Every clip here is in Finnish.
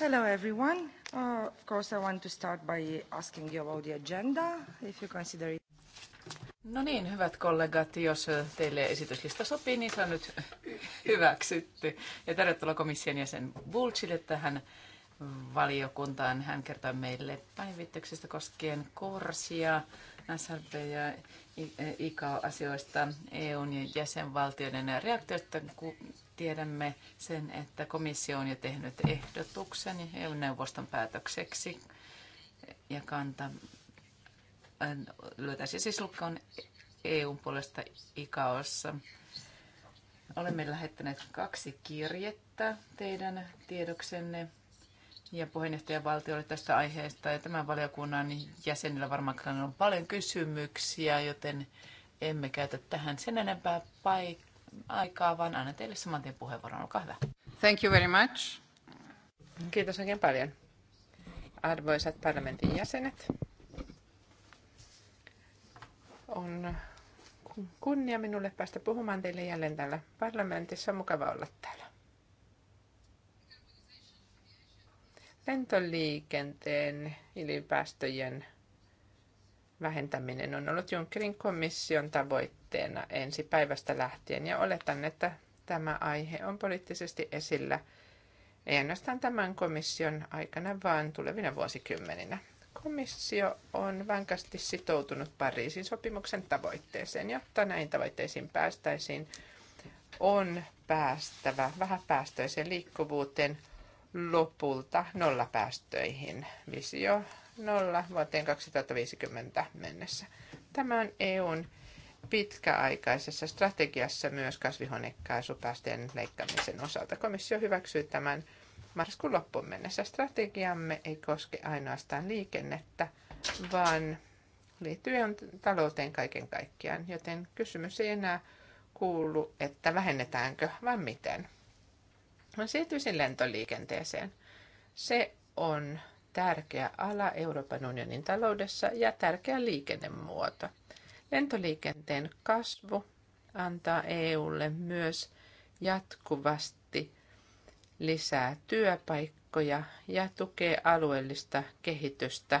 Hello, everyone. Uh, of course, I want to start by asking you about the agenda, if you consider it. No niin, hyvät kollegat, jos äh, teille esityslista sopii, niin se on nyt hyväksytty. Ja tervetuloa komission jäsen Bulchille tähän valiokuntaan. Hän kertoi meille päivityksestä koskien korsia. SRP ja ICAO-asioista eh, EUn ja jäsenvaltioiden reaktioista, kun tiedämme sen, että komissio on jo tehnyt ehdotuksen EU-neuvoston päätökseksi ja kanta lyötäisiin siis lukkoon EUn puolesta ICAOssa. Olemme lähettäneet kaksi kirjettä teidän tiedoksenne ja valtiolle tästä aiheesta. Ja tämän valiokunnan jäsenillä varmaan on paljon kysymyksiä, joten emme käytä tähän sen enempää paik- aikaa, vaan annan teille saman tien puheenvuoron. Olkaa hyvä. Thank you very much. Kiitos oikein paljon. Arvoisat parlamentin jäsenet, on kunnia minulle päästä puhumaan teille jälleen täällä parlamentissa. On mukava olla täällä. Lentoliikenteen hiilipäästöjen vähentäminen on ollut Junckerin komission tavoitteena ensi päivästä lähtien ja oletan, että tämä aihe on poliittisesti esillä ei ainoastaan tämän komission aikana, vaan tulevina vuosikymmeninä. Komissio on vankasti sitoutunut Pariisin sopimuksen tavoitteeseen, jotta näihin tavoitteisiin päästäisiin on päästävä vähäpäästöiseen liikkuvuuteen – lopulta nollapäästöihin. Visio nolla vuoteen 2050 mennessä. Tämä on EUn pitkäaikaisessa strategiassa myös kasvihuonekaasupäästöjen leikkaamisen osalta. Komissio hyväksyy tämän marraskuun loppuun mennessä. Strategiamme ei koske ainoastaan liikennettä, vaan liittyy talouteen kaiken kaikkiaan, joten kysymys ei enää kuulu, että vähennetäänkö, vaan miten siirtyisin lentoliikenteeseen. Se on tärkeä ala Euroopan unionin taloudessa ja tärkeä liikennemuoto. Lentoliikenteen kasvu antaa EUlle myös jatkuvasti lisää työpaikkoja ja tukee alueellista kehitystä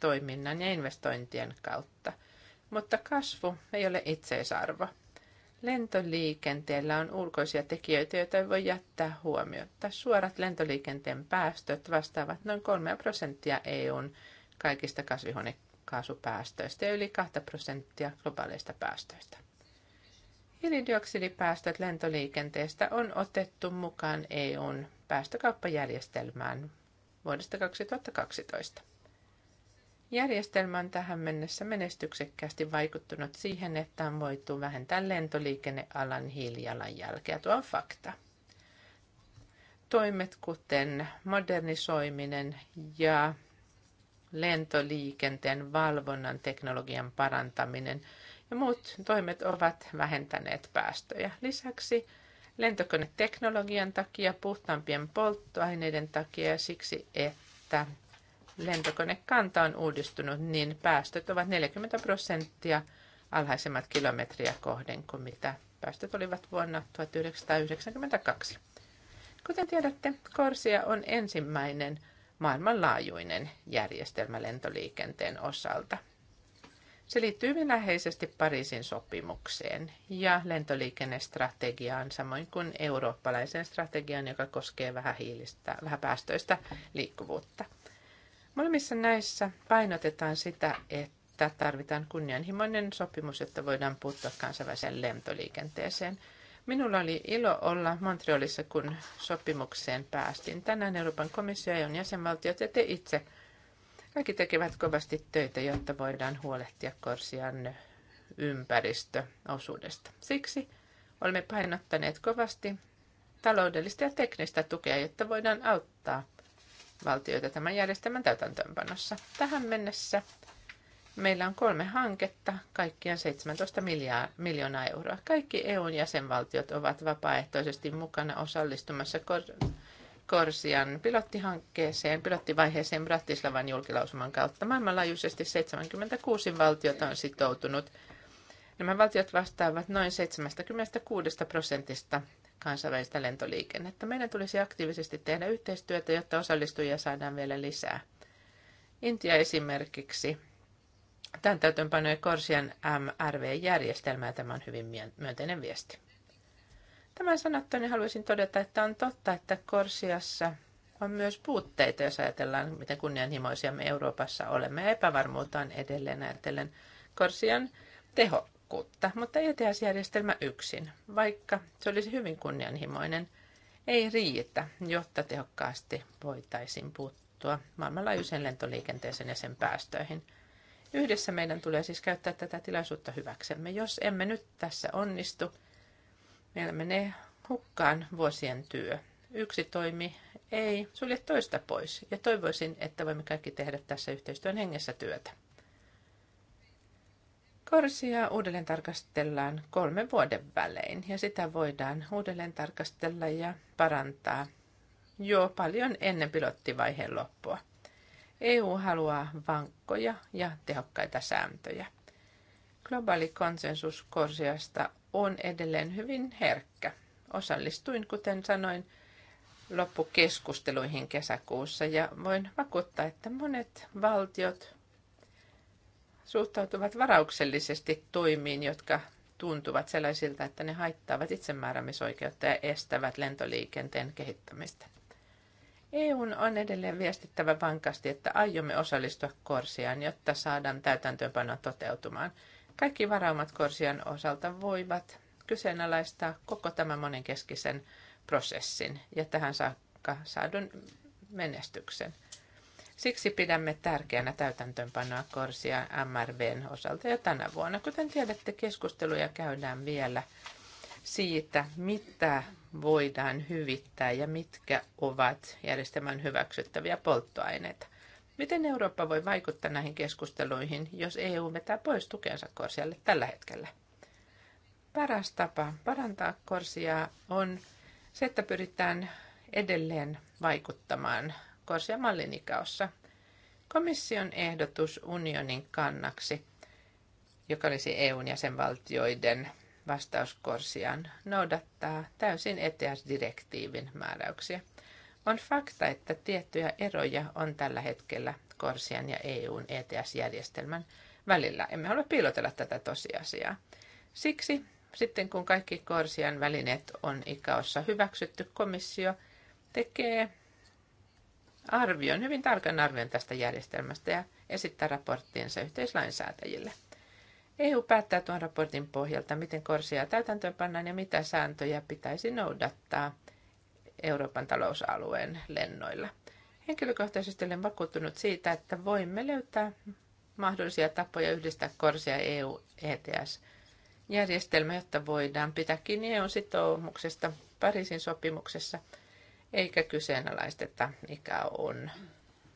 toiminnan ja investointien kautta. Mutta kasvu ei ole itseisarvo. Lentoliikenteellä on ulkoisia tekijöitä, joita ei voi jättää huomiota. Suorat lentoliikenteen päästöt vastaavat noin 3 prosenttia EUn kaikista kasvihuonekaasupäästöistä ja yli 2 prosenttia globaaleista päästöistä. Hiilidioksidipäästöt lentoliikenteestä on otettu mukaan EUn päästökauppajärjestelmään vuodesta 2012. Järjestelmä on tähän mennessä menestyksekkäästi vaikuttanut siihen, että on voitu vähentää lentoliikennealan hiilijalanjälkeä. Tuo on fakta. Toimet kuten modernisoiminen ja lentoliikenteen valvonnan teknologian parantaminen ja muut toimet ovat vähentäneet päästöjä. Lisäksi lentokoneteknologian takia, puhtaampien polttoaineiden takia ja siksi, että lentokonekanta on uudistunut, niin päästöt ovat 40 prosenttia alhaisemmat kilometriä kohden kuin mitä päästöt olivat vuonna 1992. Kuten tiedätte, Korsia on ensimmäinen maailmanlaajuinen järjestelmä lentoliikenteen osalta. Se liittyy hyvin läheisesti Pariisin sopimukseen ja lentoliikennestrategiaan, samoin kuin eurooppalaiseen strategiaan, joka koskee vähän hiilistä, vähäpäästöistä liikkuvuutta. Molemmissa näissä painotetaan sitä, että tarvitaan kunnianhimoinen sopimus, jotta voidaan puuttua kansainväliseen lentoliikenteeseen. Minulla oli ilo olla Montrealissa, kun sopimukseen päästiin. Tänään Euroopan komissio ja jäsenvaltiot ja te itse kaikki tekevät kovasti töitä, jotta voidaan huolehtia Korsian ympäristöosuudesta. Siksi olemme painottaneet kovasti taloudellista ja teknistä tukea, jotta voidaan auttaa valtioita tämän järjestelmän täytäntöönpanossa. Tähän mennessä meillä on kolme hanketta, kaikkiaan 17 miljoonaa euroa. Kaikki EUn jäsenvaltiot ovat vapaaehtoisesti mukana osallistumassa kor- Korsian pilottihankkeeseen, pilottivaiheeseen Bratislavan julkilausuman kautta. Maailmanlaajuisesti 76 valtiota on sitoutunut. Nämä valtiot vastaavat noin 76 prosentista kansainvälistä lentoliikennettä. Meidän tulisi aktiivisesti tehdä yhteistyötä, jotta osallistujia saadaan vielä lisää. Intia esimerkiksi. Tämän täytönpanoi Korsian MRV-järjestelmää. Tämä on hyvin myönteinen viesti. Tämän sanottuani niin haluaisin todeta, että on totta, että Korsiassa on myös puutteita, jos ajatellaan, miten kunnianhimoisia me Euroopassa olemme. epävarmuutta on edelleen ajatellen Korsian teho tehokkuutta, mutta ETS-järjestelmä yksin, vaikka se olisi hyvin kunnianhimoinen, ei riitä, jotta tehokkaasti voitaisiin puuttua maailmanlaajuiseen lentoliikenteeseen ja sen päästöihin. Yhdessä meidän tulee siis käyttää tätä tilaisuutta hyväksemme. Jos emme nyt tässä onnistu, meillä menee hukkaan vuosien työ. Yksi toimi ei sulje toista pois ja toivoisin, että voimme kaikki tehdä tässä yhteistyön hengessä työtä. Korsia uudelleen tarkastellaan kolmen vuoden välein ja sitä voidaan uudelleen tarkastella ja parantaa jo paljon ennen pilottivaiheen loppua. EU haluaa vankkoja ja tehokkaita sääntöjä. Globaali konsensus Korsiasta on edelleen hyvin herkkä. Osallistuin, kuten sanoin, loppukeskusteluihin kesäkuussa ja voin vakuuttaa, että monet valtiot suhtautuvat varauksellisesti toimiin, jotka tuntuvat sellaisilta, että ne haittaavat itsemääräämisoikeutta ja estävät lentoliikenteen kehittämistä. EUn on edelleen viestittävä vankasti, että aiomme osallistua Korsiaan, jotta saadaan täytäntöönpano toteutumaan. Kaikki varaumat Korsian osalta voivat kyseenalaistaa koko tämän monenkeskisen prosessin ja tähän saakka saadun menestyksen. Siksi pidämme tärkeänä täytäntöönpanoa Korsia MRVn osalta jo tänä vuonna. Kuten tiedätte, keskusteluja käydään vielä siitä, mitä voidaan hyvittää ja mitkä ovat järjestelmän hyväksyttäviä polttoaineita. Miten Eurooppa voi vaikuttaa näihin keskusteluihin, jos EU vetää pois tukensa Korsialle tällä hetkellä? Paras tapa parantaa Korsiaa on se, että pyritään edelleen vaikuttamaan Korsia Mallinikaossa. Komission ehdotus unionin kannaksi, joka olisi EUn jäsenvaltioiden vastauskorsian, noudattaa täysin ETS-direktiivin määräyksiä. On fakta, että tiettyjä eroja on tällä hetkellä Korsian ja EUn ETS-järjestelmän välillä. Emme halua piilotella tätä tosiasiaa. Siksi sitten kun kaikki Korsian välineet on ikaossa hyväksytty, komissio tekee arvion, hyvin tarkan arvion tästä järjestelmästä ja esittää raporttinsa yhteislainsäätäjille. EU päättää tuon raportin pohjalta, miten korsia täytäntöön pannaan ja mitä sääntöjä pitäisi noudattaa Euroopan talousalueen lennoilla. Henkilökohtaisesti olen vakuuttunut siitä, että voimme löytää mahdollisia tapoja yhdistää korsia EU-ETS järjestelmä, jotta voidaan pitää kiinni eu sitoumuksesta Pariisin sopimuksessa – eikä kyseenalaisteta mikä on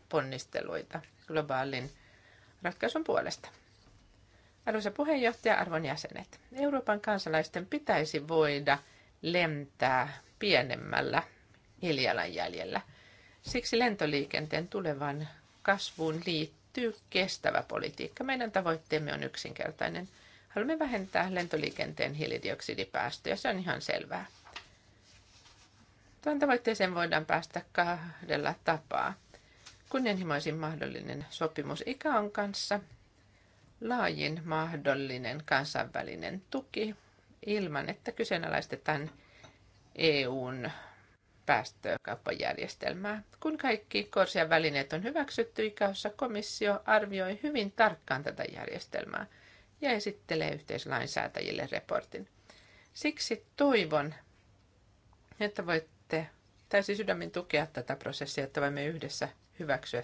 ponnisteluita globaalin ratkaisun puolesta. Arvoisa puheenjohtaja, arvon jäsenet, Euroopan kansalaisten pitäisi voida lentää pienemmällä hiilijalanjäljellä. Siksi lentoliikenteen tulevan kasvuun liittyy kestävä politiikka. Meidän tavoitteemme on yksinkertainen. Haluamme vähentää lentoliikenteen hiilidioksidipäästöjä, se on ihan selvää. Tuon tavoitteeseen voidaan päästä kahdella tapaa. Kunnianhimoisin mahdollinen sopimus ICAOn kanssa, laajin mahdollinen kansainvälinen tuki ilman, että kyseenalaistetaan EUn päästökauppajärjestelmää. Kun kaikki Korsian välineet on hyväksytty ikäossa, komissio arvioi hyvin tarkkaan tätä järjestelmää ja esittelee yhteislainsäätäjille raportin. Siksi toivon, että voit saatte täysin sydämin tukea tätä prosessia, että voimme yhdessä hyväksyä,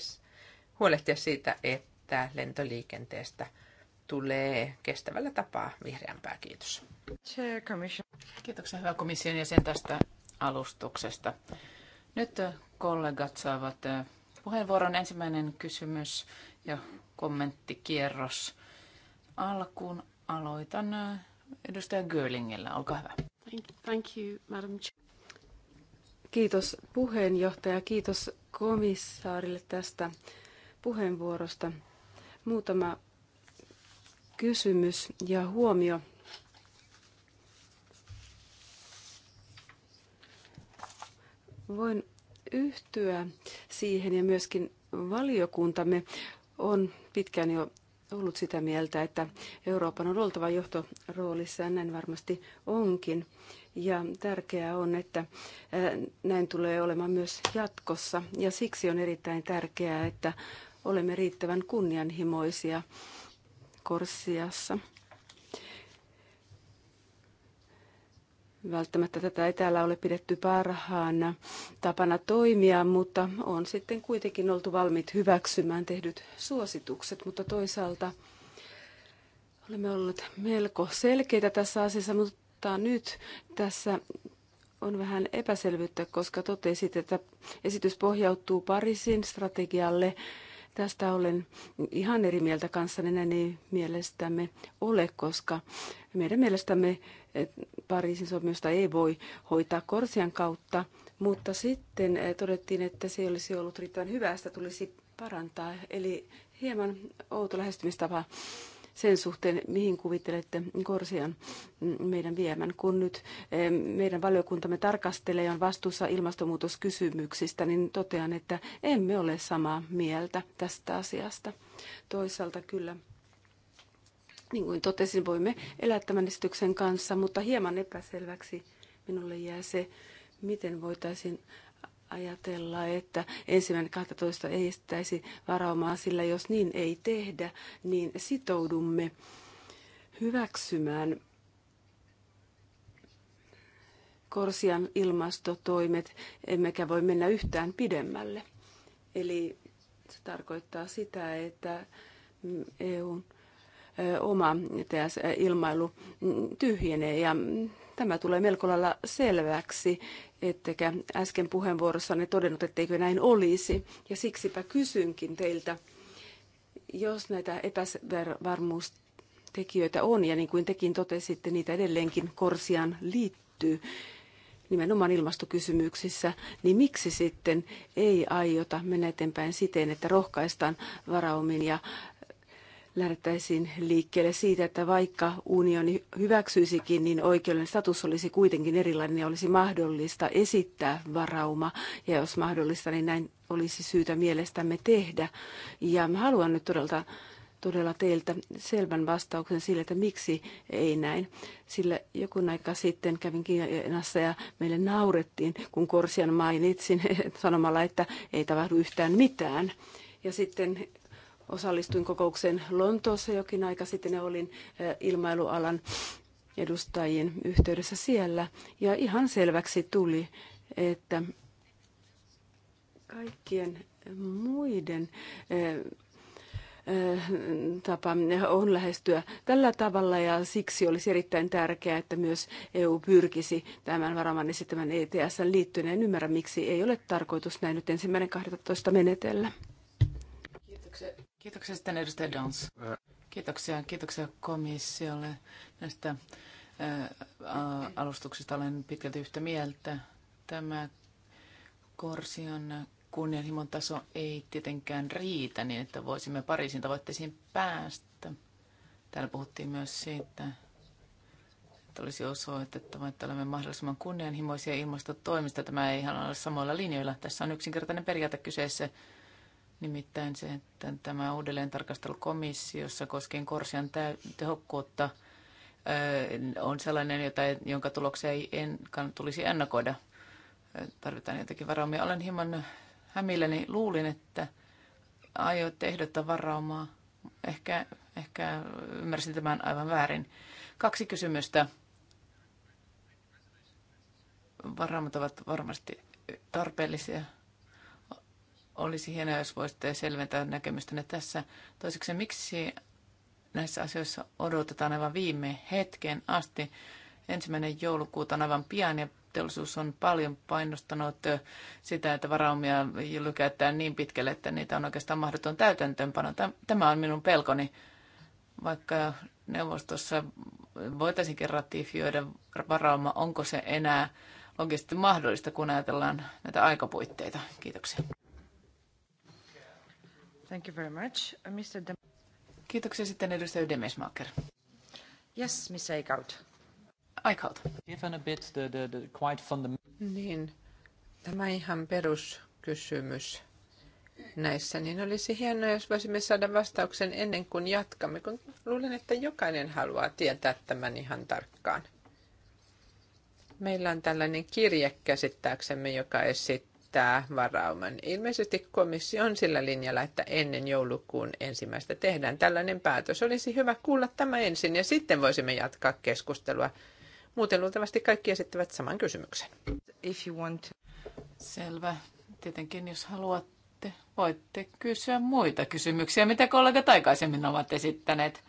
huolehtia siitä, että lentoliikenteestä tulee kestävällä tapaa vihreämpää. Kiitos. Kiitoksia hyvä komission jäsen tästä alustuksesta. Nyt kollegat saavat eh, puheenvuoron. Ensimmäinen kysymys ja kommenttikierros. Alkuun aloitan eh, edustaja Görlingillä. Olkaa hyvä. Thank you, Madam Kiitos puheenjohtaja, kiitos komissaarille tästä puheenvuorosta. Muutama kysymys ja huomio. Voin yhtyä siihen ja myöskin valiokuntamme on pitkään jo ollut sitä mieltä, että Euroopan on oltava johtoroolissa ja näin varmasti onkin. Ja tärkeää on, että näin tulee olemaan myös jatkossa. Ja siksi on erittäin tärkeää, että olemme riittävän kunnianhimoisia Korsiassa. Välttämättä tätä ei täällä ole pidetty parhaana tapana toimia, mutta on sitten kuitenkin oltu valmiit hyväksymään tehdyt suositukset, mutta toisaalta olemme olleet melko selkeitä tässä asiassa, mutta mutta nyt tässä on vähän epäselvyyttä, koska totesit, että esitys pohjautuu Pariisin strategialle. Tästä olen ihan eri mieltä kanssanne, näin ei mielestämme ole, koska meidän mielestämme Pariisin sopimusta ei voi hoitaa Korsian kautta, mutta sitten eh, todettiin, että se ei olisi ollut riittävän hyvä, sitä tulisi parantaa. Eli hieman outo lähestymistapa sen suhteen, mihin kuvittelette Korsian meidän viemän. Kun nyt eh, meidän valiokuntamme tarkastelee ja on vastuussa ilmastonmuutoskysymyksistä, niin totean, että emme ole samaa mieltä tästä asiasta. Toisaalta kyllä niin kuin totesin, voimme elää tämän esityksen kanssa, mutta hieman epäselväksi minulle jää se, miten voitaisiin ajatella, että ensimmäinen 12 ei estäisi varaumaa, sillä jos niin ei tehdä, niin sitoudumme hyväksymään Korsian ilmastotoimet, emmekä voi mennä yhtään pidemmälle. Eli se tarkoittaa sitä, että EUn oma ilmailu tyhjenee ja Tämä tulee melko lailla selväksi, ettekä äsken puheenvuorossanne todennut, etteikö näin olisi. Ja siksipä kysynkin teiltä, jos näitä epävarmuustekijöitä on, ja niin kuin tekin totesitte, niitä edelleenkin korsiaan liittyy, nimenomaan ilmastokysymyksissä, niin miksi sitten ei aiota mennä eteenpäin siten, että rohkaistaan varaumin ja lähdettäisiin liikkeelle siitä, että vaikka unioni hyväksyisikin, niin oikeudellinen status olisi kuitenkin erilainen ja olisi mahdollista esittää varauma. Ja jos mahdollista, niin näin olisi syytä mielestämme tehdä. Ja haluan nyt todella, todella teiltä selvän vastauksen sille, että miksi ei näin. Sillä joku aika sitten kävin Kiinassa ja meille naurettiin, kun Korsian mainitsin sanomalla, että ei tapahdu yhtään mitään. Ja sitten Osallistuin kokoukseen Lontoossa jokin aika sitten ja olin ilmailualan edustajien yhteydessä siellä. Ja ihan selväksi tuli, että kaikkien muiden tapa on lähestyä tällä tavalla ja siksi olisi erittäin tärkeää, että myös EU pyrkisi tämän varaman esittämän ETS liittyen. En ymmärrä, miksi ei ole tarkoitus näin nyt ensimmäinen 12 menetellä. Kiitoksia sitten edustaja Dons. Kiitoksia, kiitoksia komissiolle näistä alustuksista. Olen pitkälti yhtä mieltä. Tämä Korsion kunnianhimon taso ei tietenkään riitä niin, että voisimme Pariisin tavoitteisiin päästä. Täällä puhuttiin myös siitä, että olisi osoitettava, että olemme mahdollisimman kunnianhimoisia ilmastotoimista. Tämä ei ihan ole samoilla linjoilla. Tässä on yksinkertainen periaate kyseessä Nimittäin se, että tämä uudelleen tarkastelu komissiossa koskien Korsian tehokkuutta on sellainen, jota, jonka tuloksia ei en, tulisi ennakoida. Tarvitaan jotakin varaumia. Olen hieman hämilläni. Luulin, että aiotte ehdottaa varaumaa. Ehkä, ehkä ymmärsin tämän aivan väärin. Kaksi kysymystä. Varaumat ovat varmasti tarpeellisia olisi hienoa, jos voisitte selventää näkemystänne tässä. Toiseksi, miksi näissä asioissa odotetaan aivan viime hetken asti? Ensimmäinen joulukuuta on aivan pian ja teollisuus on paljon painostanut sitä, että varaumia lykätään niin pitkälle, että niitä on oikeastaan mahdoton täytäntöönpano. Tämä on minun pelkoni. Vaikka neuvostossa voitaisiinkin ratifioida varauma, onko se enää oikeasti mahdollista, kun ajatellaan näitä aikapuitteita. Kiitoksia. Thank you very much. Uh, Mr. Kiitoksia sitten edustaja Demesmaker. Yes, Miss Eickhout. Eickhout. Given a bit the, the, the quite fundamental... Niin, tämä ihan peruskysymys näissä, niin olisi hienoa, jos voisimme saada vastauksen ennen kuin jatkamme, kun luulen, että jokainen haluaa tietää tämän ihan tarkkaan. Meillä on tällainen kirje käsittääksemme, joka esittää esittää varauman. Ilmeisesti komissio on sillä linjalla, että ennen joulukuun ensimmäistä tehdään tällainen päätös. Olisi hyvä kuulla tämä ensin ja sitten voisimme jatkaa keskustelua. Muuten luultavasti kaikki esittävät saman kysymyksen. If you want to. Selvä. Tietenkin jos haluatte, voitte kysyä muita kysymyksiä, mitä kollegat aikaisemmin ovat esittäneet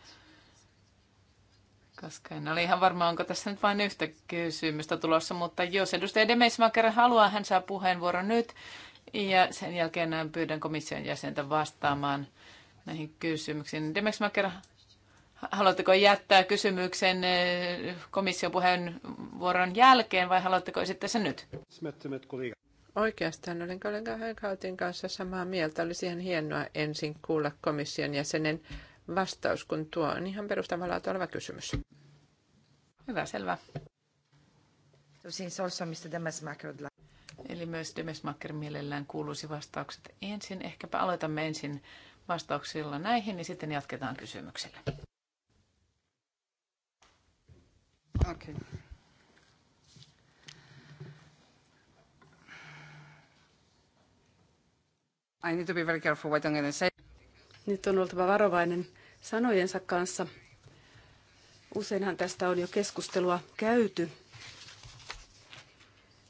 koska en ole ihan varma, onko tässä nyt vain yhtä kysymystä tulossa, mutta jos edustaja Demeismaker haluaa, hän saa puheenvuoron nyt ja sen jälkeen pyydän komission jäsentä vastaamaan näihin kysymyksiin. Demeismaker, haluatteko jättää kysymyksen eh, komission puheenvuoron jälkeen vai haluatteko esittää sen nyt? Oikeastaan olen kollega Hänkautin kanssa samaa mieltä. Olisi ihan hienoa ensin kuulla komission jäsenen vastaus, kun tuo on ihan perustavanlaatu oleva kysymys. Hyvä, selvä. Eli myös Demesmaker mielellään kuuluisi vastaukset ensin. Ehkäpä aloitamme ensin vastauksilla näihin, niin sitten jatketaan kysymyksellä. Okay. I need to be very careful what I'm going to say. Nyt on oltava varovainen, sanojensa kanssa. Useinhan tästä on jo keskustelua käyty.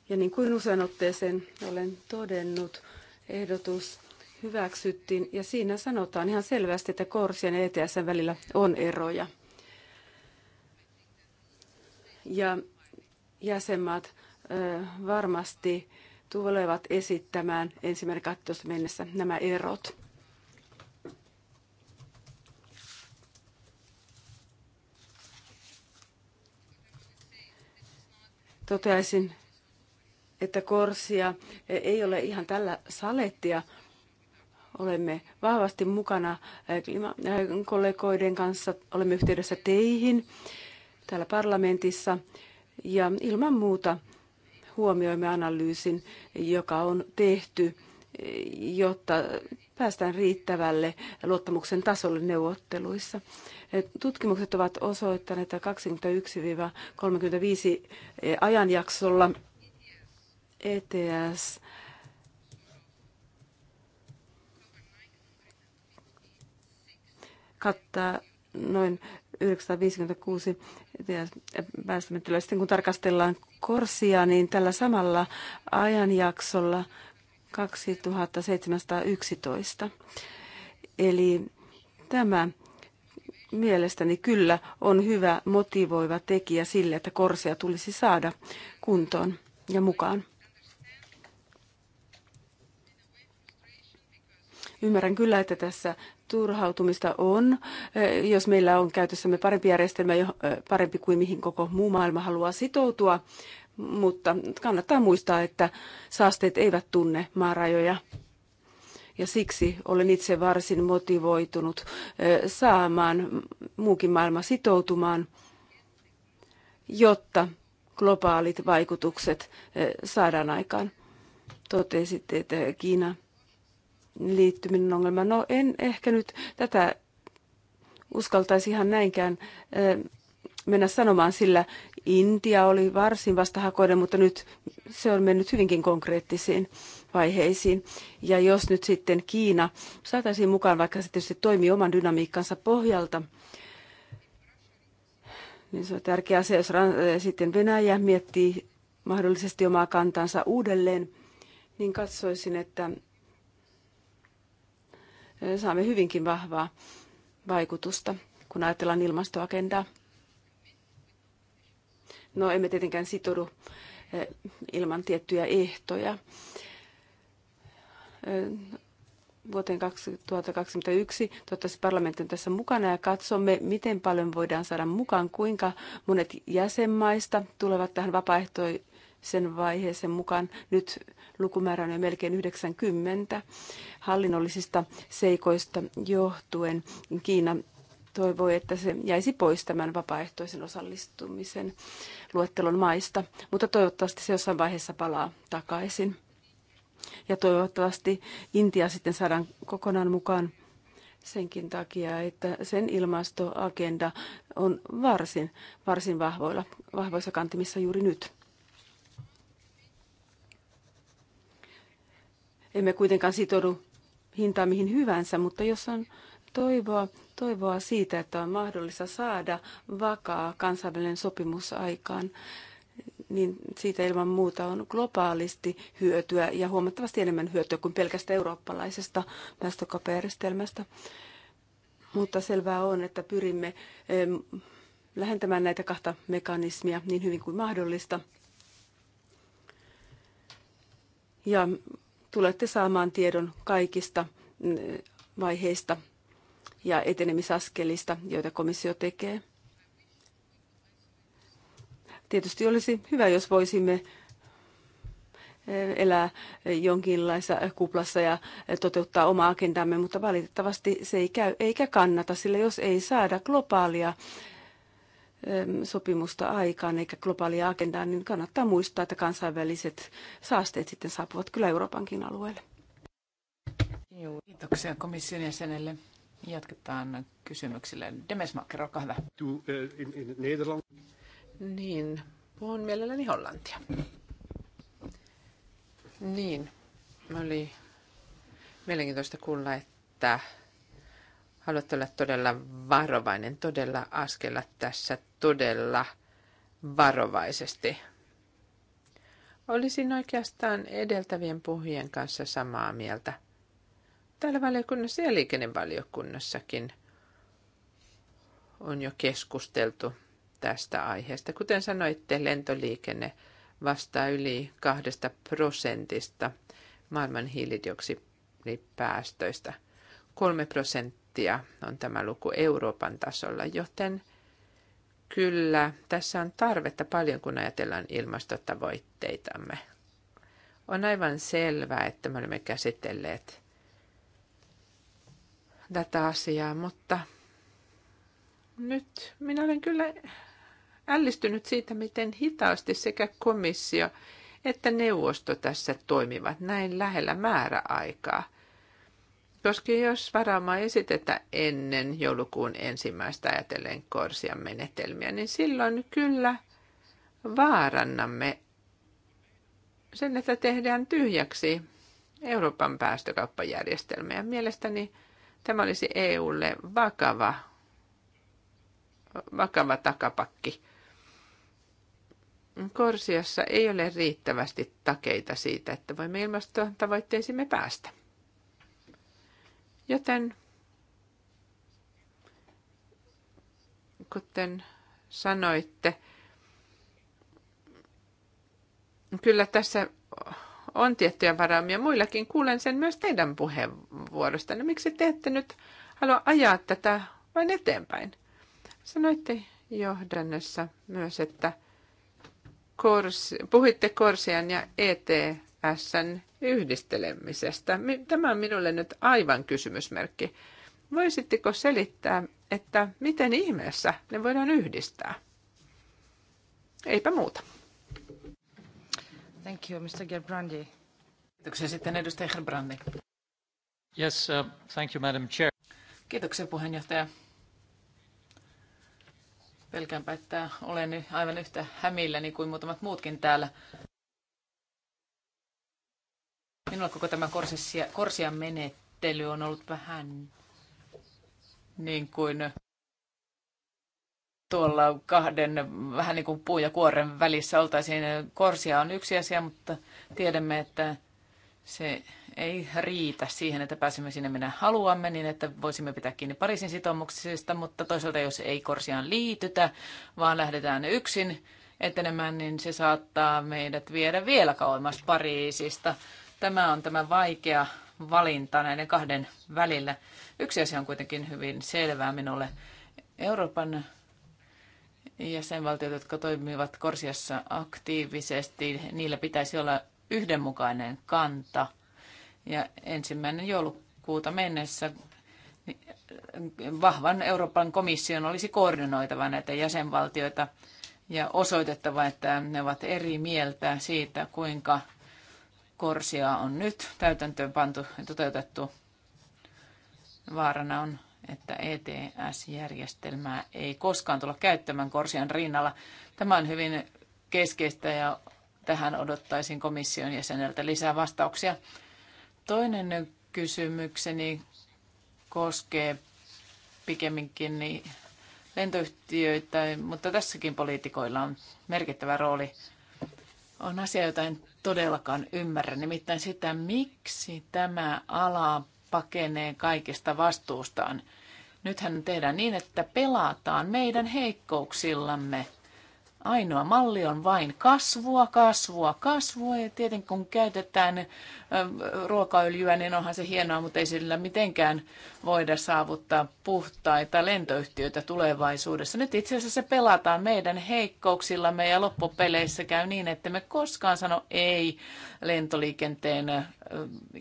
Ja niin kuin usein otteeseen olen todennut, ehdotus hyväksyttiin ja siinä sanotaan ihan selvästi, että korsien ja ETS välillä on eroja. Ja jäsenmaat varmasti tulevat esittämään ensimmäinen 12 mennessä nämä erot. Toteaisin, että Korsia ei ole ihan tällä salettia. Olemme vahvasti mukana eh, eh, kollegoiden kanssa, olemme yhteydessä teihin täällä parlamentissa ja ilman muuta huomioimme analyysin, joka on tehty jotta päästään riittävälle luottamuksen tasolle neuvotteluissa. Tutkimukset ovat osoittaneet, että 21-35 ajanjaksolla ETS kattaa noin 956 e päästömenettelyä. Sitten kun tarkastellaan korsia, niin tällä samalla ajanjaksolla 2711. Eli tämä mielestäni kyllä on hyvä motivoiva tekijä sille, että korsia tulisi saada kuntoon ja mukaan. Ymmärrän kyllä, että tässä turhautumista on, jos meillä on käytössämme parempi järjestelmä, parempi kuin mihin koko muu maailma haluaa sitoutua, mutta kannattaa muistaa, että saasteet eivät tunne maarajoja. Ja siksi olen itse varsin motivoitunut saamaan muukin maailma sitoutumaan, jotta globaalit vaikutukset saadaan aikaan. Totesitte, että Kiina liittyminen ongelma. No en ehkä nyt tätä uskaltaisi ihan näinkään mennä sanomaan, sillä Intia oli varsin vastahakoinen, mutta nyt se on mennyt hyvinkin konkreettisiin vaiheisiin. Ja jos nyt sitten Kiina saataisiin mukaan, vaikka se tietysti toimii oman dynamiikkansa pohjalta, niin se on tärkeä asia, jos sitten Venäjä miettii mahdollisesti omaa kantansa uudelleen, niin katsoisin, että saamme hyvinkin vahvaa vaikutusta, kun ajatellaan ilmastoagendaa. No emme tietenkään sitoudu eh, ilman tiettyjä ehtoja. Eh, vuoteen 2021 toivottavasti parlamentti on tässä mukana ja katsomme, miten paljon voidaan saada mukaan, kuinka monet jäsenmaista tulevat tähän vapaaehtoisen vaiheeseen mukaan. Nyt lukumäärä on jo melkein 90 hallinnollisista seikoista johtuen. Kiina toivoi, että se jäisi pois tämän vapaaehtoisen osallistumisen luettelon maista, mutta toivottavasti se jossain vaiheessa palaa takaisin. Ja toivottavasti Intia sitten saadaan kokonaan mukaan senkin takia, että sen ilmastoagenda on varsin, varsin vahvoilla, vahvoissa kantimissa juuri nyt. Emme kuitenkaan sitoudu hintaan mihin hyvänsä, mutta jos on toivoa, toivoa siitä, että on mahdollista saada vakaa kansainvälinen sopimus aikaan, niin siitä ilman muuta on globaalisti hyötyä ja huomattavasti enemmän hyötyä kuin pelkästä eurooppalaisesta päästökauppajärjestelmästä. Mutta selvää on, että pyrimme lähentämään näitä kahta mekanismia niin hyvin kuin mahdollista. Ja tulette saamaan tiedon kaikista mm, vaiheista ja etenemisaskelista, joita komissio tekee. Tietysti olisi hyvä, jos voisimme eh, elää jonkinlaisessa kuplassa ja toteuttaa omaa agendamme, mutta valitettavasti se ei käy eikä kannata, sillä jos ei saada globaalia sopimusta aikaan eikä globaalia agendaa, niin kannattaa muistaa, että kansainväliset saasteet sitten saapuvat kyllä Euroopankin alueelle. Kiitoksia komission jäsenelle. Jatketaan kysymyksille. Demesmaker, olkaa hyvä. Du, eh, in, in Nederland. Niin, puhun mielelläni hollantia. Niin, oli mielenkiintoista kuulla, että haluat olla todella varovainen, todella askella tässä todella varovaisesti. Olisin oikeastaan edeltävien puhujien kanssa samaa mieltä. Täällä valiokunnassa ja liikennevaliokunnassakin on jo keskusteltu tästä aiheesta. Kuten sanoitte, lentoliikenne vastaa yli kahdesta prosentista maailman hiilidioksidipäästöistä. Kolme prosenttia on tämä luku Euroopan tasolla, joten kyllä tässä on tarvetta paljon, kun ajatellaan ilmastotavoitteitamme. On aivan selvää, että me olemme käsitelleet tätä asiaa, mutta nyt minä olen kyllä ällistynyt siitä, miten hitaasti sekä komissio että neuvosto tässä toimivat näin lähellä määräaikaa. Koska jos varaamaa esitetä ennen joulukuun ensimmäistä ajatellen korsian menetelmiä, niin silloin kyllä vaarannamme sen, että tehdään tyhjäksi Euroopan päästökauppajärjestelmä. Ja mielestäni Tämä olisi EUlle vakava, vakava takapakki. Korsiassa ei ole riittävästi takeita siitä, että voimme ilmastotavoitteisimme päästä. Joten kuten sanoitte, kyllä tässä on tiettyjä varaumia muillakin. Kuulen sen myös teidän No Miksi te ette nyt halua ajaa tätä vain eteenpäin? Sanoitte johdannossa myös, että kors, puhuitte Korsian ja ETSn yhdistelemisestä. Tämä on minulle nyt aivan kysymysmerkki. Voisitteko selittää, että miten ihmeessä ne voidaan yhdistää? Eipä muuta. Thank you, Mr. Gerbrandi. Kiitoksia sitten edustaja Gerbrandi. Yes, uh, thank you, Madam Chair. Kiitoksia puheenjohtaja. Pelkäänpä, että olen aivan yhtä hämilläni kuin muutamat muutkin täällä. Minulla koko tämä korsia, korsian menettely on ollut vähän niin kuin tuolla kahden vähän niin kuin puu ja kuoren välissä oltaisiin. Korsia on yksi asia, mutta tiedämme, että se ei riitä siihen, että pääsemme sinne minä haluamme, niin että voisimme pitää kiinni Pariisin sitoumuksista, mutta toisaalta jos ei Korsiaan liitytä, vaan lähdetään yksin etenemään, niin se saattaa meidät viedä vielä kauemmas Pariisista. Tämä on tämä vaikea valinta näiden kahden välillä. Yksi asia on kuitenkin hyvin selvää minulle. Euroopan jäsenvaltiot, jotka toimivat Korsiassa aktiivisesti, niillä pitäisi olla yhdenmukainen kanta. Ja ensimmäinen joulukuuta mennessä vahvan Euroopan komission olisi koordinoitava näitä jäsenvaltioita ja osoitettava, että ne ovat eri mieltä siitä, kuinka Korsia on nyt täytäntöön pantu ja toteutettu. Vaarana on että ETS-järjestelmää ei koskaan tulla käyttämään Korsian rinnalla. Tämä on hyvin keskeistä ja tähän odottaisin komission jäseneltä lisää vastauksia. Toinen kysymykseni koskee pikemminkin niin lentoyhtiöitä, mutta tässäkin poliitikoilla on merkittävä rooli. On asia, jota en todellakaan ymmärrä, nimittäin sitä, miksi tämä ala pakenee kaikesta vastuustaan. Nythän tehdään niin, että pelataan meidän heikkouksillamme ainoa malli on vain kasvua, kasvua, kasvua. Ja tietenkin kun käytetään ruokaöljyä, niin onhan se hienoa, mutta ei sillä mitenkään voida saavuttaa puhtaita lentoyhtiöitä tulevaisuudessa. Nyt itse asiassa se pelataan meidän heikkouksillamme ja loppupeleissä käy niin, että me koskaan sano ei lentoliikenteen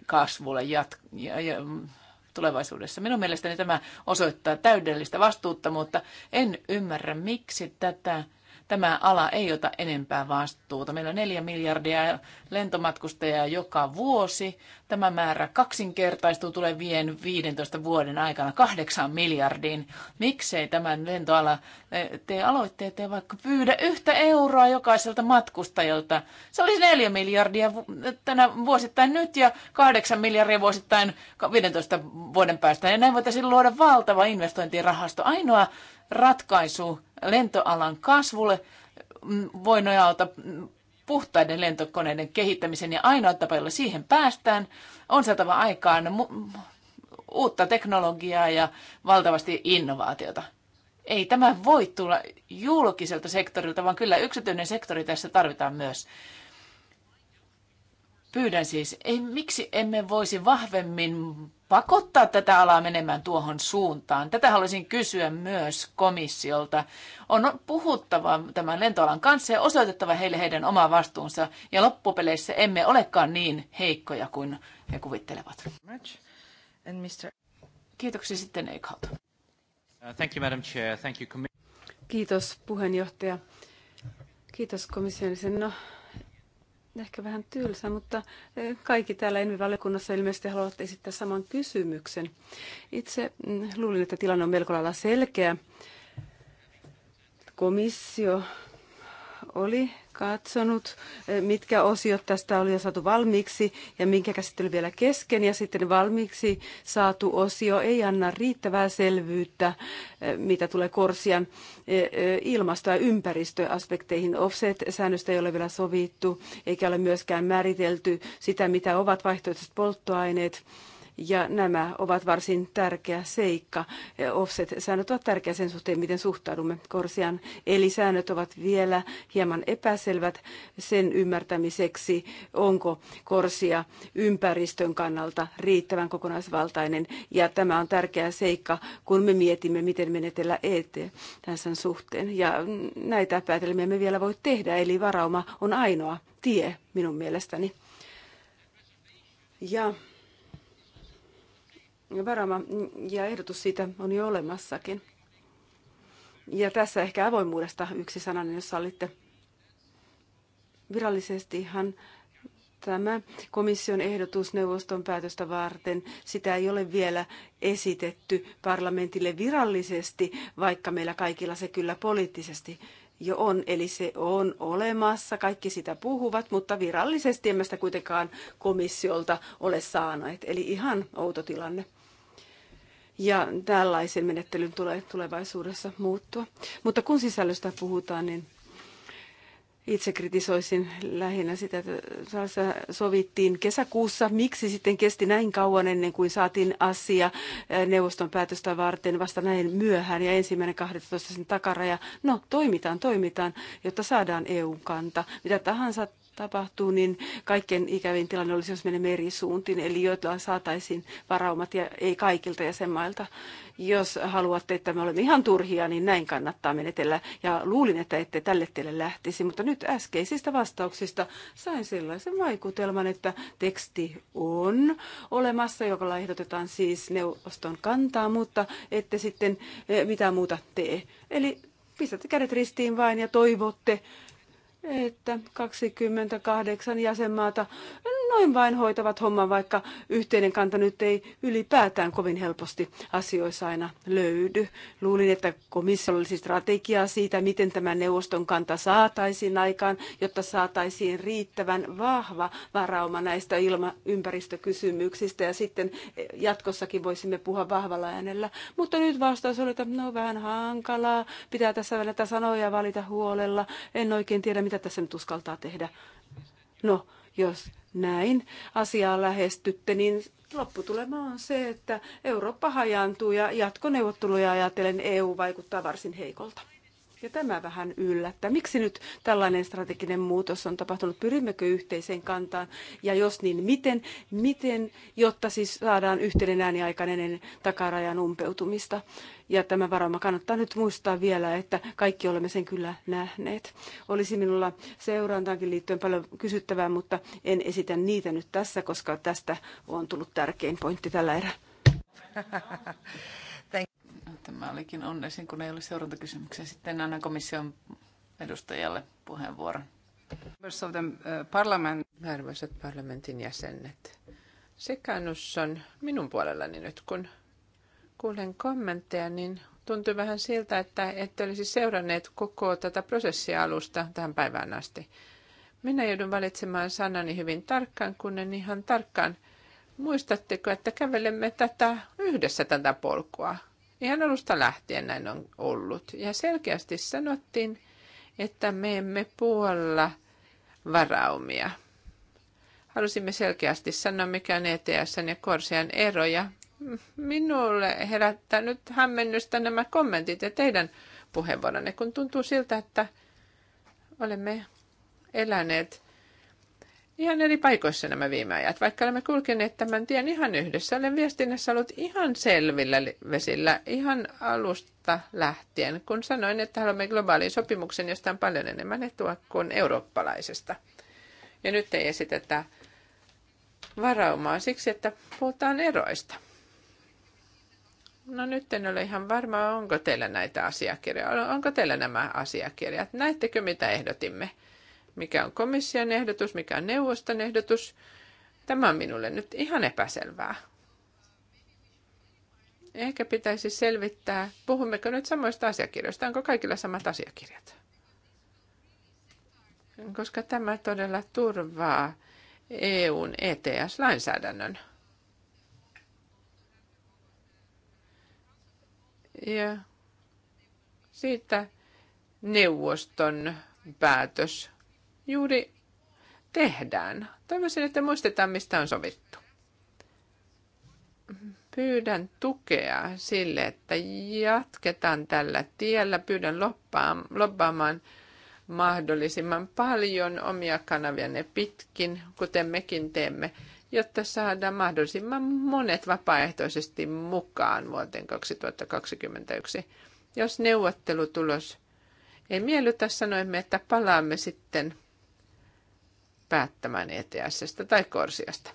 kasvulle jat- ja, ja, mm, tulevaisuudessa. Minun mielestäni tämä osoittaa täydellistä vastuutta, mutta en ymmärrä, miksi tätä tämä ala ei ota enempää vastuuta. Meillä on neljä miljardia lentomatkustajaa joka vuosi. Tämä määrä kaksinkertaistuu tulevien 15 vuoden aikana kahdeksaan miljardiin. Miksei tämän lentoala eh, tee aloitteet ja vaikka pyydä yhtä euroa jokaiselta matkustajalta? Se olisi neljä miljardia tänä vuosittain nyt ja kahdeksan miljardia vuosittain 15 vuoden päästä. Ja näin voitaisiin luoda valtava investointirahasto. Ainoa ratkaisu lentoalan kasvulle mm, voi nojauta puhtaiden lentokoneiden kehittämisen ja ainoa tapa, jolla siihen päästään, on saatava aikaan uutta teknologiaa ja valtavasti innovaatiota. Ei tämä voi tulla julkiselta sektorilta, vaan kyllä yksityinen sektori tässä tarvitaan myös. Pyydän siis, ei, miksi emme voisi vahvemmin pakottaa tätä alaa menemään tuohon suuntaan? Tätä haluaisin kysyä myös komissiolta. On puhuttava tämän lentoalan kanssa ja osoitettava heille heidän oma vastuunsa. Ja loppupeleissä emme olekaan niin heikkoja kuin he kuvittelevat. Kiitoksia sitten Eichhout. Uh, thank you, Madam Chair. Thank you, Kiitos puheenjohtaja. Kiitos komission. No, ehkä vähän tylsä, mutta eh, kaikki täällä Envi-valiokunnassa ilmeisesti haluatte esittää saman kysymyksen. Itse mm, luulin, että tilanne on melko lailla selkeä. Komissio oli katsonut, eh, mitkä osiot tästä oli jo saatu valmiiksi ja minkä käsittely vielä kesken. Ja sitten valmiiksi saatu osio ei anna riittävää selvyyttä, eh, mitä tulee Korsian eh, ilmasto- ja ympäristöaspekteihin. Offset-säännöstä ei ole vielä sovittu, eikä ole myöskään määritelty sitä, mitä ovat vaihtoehtoiset polttoaineet ja nämä ovat varsin tärkeä seikka. E, offset-säännöt ovat tärkeä sen suhteen, miten suhtaudumme Korsian. Eli säännöt ovat vielä hieman epäselvät sen ymmärtämiseksi, onko Korsia ympäristön kannalta riittävän kokonaisvaltainen. Ja tämä on tärkeä seikka, kun me mietimme, miten menetellä ET tässä suhteen. Ja näitä päätelmiä me vielä voi tehdä, eli varauma on ainoa tie minun mielestäni. Ja varama ja ehdotus siitä on jo olemassakin. Ja tässä ehkä avoimuudesta yksi sana, jos sallitte. Virallisestihan tämä komission ehdotus neuvoston päätöstä varten, sitä ei ole vielä esitetty parlamentille virallisesti, vaikka meillä kaikilla se kyllä poliittisesti jo on, eli se on olemassa, kaikki sitä puhuvat, mutta virallisesti emme sitä kuitenkaan komissiolta ole saaneet, eli ihan outo tilanne ja tällaisen menettelyn tulee tulevaisuudessa muuttua. Mutta kun sisällöstä puhutaan, niin itse kritisoisin lähinnä sitä, että sovittiin kesäkuussa. Miksi sitten kesti näin kauan ennen kuin saatiin asia neuvoston päätöstä varten vasta näin myöhään ja ensimmäinen 12 sen takaraja? No, toimitaan, toimitaan, jotta saadaan EU-kanta. Mitä tahansa tapahtuu, niin kaikkein ikävin tilanne olisi, jos menee merisuuntiin, eli joilla saataisiin varaumat ja ei kaikilta jäsenmailta. Jos haluatte, että me olemme ihan turhia, niin näin kannattaa menetellä. Ja luulin, että ette tälle teille lähtisi, mutta nyt äskeisistä vastauksista sain sellaisen vaikutelman, että teksti on olemassa, joka ehdotetaan siis neuvoston kantaa, mutta ette sitten eh, mitä muuta tee. Eli pistätte kädet ristiin vain ja toivotte, että 28 jäsenmaata noin vain hoitavat homman, vaikka yhteinen kanta nyt ei ylipäätään kovin helposti asioissa aina löydy. Luulin, että komissiolla olisi strategiaa siitä, miten tämä neuvoston kanta saataisiin aikaan, jotta saataisiin riittävän vahva varauma näistä ilma- ympäristökysymyksistä ja sitten jatkossakin voisimme puhua vahvalla äänellä. Mutta nyt vastaus oli, että no vähän hankalaa, pitää tässä vielä sanoja valita huolella, en oikein tiedä, mitä tässä nyt uskaltaa tehdä. No, jos näin asiaa lähestytte, niin lopputulema on se, että Eurooppa hajaantuu ja jatkoneuvotteluja ajatellen EU vaikuttaa varsin heikolta. Ja tämä vähän yllättää. Miksi nyt tällainen strateginen muutos on tapahtunut? Pyrimmekö yhteiseen kantaan? Ja jos niin, miten? Miten, jotta siis saadaan yhteinen ääniaikainen takarajan umpeutumista? Ja tämä varoma kannattaa nyt muistaa vielä, että kaikki olemme sen kyllä nähneet. Olisi minulla seurantaankin liittyen paljon kysyttävää, mutta en esitä niitä nyt tässä, koska tästä on tullut tärkein pointti tällä erää. mä olikin onnesin, kun ei ole seurantakysymyksiä. Sitten annan komission edustajalle puheenvuoron. Uh, Arvoisat parlamentin jäsenet, sekannus on minun puolellani nyt, kun kuulen kommentteja, niin tuntuu vähän siltä, että ette olisi seuranneet koko tätä prosessia alusta tähän päivään asti. Minä joudun valitsemaan sanani hyvin tarkkaan, kun en ihan tarkkaan. Muistatteko, että kävelemme tätä yhdessä tätä polkua? Ihan alusta lähtien näin on ollut. Ja selkeästi sanottiin, että me emme puolla varaumia. Halusimme selkeästi sanoa, mikä on ETS ja Korsian eroja. Minulle herättää nyt hämmennystä nämä kommentit ja teidän puheenvuoronne, kun tuntuu siltä, että olemme eläneet ihan eri paikoissa nämä viime ajat. Vaikka olemme kulkeneet tämän tien ihan yhdessä, olen viestinnässä ollut ihan selvillä vesillä ihan alusta lähtien, kun sanoin, että haluamme globaalin sopimuksen, josta on paljon enemmän etua kuin eurooppalaisesta. Ja nyt ei esitetä varaumaa siksi, että puhutaan eroista. No nyt en ole ihan varma, onko teillä näitä asiakirjoja. Onko teillä nämä asiakirjat? Näettekö, mitä ehdotimme? mikä on komission ehdotus, mikä on neuvoston ehdotus. Tämä on minulle nyt ihan epäselvää. Ehkä pitäisi selvittää, puhummeko nyt samoista asiakirjoista, onko kaikilla samat asiakirjat. Koska tämä todella turvaa EUn ETS-lainsäädännön. Ja siitä neuvoston päätös juuri tehdään. Toivoisin, että muistetaan, mistä on sovittu. Pyydän tukea sille, että jatketaan tällä tiellä. Pyydän lobbaamaan mahdollisimman paljon omia kanavianne pitkin, kuten mekin teemme, jotta saadaan mahdollisimman monet vapaaehtoisesti mukaan vuoteen 2021. Jos neuvottelutulos ei miellytä, sanoimme, että palaamme sitten – päättämään ETSstä tai Korsiasta.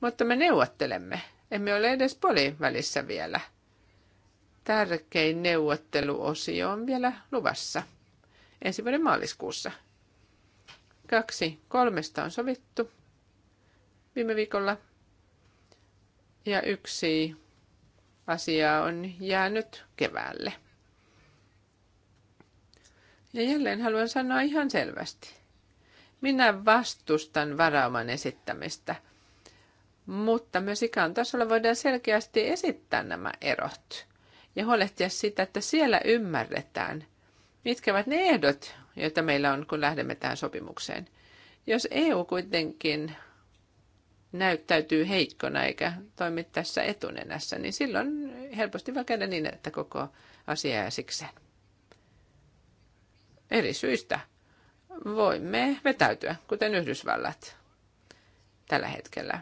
Mutta me neuvottelemme. Emme ole edes välissä vielä. Tärkein neuvotteluosio on vielä luvassa. Ensi vuoden maaliskuussa. Kaksi kolmesta on sovittu viime viikolla. Ja yksi asia on jäänyt keväälle. Ja jälleen haluan sanoa ihan selvästi. Minä vastustan varauman esittämistä, mutta myös ikään tasolla voidaan selkeästi esittää nämä erot ja huolehtia sitä, että siellä ymmärretään, mitkä ovat ne ehdot, joita meillä on, kun lähdemme tähän sopimukseen. Jos EU kuitenkin näyttäytyy heikkona eikä toimi tässä etunenässä, niin silloin helposti voi käydä niin, että koko asia jää sikseen. Eri syistä voimme vetäytyä, kuten Yhdysvallat tällä hetkellä.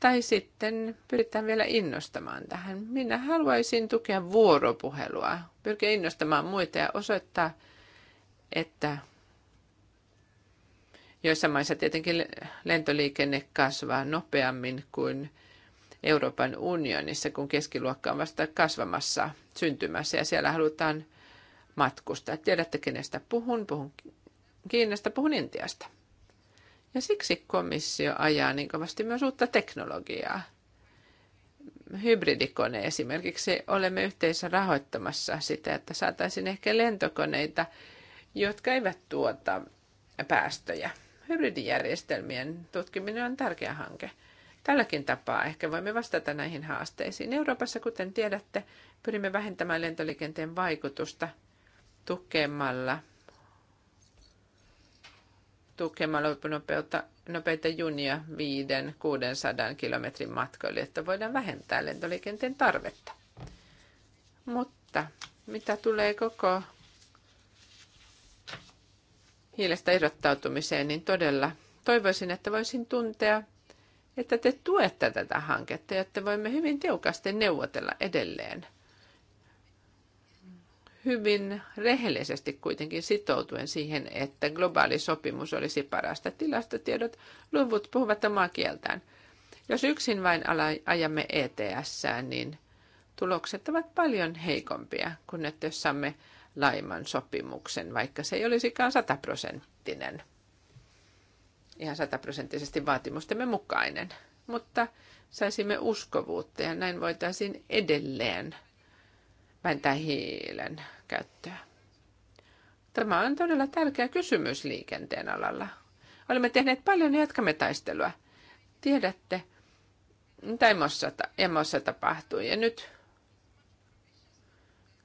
Tai sitten pyritään vielä innostamaan tähän. Minä haluaisin tukea vuoropuhelua, pyrkiä innostamaan muita ja osoittaa, että joissa maissa tietenkin lentoliikenne kasvaa nopeammin kuin Euroopan unionissa, kun keskiluokka on vasta kasvamassa, syntymässä ja siellä halutaan matkustaa. Tiedätte, kenestä puhun. Puhun Kiinasta, puhun Intiasta. Ja siksi komissio ajaa niin kovasti myös uutta teknologiaa. Hybridikone esimerkiksi olemme yhteensä rahoittamassa sitä, että saataisiin ehkä lentokoneita, jotka eivät tuota päästöjä. Hybridijärjestelmien tutkiminen on tärkeä hanke. Tälläkin tapaa ehkä voimme vastata näihin haasteisiin. Euroopassa, kuten tiedätte, pyrimme vähentämään lentoliikenteen vaikutusta tukemalla – tukemalla nopeutta, nopeita junia 5-600 kilometrin matkoille, että voidaan vähentää lentoliikenteen tarvetta. Mutta mitä tulee koko hiilestä irrottautumiseen, niin todella toivoisin, että voisin tuntea, että te tuette tätä hanketta, jotta voimme hyvin tiukasti neuvotella edelleen – hyvin rehellisesti kuitenkin sitoutuen siihen, että globaali sopimus olisi parasta. Tilastotiedot, luvut puhuvat omaa kieltään. Jos yksin vain ajamme ETS, niin tulokset ovat paljon heikompia kuin että jos saamme laiman sopimuksen, vaikka se ei olisikaan sataprosenttinen. Ihan sataprosenttisesti vaatimustemme mukainen. Mutta saisimme uskovuutta ja näin voitaisiin edelleen vähentää hiilen käyttöä? Tämä on todella tärkeä kysymys liikenteen alalla. Olemme tehneet paljon ja jatkamme taistelua. Tiedätte, mitä emossa, emossa tapahtui. Ja nyt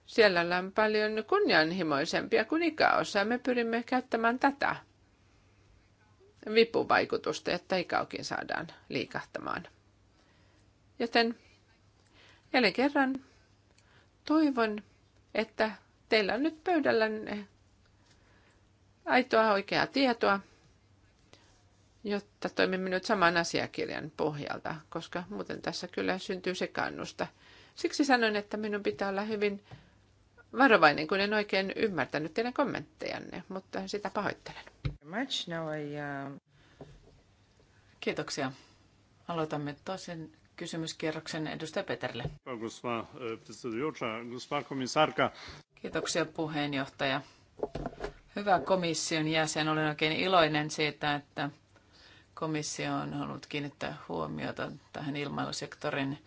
siellä ollaan paljon kunnianhimoisempia kuin ikäosa. Me pyrimme käyttämään tätä vipuvaikutusta, että ikäokin saadaan liikahtamaan. Joten jälleen kerran toivon, että Teillä on nyt pöydällä aitoa oikeaa tietoa, jotta toimimme nyt saman asiakirjan pohjalta, koska muuten tässä kyllä syntyy sekannusta. Siksi sanoin, että minun pitää olla hyvin varovainen, kun en oikein ymmärtänyt teidän kommenttejanne, mutta sitä pahoittelen. Kiitoksia. Aloitamme toisen kysymyskierroksen edustaja Peterille. Eh, Kiitoksia puheenjohtaja. Hyvä komission jäsen, olen oikein iloinen siitä, että komissio on halunnut kiinnittää huomiota tähän ilmailusektorin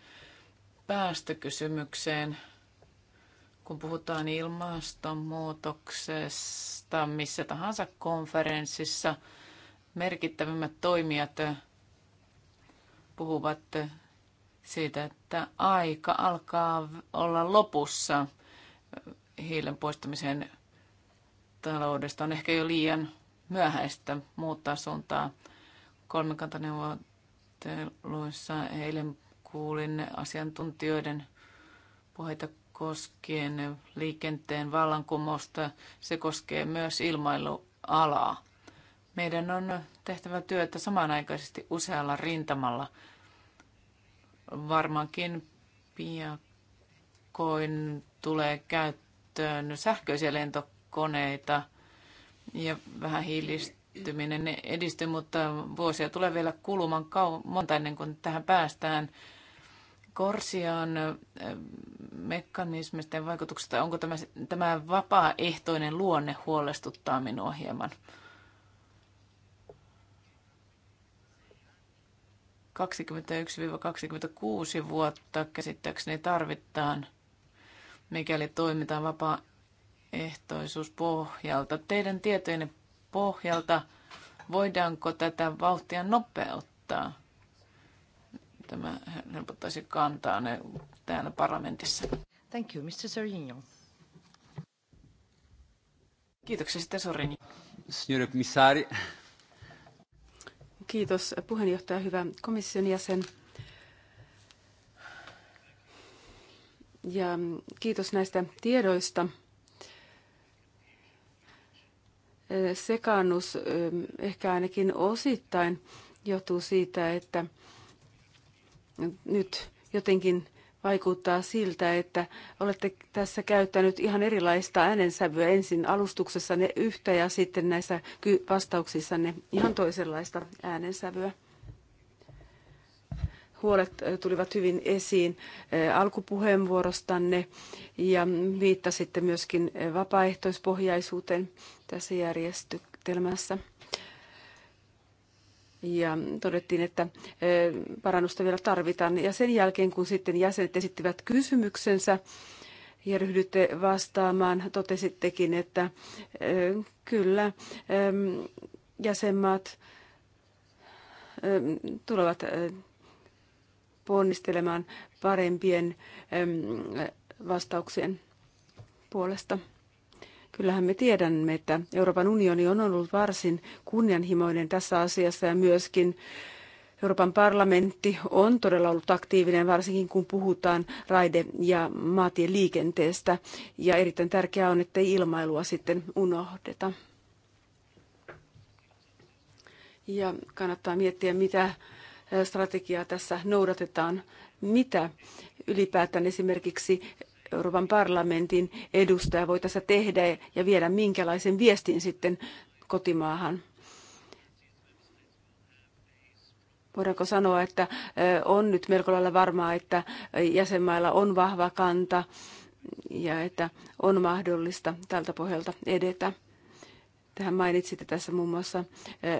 päästökysymykseen. Kun puhutaan ilmastonmuutoksesta missä tahansa konferenssissa, merkittävimmät toimijat puhuvat siitä, että aika alkaa olla lopussa hiilen poistamiseen taloudesta on ehkä jo liian myöhäistä muuttaa suuntaa. Kolmikantaneuvotteluissa eilen kuulin asiantuntijoiden puheita koskien liikenteen vallankumousta. Se koskee myös ilmailualaa. Meidän on tehtävä työtä samanaikaisesti usealla rintamalla. Varmaankin piakoin tulee käyttää käyttöön sähköisiä lentokoneita ja vähän hiilistyminen edistyy, mutta vuosia tulee vielä kulumaan kau- monta ennen kuin tähän päästään. Korsian mekanismisten vaikutuksesta, onko tämä, tämä vapaaehtoinen luonne huolestuttaa minua hieman? 21-26 vuotta käsittääkseni tarvitaan – mikäli toimitaan vapaaehtoisuuspohjalta. Teidän tietojen pohjalta, voidaanko tätä vauhtia nopeuttaa? Tämä helpottaisi kantaa ne täällä parlamentissa. Thank you, Mr. Sorinio. Kiitoksia sitten Sorinio. Signore Commissari. Kiitos puheenjohtaja, hyvä komission jäsen. Ja kiitos näistä tiedoista. Sekaannus ehkä ainakin osittain johtuu siitä, että nyt jotenkin vaikuttaa siltä, että olette tässä käyttänyt ihan erilaista äänensävyä ensin alustuksessanne yhtä ja sitten näissä vastauksissanne ihan toisenlaista äänensävyä huolet äh, tulivat hyvin esiin äh, alkupuheenvuorostanne ja viittasitte myöskin äh, vapaaehtoispohjaisuuteen tässä järjestelmässä. Ja todettiin, että parannusta vielä tarvitaan. Ja sen jälkeen, kun sitten jäsenet esittivät kysymyksensä, ja ryhdytte vastaamaan. Totesittekin, että kyllä ähm, jäsenmaat ähm, tulevat ponnistelemaan parempien vastauksien puolesta. Kyllähän me tiedämme, että Euroopan unioni on ollut varsin kunnianhimoinen tässä asiassa ja myöskin Euroopan parlamentti on todella ollut aktiivinen, varsinkin kun puhutaan raide- ja maatien liikenteestä. Ja erittäin tärkeää on, että ilmailua sitten unohdeta. Ja kannattaa miettiä, mitä strategiaa tässä noudatetaan? Mitä ylipäätään esimerkiksi Euroopan parlamentin edustaja voi tässä tehdä ja viedä minkälaisen viestin sitten kotimaahan? voidaanko sanoa, että on nyt melko lailla varmaa, että jäsenmailla on vahva kanta ja että on mahdollista tältä pohjalta edetä. Tähän mainitsitte tässä muun muassa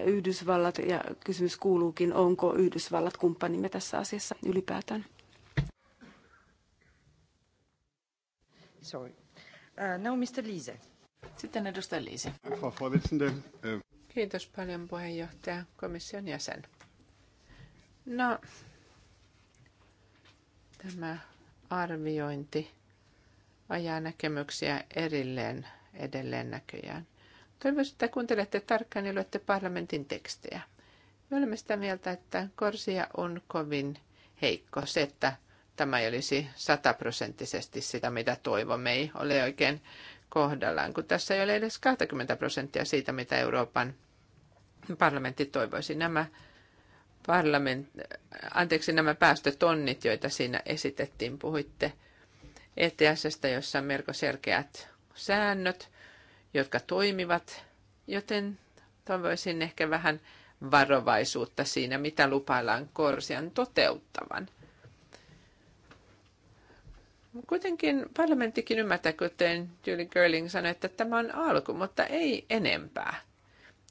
Yhdysvallat ja kysymys kuuluukin, onko Yhdysvallat kumppanimme tässä asiassa ylipäätään? Sorry. Uh, no, Mr. Liese. Sitten edustaja Liise. Kiitos paljon puheenjohtaja, komission jäsen. No, tämä arviointi ajaa näkemyksiä erilleen edelleen näköjään. Toivoisin, että kuuntelette tarkkaan ja luette parlamentin tekstejä. Me olemme sitä mieltä, että Korsia on kovin heikko. Se, että tämä ei olisi sataprosenttisesti sitä, mitä toivomme, ei ole oikein kohdallaan, kun tässä ei ole edes 20 prosenttia siitä, mitä Euroopan parlamentti toivoisi. Nämä, parlament, anteeksi, nämä päästötonnit, joita siinä esitettiin, puhuitte ETSstä, jossa on melko selkeät säännöt jotka toimivat, joten toivoisin ehkä vähän varovaisuutta siinä, mitä lupaillaan Korsian toteuttavan. Kuitenkin parlamenttikin ymmärtää, kuten Julie Girling sanoi, että tämä on alku, mutta ei enempää.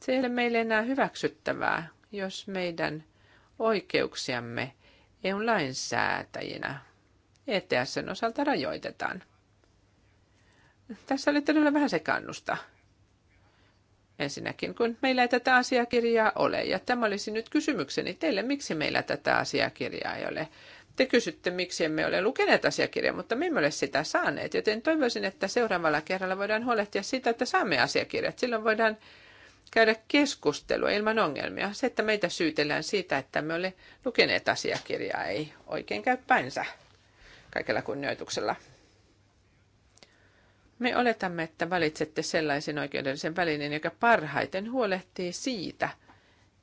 Se ei ole meille enää hyväksyttävää, jos meidän oikeuksiamme eu lainsäätäjinä ETSn osalta rajoitetaan. Tässä oli todella vähän sekannusta. Ensinnäkin, kun meillä ei tätä asiakirjaa ole, ja tämä olisi nyt kysymykseni teille, miksi meillä tätä asiakirjaa ei ole. Te kysytte, miksi emme ole lukeneet asiakirjaa, mutta me emme ole sitä saaneet, joten toivoisin, että seuraavalla kerralla voidaan huolehtia siitä, että saamme asiakirjat. Silloin voidaan käydä keskustelua ilman ongelmia. Se, että meitä syytellään siitä, että me ole lukeneet asiakirjaa, ei oikein käy päinsä kaikella kunnioituksella. Me oletamme, että valitsette sellaisen oikeudellisen välineen, joka parhaiten huolehtii siitä,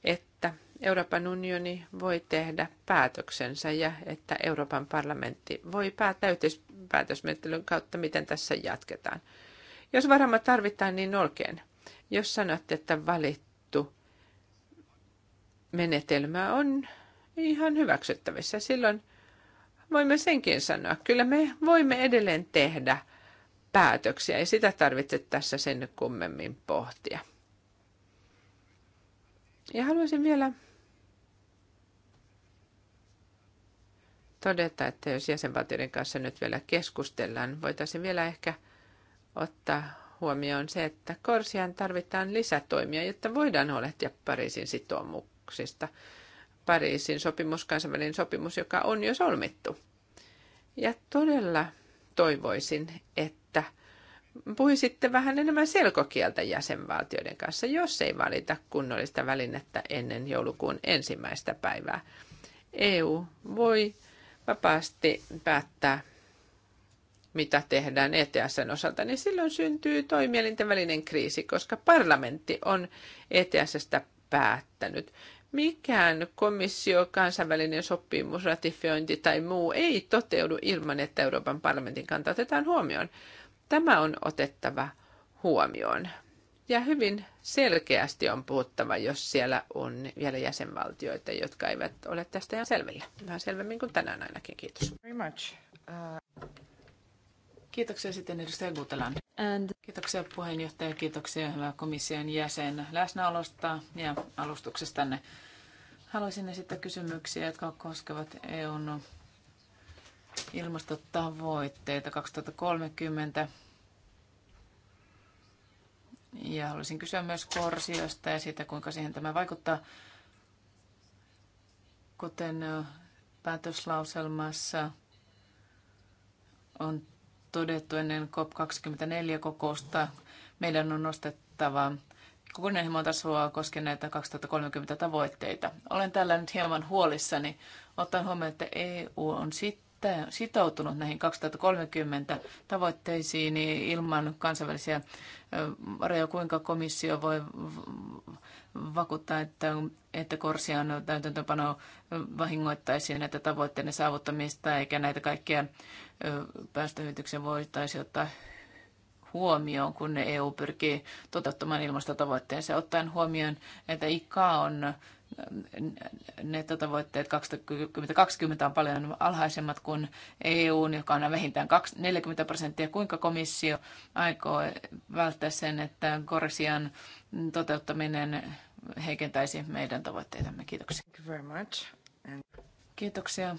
että Euroopan unioni voi tehdä päätöksensä ja että Euroopan parlamentti voi päättää yhteispäätösmenettelyn kautta, miten tässä jatketaan. Jos varama tarvitaan, niin olkeen. Jos sanotte, että valittu menetelmä on ihan hyväksyttävissä, silloin voimme senkin sanoa. Kyllä me voimme edelleen tehdä – päätöksiä. Ei sitä tarvitse tässä sen kummemmin pohtia. Ja haluaisin vielä todeta, että jos jäsenvaltioiden kanssa nyt vielä keskustellaan, voitaisiin vielä ehkä ottaa huomioon se, että korsian tarvitaan lisätoimia, jotta voidaan huolehtia Pariisin sitoumuksista. Pariisin sopimus, kansainvälinen sopimus, joka on jo solmittu. Ja todella toivoisin, että että puhuisitte vähän enemmän selkokieltä jäsenvaltioiden kanssa, jos ei valita kunnollista välinettä ennen joulukuun ensimmäistä päivää. EU voi vapaasti päättää, mitä tehdään ETSn osalta, niin silloin syntyy toimielinten välinen kriisi, koska parlamentti on ETSstä päättänyt. Mikään komissio, kansainvälinen sopimus, ratifiointi tai muu ei toteudu ilman, että Euroopan parlamentin kanta otetaan huomioon. Tämä on otettava huomioon. Ja hyvin selkeästi on puhuttava, jos siellä on vielä jäsenvaltioita, jotka eivät ole tästä ihan selvillä. Vähän selvemmin kuin tänään ainakin. Kiitos. Very much. Uh... Kiitoksia sitten edustaja Gutelan. And... Kiitoksia puheenjohtaja, kiitoksia hyvä komission jäsen läsnäolosta ja alustuksestanne. Haluaisin esittää kysymyksiä, jotka koskevat EUn ilmastotavoitteita 2030 ja haluaisin kysyä myös Korsiosta ja siitä, kuinka siihen tämä vaikuttaa. Kuten päätöslauselmassa on todettu ennen COP24-kokousta, meidän on nostettava kunnianhimon tasoa koskien näitä 2030 tavoitteita. Olen tällä nyt hieman huolissani, ottaen huomioon, että EU on sitten sitoutunut näihin 2030 tavoitteisiin niin ilman kansainvälisiä varoja, kuinka komissio voi vakuuttaa, että, että Korsian täytäntöpano vahingoittaisi näitä tavoitteiden saavuttamista, eikä näitä kaikkia päästöhyvityksiä voitaisiin ottaa huomioon, kun EU e pyrkii toteuttamaan ilmastotavoitteensa, ottaen huomioon, että ICA on nettotavoitteet 2020 on paljon alhaisemmat kuin EUn, joka on vähintään 40 prosenttia. Kuinka komissio aikoo välttää sen, että Korsian toteuttaminen heikentäisi meidän tavoitteitamme? Kiitoksia. Thank you very much. And... Kiitoksia.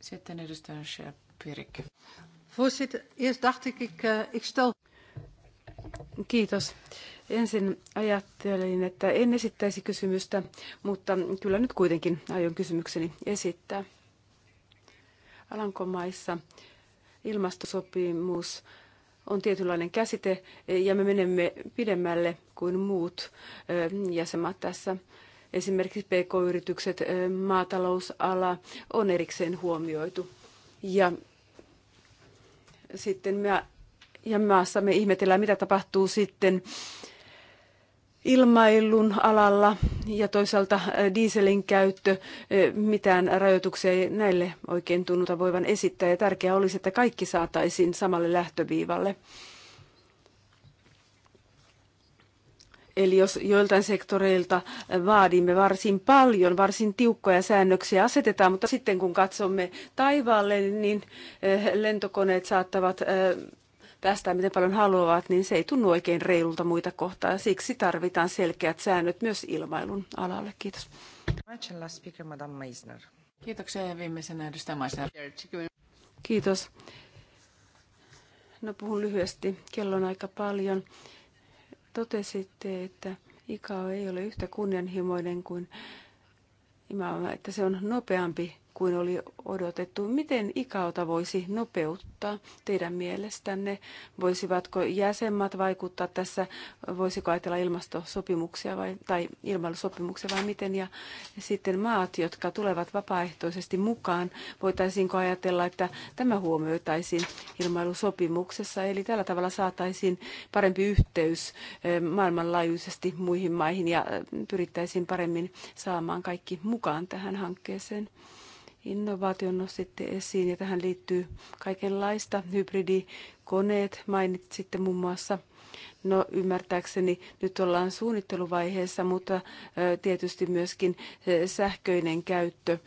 Sitten edustaja Schäpirik. Voorzitter, dacht ik, ik eh, stel... Kiitos. Ensin ajattelin, että en esittäisi kysymystä, mutta kyllä nyt kuitenkin aion kysymykseni esittää. Alankomaissa ilmastosopimus on tietynlainen käsite ja me menemme pidemmälle kuin muut eh, jäsenmaat tässä. Esimerkiksi pk-yritykset, eh, maatalousala on erikseen huomioitu. Ja sitten me, ja maassa me ihmetellään, mitä tapahtuu sitten ilmailun alalla ja toisaalta äh, dieselin käyttö, äh, mitään rajoituksia ei näille oikein tunnuta voivan esittää ja tärkeää olisi, että kaikki saataisiin samalle lähtöviivalle. Eli jos joiltain sektoreilta äh, vaadimme varsin paljon, varsin tiukkoja säännöksiä asetetaan, mutta sitten kun katsomme taivaalle, niin lentokoneet saattavat päästään miten paljon haluavat, niin se ei tunnu oikein reilulta muita kohtaa. Siksi tarvitaan selkeät säännöt myös ilmailun alalle. Kiitos. Kiitoksia ja viimeisenä edustaja Maisner. Kiitos. No puhun lyhyesti, kello on aika paljon. Totesitte, että ICAO ei ole yhtä kunnianhimoinen kuin IMAO, että se on nopeampi kuin oli odotettu. Miten ikäota voisi nopeuttaa teidän mielestänne? Voisivatko jäsenmat vaikuttaa tässä? Voisiko ajatella ilmastosopimuksia vai, tai ilmailusopimuksia vai miten? Ja sitten maat, jotka tulevat vapaaehtoisesti mukaan, voitaisiinko ajatella, että tämä huomioitaisiin ilmailusopimuksessa? Eli tällä tavalla saataisiin parempi yhteys eh, maailmanlaajuisesti muihin maihin ja eh, pyrittäisiin paremmin saamaan kaikki mukaan tähän hankkeeseen. Innovaation nostitte esiin ja tähän liittyy kaikenlaista. Hybridikoneet mainitsitte muun muassa. No ymmärtääkseni nyt ollaan suunnitteluvaiheessa, mutta tietysti myöskin sähköinen käyttö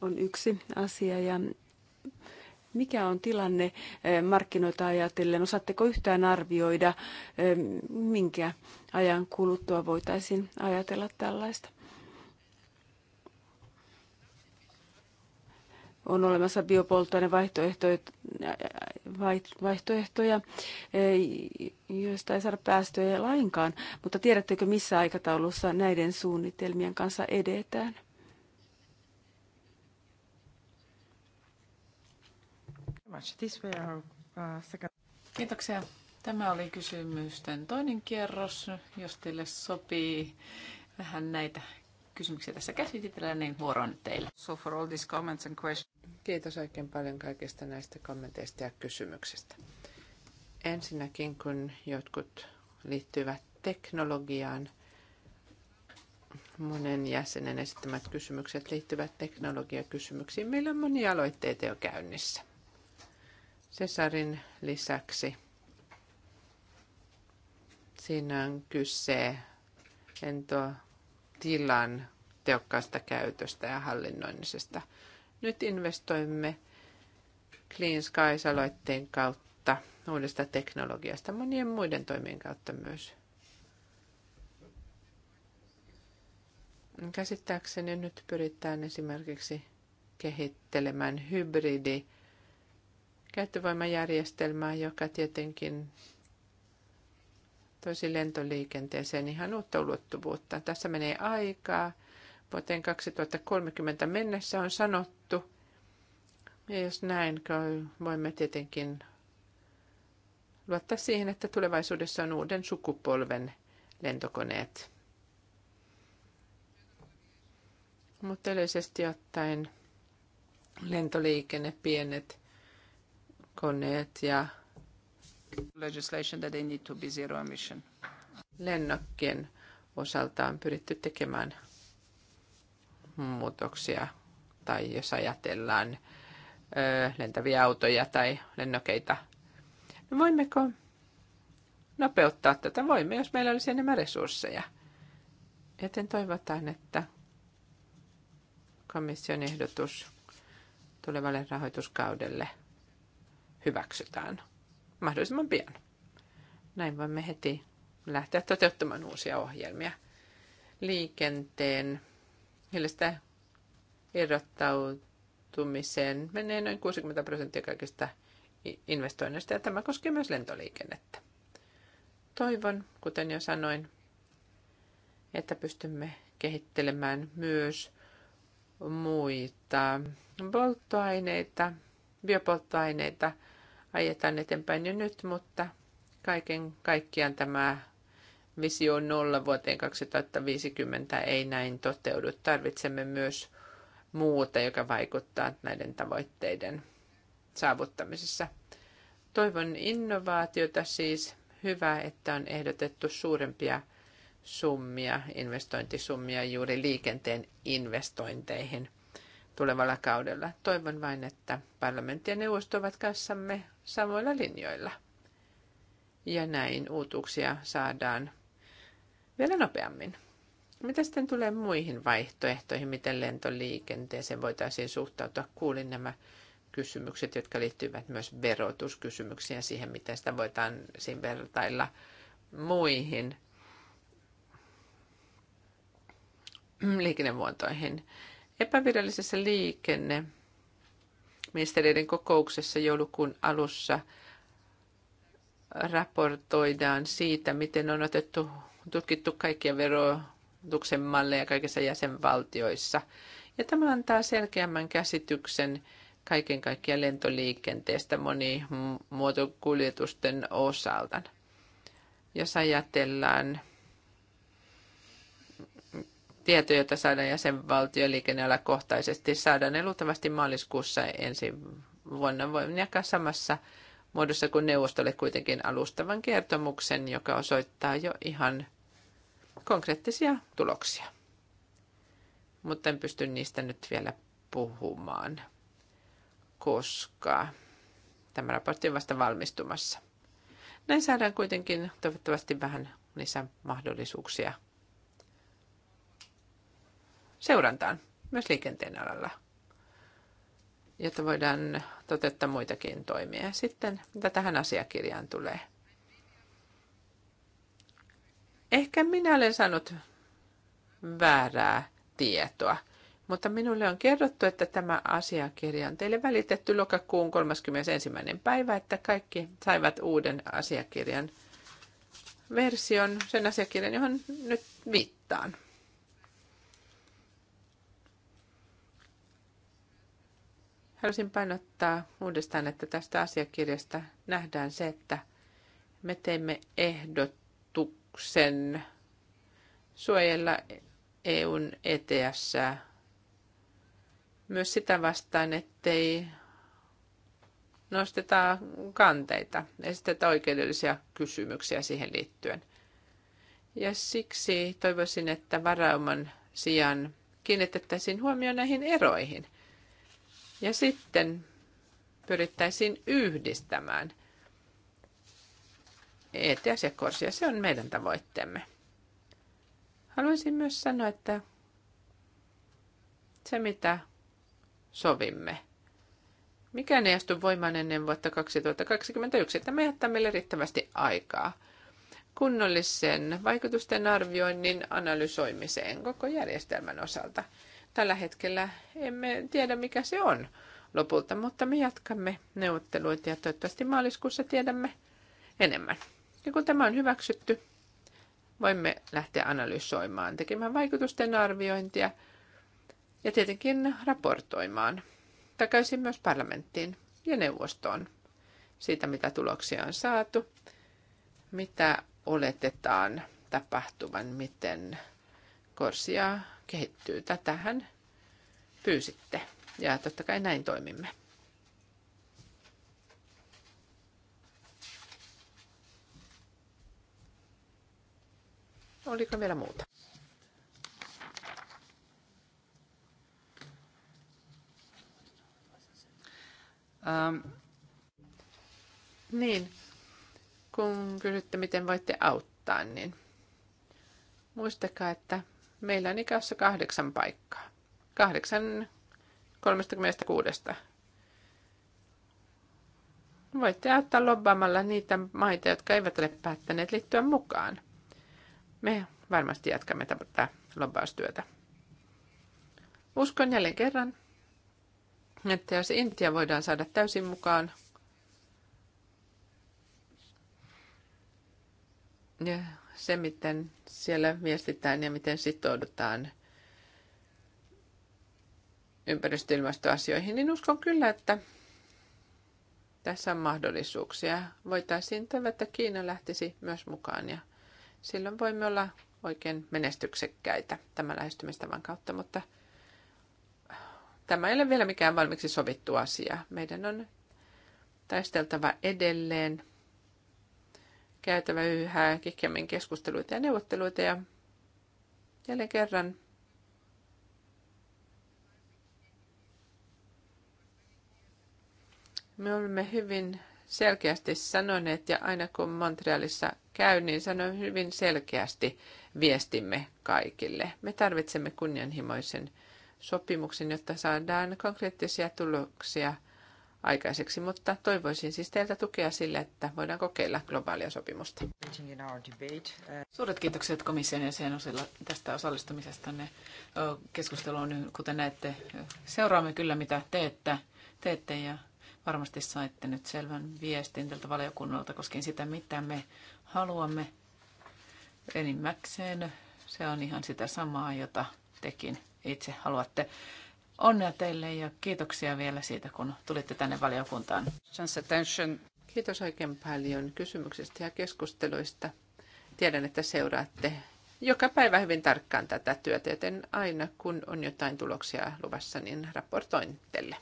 on yksi asia ja mikä on tilanne markkinoita ajatellen? Osaatteko yhtään arvioida, minkä ajan kuluttua voitaisiin ajatella tällaista? on olemassa biopolttoainevaihtoehtoja, eh, joista ei saada päästöjä lainkaan. Mutta tiedättekö, missä aikataulussa näiden suunnitelmien kanssa edetään? Kiitoksia. Tämä oli kysymysten toinen kierros. Jos teille sopii vähän näitä kysymyksiä tässä käsitellään, niin vuoro on teille. So for all these comments and questions. Kiitos oikein paljon kaikista näistä kommenteista ja kysymyksistä. Ensinnäkin, kun jotkut liittyvät teknologiaan, monen jäsenen esittämät kysymykset liittyvät teknologiakysymyksiin. Meillä on monia aloitteita jo käynnissä. Cesarin lisäksi siinä on kyse lentotilan tehokkaasta käytöstä ja hallinnoinnisesta – nyt investoimme Clean Skies-aloitteen kautta uudesta teknologiasta, monien muiden toimien kautta myös. Käsittääkseni nyt pyritään esimerkiksi kehittelemään hybridi käyttövoimajärjestelmää, joka tietenkin toisi lentoliikenteeseen ihan uutta ulottuvuutta. Tässä menee aikaa vuoteen 2030 mennessä on sanottu. Ja jos näin, voimme tietenkin luottaa siihen, että tulevaisuudessa on uuden sukupolven lentokoneet. Mutta yleisesti ottaen lentoliikenne, pienet koneet ja legislation that they need to be zero emission. lennokkien osalta on pyritty tekemään muutoksia tai jos ajatellaan lentäviä autoja tai lennokeita. No voimmeko nopeuttaa tätä? Voimme, jos meillä olisi enemmän resursseja. Joten toivotaan, että komission ehdotus tulevalle rahoituskaudelle hyväksytään mahdollisimman pian. Näin voimme heti lähteä toteuttamaan uusia ohjelmia. Liikenteen sitä erottautumiseen menee noin 60 prosenttia kaikista investoinneista ja tämä koskee myös lentoliikennettä. Toivon, kuten jo sanoin, että pystymme kehittelemään myös muita polttoaineita, biopolttoaineita ajetaan eteenpäin jo nyt, mutta kaiken kaikkiaan tämä visio nolla vuoteen 2050 ei näin toteudu. Tarvitsemme myös muuta, joka vaikuttaa näiden tavoitteiden saavuttamisessa. Toivon innovaatiota siis. Hyvä, että on ehdotettu suurempia summia, investointisummia juuri liikenteen investointeihin tulevalla kaudella. Toivon vain, että parlamentti ja neuvosto ovat kanssamme samoilla linjoilla. Ja näin uutuuksia saadaan vielä nopeammin. Mitä sitten tulee muihin vaihtoehtoihin, miten lentoliikenteeseen voitaisiin suhtautua? Kuulin nämä kysymykset, jotka liittyvät myös verotuskysymyksiin ja siihen, miten sitä voitaisiin vertailla muihin liikennemuotoihin. Epävirallisessa liikenneministeriöiden kokouksessa joulukuun alussa raportoidaan siitä, miten on otettu tutkittu kaikkia verotuksen malleja kaikissa jäsenvaltioissa. Ja tämä antaa selkeämmän käsityksen kaiken kaikkiaan lentoliikenteestä monimuotokuljetusten osalta. Jos ajatellaan tietoja, joita saadaan jäsenvaltion liikennealakohtaisesti, saadaan ne luultavasti maaliskuussa ensi vuonna. Voin jakaa samassa muodossa kuin neuvostolle kuitenkin alustavan kertomuksen, joka osoittaa jo ihan konkreettisia tuloksia. Mutta en pysty niistä nyt vielä puhumaan, koska tämä raportti on vasta valmistumassa. Näin saadaan kuitenkin toivottavasti vähän lisää mahdollisuuksia seurantaan, myös liikenteen alalla, jotta voidaan toteuttaa muitakin toimia. Sitten mitä tähän asiakirjaan tulee – Ehkä minä olen saanut väärää tietoa, mutta minulle on kerrottu, että tämä asiakirja on teille välitetty lokakuun 31. päivä, että kaikki saivat uuden asiakirjan version, sen asiakirjan, johon nyt viittaan. Haluaisin painottaa uudestaan, että tästä asiakirjasta nähdään se, että me teimme ehdot tarkoituksen suojella EUn ETS myös sitä vastaan, ettei nosteta kanteita, esitetä oikeudellisia kysymyksiä siihen liittyen. Ja siksi toivoisin, että varauman sijaan kiinnitettäisiin huomioon näihin eroihin. Ja sitten pyrittäisiin yhdistämään – ET-asiakorsia, e Se on meidän tavoitteemme. Haluaisin myös sanoa, että se mitä sovimme, mikään ei astu voimaan ennen vuotta 2021, me jättää meille riittävästi aikaa kunnollisen vaikutusten arvioinnin analysoimiseen koko järjestelmän osalta. Tällä hetkellä emme tiedä, mikä se on lopulta, mutta me jatkamme neuvotteluita ja toivottavasti maaliskuussa tiedämme enemmän. Ja kun tämä on hyväksytty, voimme lähteä analysoimaan, tekemään vaikutusten arviointia ja tietenkin raportoimaan takaisin myös parlamenttiin ja neuvostoon siitä, mitä tuloksia on saatu, mitä oletetaan tapahtuvan, miten korsia kehittyy. Tätähän pyysitte ja totta kai näin toimimme. Oliko vielä muuta? Ähm. Niin, kun kysytte, miten voitte auttaa, niin muistakaa, että meillä on ikässä kahdeksan paikkaa. Kahdeksan 36. Voitte auttaa lobbaamalla niitä maita, jotka eivät ole päättäneet liittyä mukaan. Me varmasti jatkamme tätä lobbaustyötä. Uskon jälleen kerran, että jos Intia voidaan saada täysin mukaan, ja se, miten siellä viestitään ja miten sitoudutaan ympäristöilmastoasioihin, niin uskon kyllä, että tässä on mahdollisuuksia. Voitaisiin toivoa, että Kiina lähtisi myös mukaan ja silloin voimme olla oikein menestyksekkäitä tämän lähestymistavan kautta, mutta tämä ei ole vielä mikään valmiiksi sovittu asia. Meidän on taisteltava edelleen, käytävä yhä kikkemmin keskusteluita ja neuvotteluita ja jälleen kerran me olemme hyvin selkeästi sanoneet ja aina kun Montrealissa käy, niin sanon hyvin selkeästi viestimme kaikille. Me tarvitsemme kunnianhimoisen sopimuksen, jotta saadaan konkreettisia tuloksia aikaiseksi, mutta toivoisin siis teiltä tukea sille, että voidaan kokeilla globaalia sopimusta. Suuret kiitokset komission ja sen osilla tästä osallistumisesta keskusteluun. Kuten näette, seuraamme kyllä mitä teette, teette ja Varmasti saitte nyt selvän viestin tältä valiokunnalta koskien sitä, mitä me haluamme enimmäkseen. Se on ihan sitä samaa, jota tekin itse haluatte. Onnea teille ja kiitoksia vielä siitä, kun tulitte tänne valiokuntaan. Kiitos oikein paljon kysymyksistä ja keskusteluista. Tiedän, että seuraatte joka päivä hyvin tarkkaan tätä työtä, joten aina kun on jotain tuloksia luvassa, niin raportoin teille.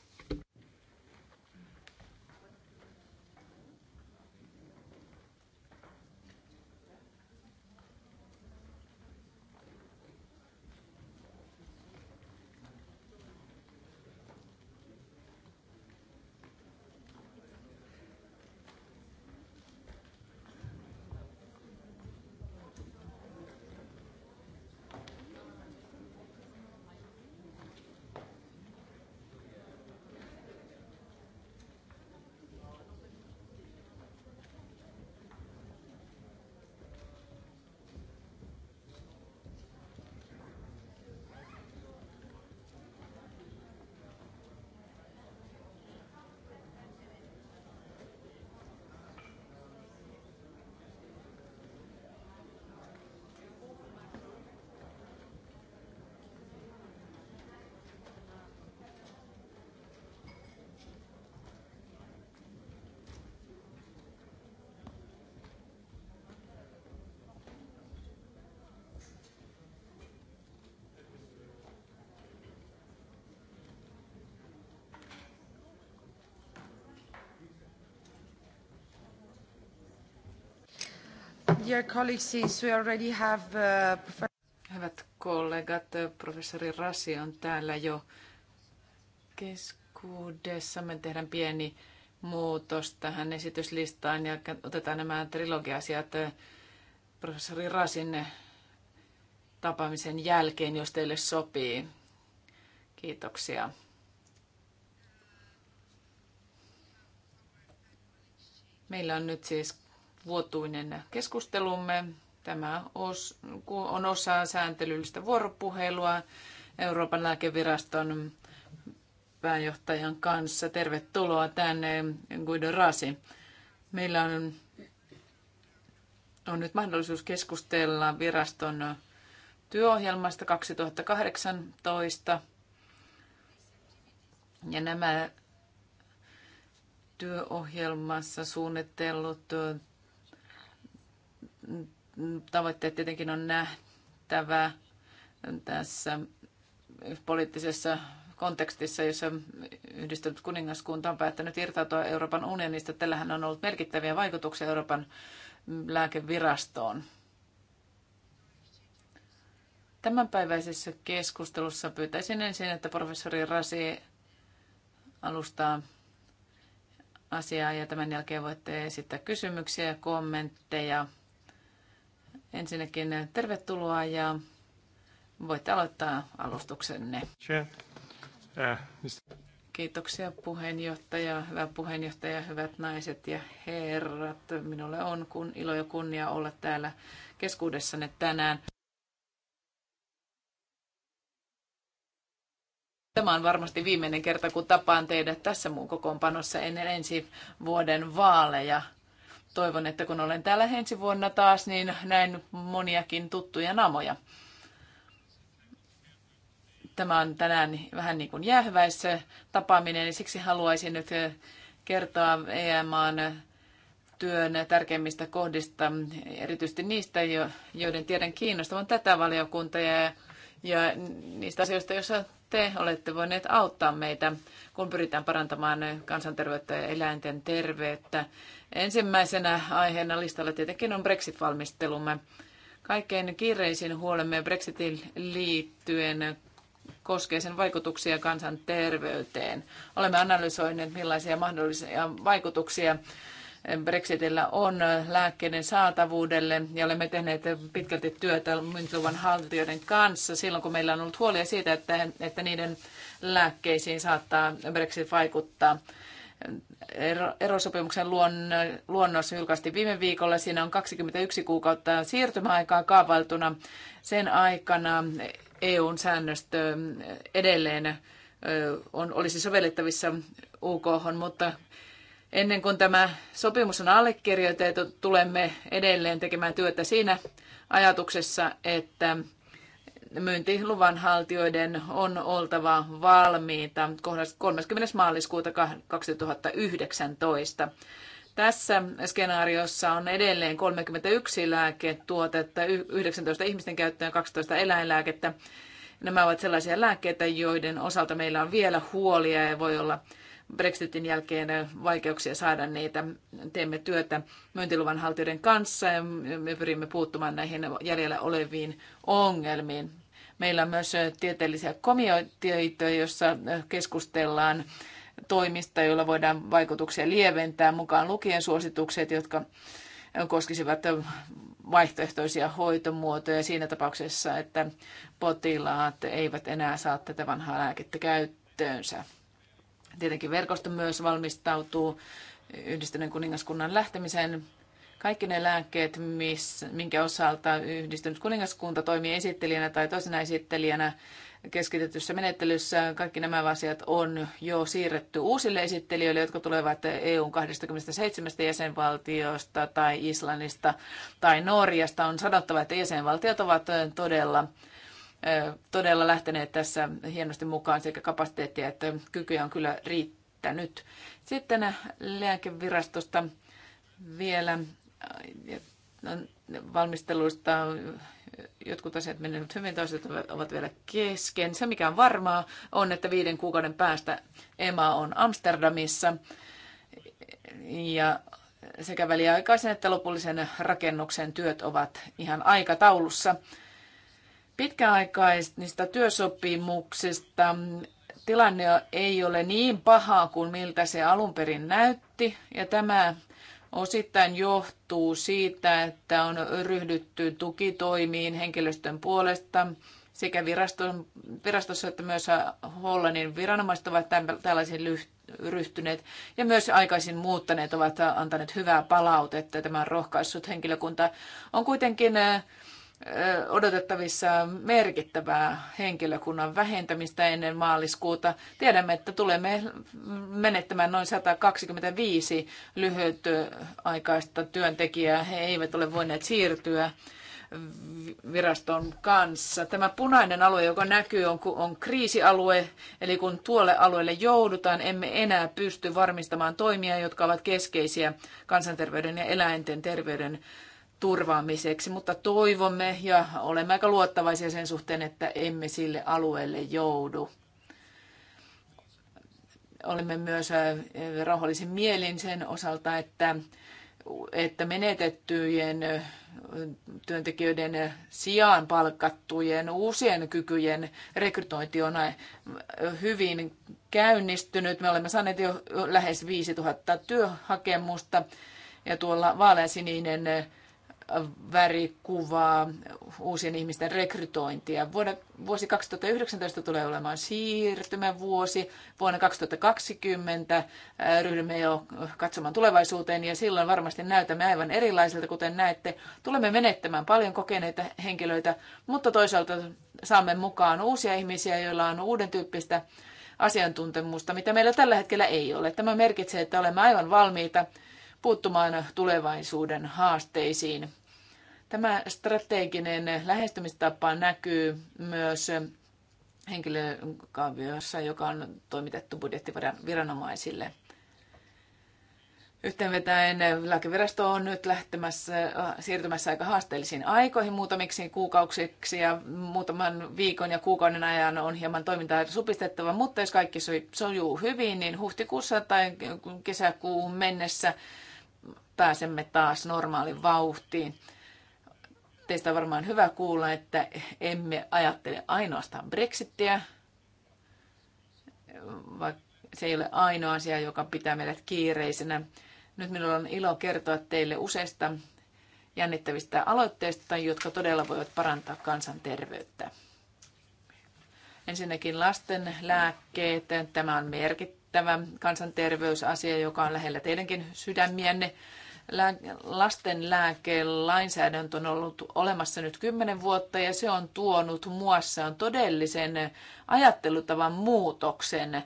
Dear colleagues, we already have, uh, Hyvät kollegat, uh, professori Rasi on täällä jo keskuudessa. Me tehdään pieni muutos tähän esityslistaan ja otetaan nämä trilogiasiat uh, professori Rasin tapaamisen jälkeen, jos teille sopii. Kiitoksia. Meillä on nyt siis vuotuinen keskustelumme. Tämä on osa sääntelyllistä vuoropuhelua Euroopan lääkeviraston pääjohtajan kanssa. Tervetuloa tänne Guido Rasi. Meillä on, on nyt mahdollisuus keskustella viraston työohjelmasta 2018. Ja nämä työohjelmassa suunnitellut tavoitteet tietenkin on nähtävä tässä poliittisessa kontekstissa, jossa yhdistynyt kuningaskunta on päättänyt irtautua Euroopan unionista. Tällähän on ollut merkittäviä vaikutuksia Euroopan lääkevirastoon. Tämänpäiväisessä keskustelussa pyytäisin ensin, että professori Rasi alustaa asiaa ja tämän jälkeen voitte esittää kysymyksiä ja kommentteja Ensinnäkin tervetuloa ja voitte aloittaa alustuksenne. Uh, Kiitoksia puheenjohtaja, hyvä puheenjohtaja, hyvät naiset ja herrat. Minulle on kun ilo ja kunnia olla täällä keskuudessanne tänään. Tämä on varmasti viimeinen kerta, kun tapaan teidät tässä muun kokoonpanossa ennen ensi vuoden vaaleja toivon, että kun olen täällä ensi vuonna taas, niin näin moniakin tuttuja namoja. Tämä on tänään vähän niin kuin jäähyväissä tapaaminen, niin siksi haluaisin nyt kertoa EMAan työn tärkeimmistä kohdista, erityisesti niistä, joiden tiedän kiinnostavan tätä valiokuntaa ja, ja niistä asioista, joissa te olette voineet auttaa meitä, kun pyritään parantamaan kansanterveyttä ja eläinten terveyttä Ensimmäisenä aiheena listalla tietenkin on Brexit-valmistelumme. Kaikkein kiireisin huolemme Brexitin liittyen koskee sen vaikutuksia kansanterveyteen. Olemme analysoineet, millaisia mahdollisia vaikutuksia Brexitillä on lääkkeiden saatavuudelle ja olemme tehneet pitkälti työtä myyntiluvan haltijoiden kanssa silloin, kun meillä on ollut huolia siitä, että, että niiden lääkkeisiin saattaa Brexit vaikuttaa erosopimuksen luonnos julkaistiin viime viikolla. Siinä on 21 kuukautta siirtymäaikaa kaavailtuna. Sen aikana EUn säännöstö edelleen on, olisi sovellettavissa UK, mutta ennen kuin tämä sopimus on allekirjoitettu, tulemme edelleen tekemään työtä siinä ajatuksessa, että myyntiluvan haltijoiden on oltava valmiita 30. maaliskuuta 2019. Tässä skenaariossa on edelleen 31 lääketuotetta, 19 ihmisten käyttöön, 12 eläinlääkettä. Nämä ovat sellaisia lääkkeitä, joiden osalta meillä on vielä huolia ja voi olla Brexitin jälkeen vaikeuksia saada niitä. Teemme työtä myyntiluvan haltijoiden kanssa ja me pyrimme puuttumaan näihin jäljellä oleviin ongelmiin. Meillä on myös tieteellisiä komiteoita, joissa keskustellaan toimista, joilla voidaan vaikutuksia lieventää, mukaan lukien suositukset, jotka koskisivat vaihtoehtoisia hoitomuotoja siinä tapauksessa, että potilaat eivät enää saa tätä vanhaa lääkettä käyttöönsä. Tietenkin verkosto myös valmistautuu yhdistyneen kuningaskunnan lähtemiseen. Kaikki ne lääkkeet, miss, minkä osalta yhdistynyt kuningaskunta toimii esittelijänä tai toisena esittelijänä keskitetyssä menettelyssä, kaikki nämä asiat on jo siirretty uusille esittelijöille, jotka tulevat EUn 27 jäsenvaltiosta tai Islannista tai Norjasta. On sanottava, että jäsenvaltiot ovat todella todella lähteneet tässä hienosti mukaan sekä kapasiteettia että kykyjä on kyllä riittänyt. Sitten lääkevirastosta vielä valmisteluista jotkut asiat menevät hyvin, toiset ovat vielä kesken. Se, mikä on varmaa, on, että viiden kuukauden päästä EMA on Amsterdamissa ja sekä väliaikaisen että lopullisen rakennuksen työt ovat ihan aikataulussa pitkäaikaisista työsopimuksista tilanne ei ole niin paha kuin miltä se alun perin näytti, ja tämä osittain johtuu siitä, että on ryhdytty tukitoimiin henkilöstön puolesta. Sekä viraston, virastossa että myös Hollannin viranomaiset ovat tällaisiin ryhtyneet ja myös aikaisin muuttaneet ovat antaneet hyvää palautetta. Tämä on rohkaissut henkilökunta. On kuitenkin äh, odotettavissa merkittävää henkilökunnan vähentämistä ennen maaliskuuta. Tiedämme, että tulemme menettämään noin 125 lyhytaikaista työntekijää. He eivät ole voineet siirtyä viraston kanssa. Tämä punainen alue, joka näkyy, on, on kriisialue, eli kun tuolle alueelle joudutaan, emme enää pysty varmistamaan toimia, jotka ovat keskeisiä kansanterveyden ja eläinten terveyden turvaamiseksi, mutta toivomme ja olemme aika luottavaisia sen suhteen, että emme sille alueelle joudu. Olemme myös rauhallisen mielin sen osalta, että, että menetettyjen työntekijöiden sijaan palkattujen uusien kykyjen rekrytointi on hyvin käynnistynyt. Me olemme saaneet jo lähes 5000 työhakemusta ja tuolla vaaleansininen värikuvaa, uusien ihmisten rekrytointia. Vuonna, vuosi 2019 tulee olemaan siirtymävuosi. Vuonna 2020 ryhdymme jo katsomaan tulevaisuuteen ja silloin varmasti näytämme aivan erilaiselta, kuten näette. Tulemme menettämään paljon kokeneita henkilöitä, mutta toisaalta saamme mukaan uusia ihmisiä, joilla on uuden tyyppistä asiantuntemusta, mitä meillä tällä hetkellä ei ole. Tämä merkitsee, että olemme aivan valmiita puuttumaan tulevaisuuden haasteisiin. Tämä strateginen lähestymistapa näkyy myös henkilökaaviossa, joka on toimitettu budjettiviranomaisille. Yhteenvetäen lääkevirasto on nyt lähtemässä, siirtymässä aika haasteellisiin aikoihin muutamiksi kuukausiksi ja muutaman viikon ja kuukauden ajan on hieman toimintaa supistettava, mutta jos kaikki sojuu hyvin, niin huhtikuussa tai kesäkuuhun mennessä pääsemme taas normaalin vauhtiin. Teistä on varmaan hyvä kuulla, että emme ajattele ainoastaan Brexittiä, vaikka se ei ole ainoa asia, joka pitää meidät kiireisenä. Nyt minulla on ilo kertoa teille useista jännittävistä aloitteista, jotka todella voivat parantaa kansanterveyttä. Ensinnäkin lasten lääkkeet. Tämä on merkittävä kansanterveysasia, joka on lähellä teidänkin sydämienne lasten on ollut olemassa nyt kymmenen vuotta ja se on tuonut muassaan todellisen ajattelutavan muutoksen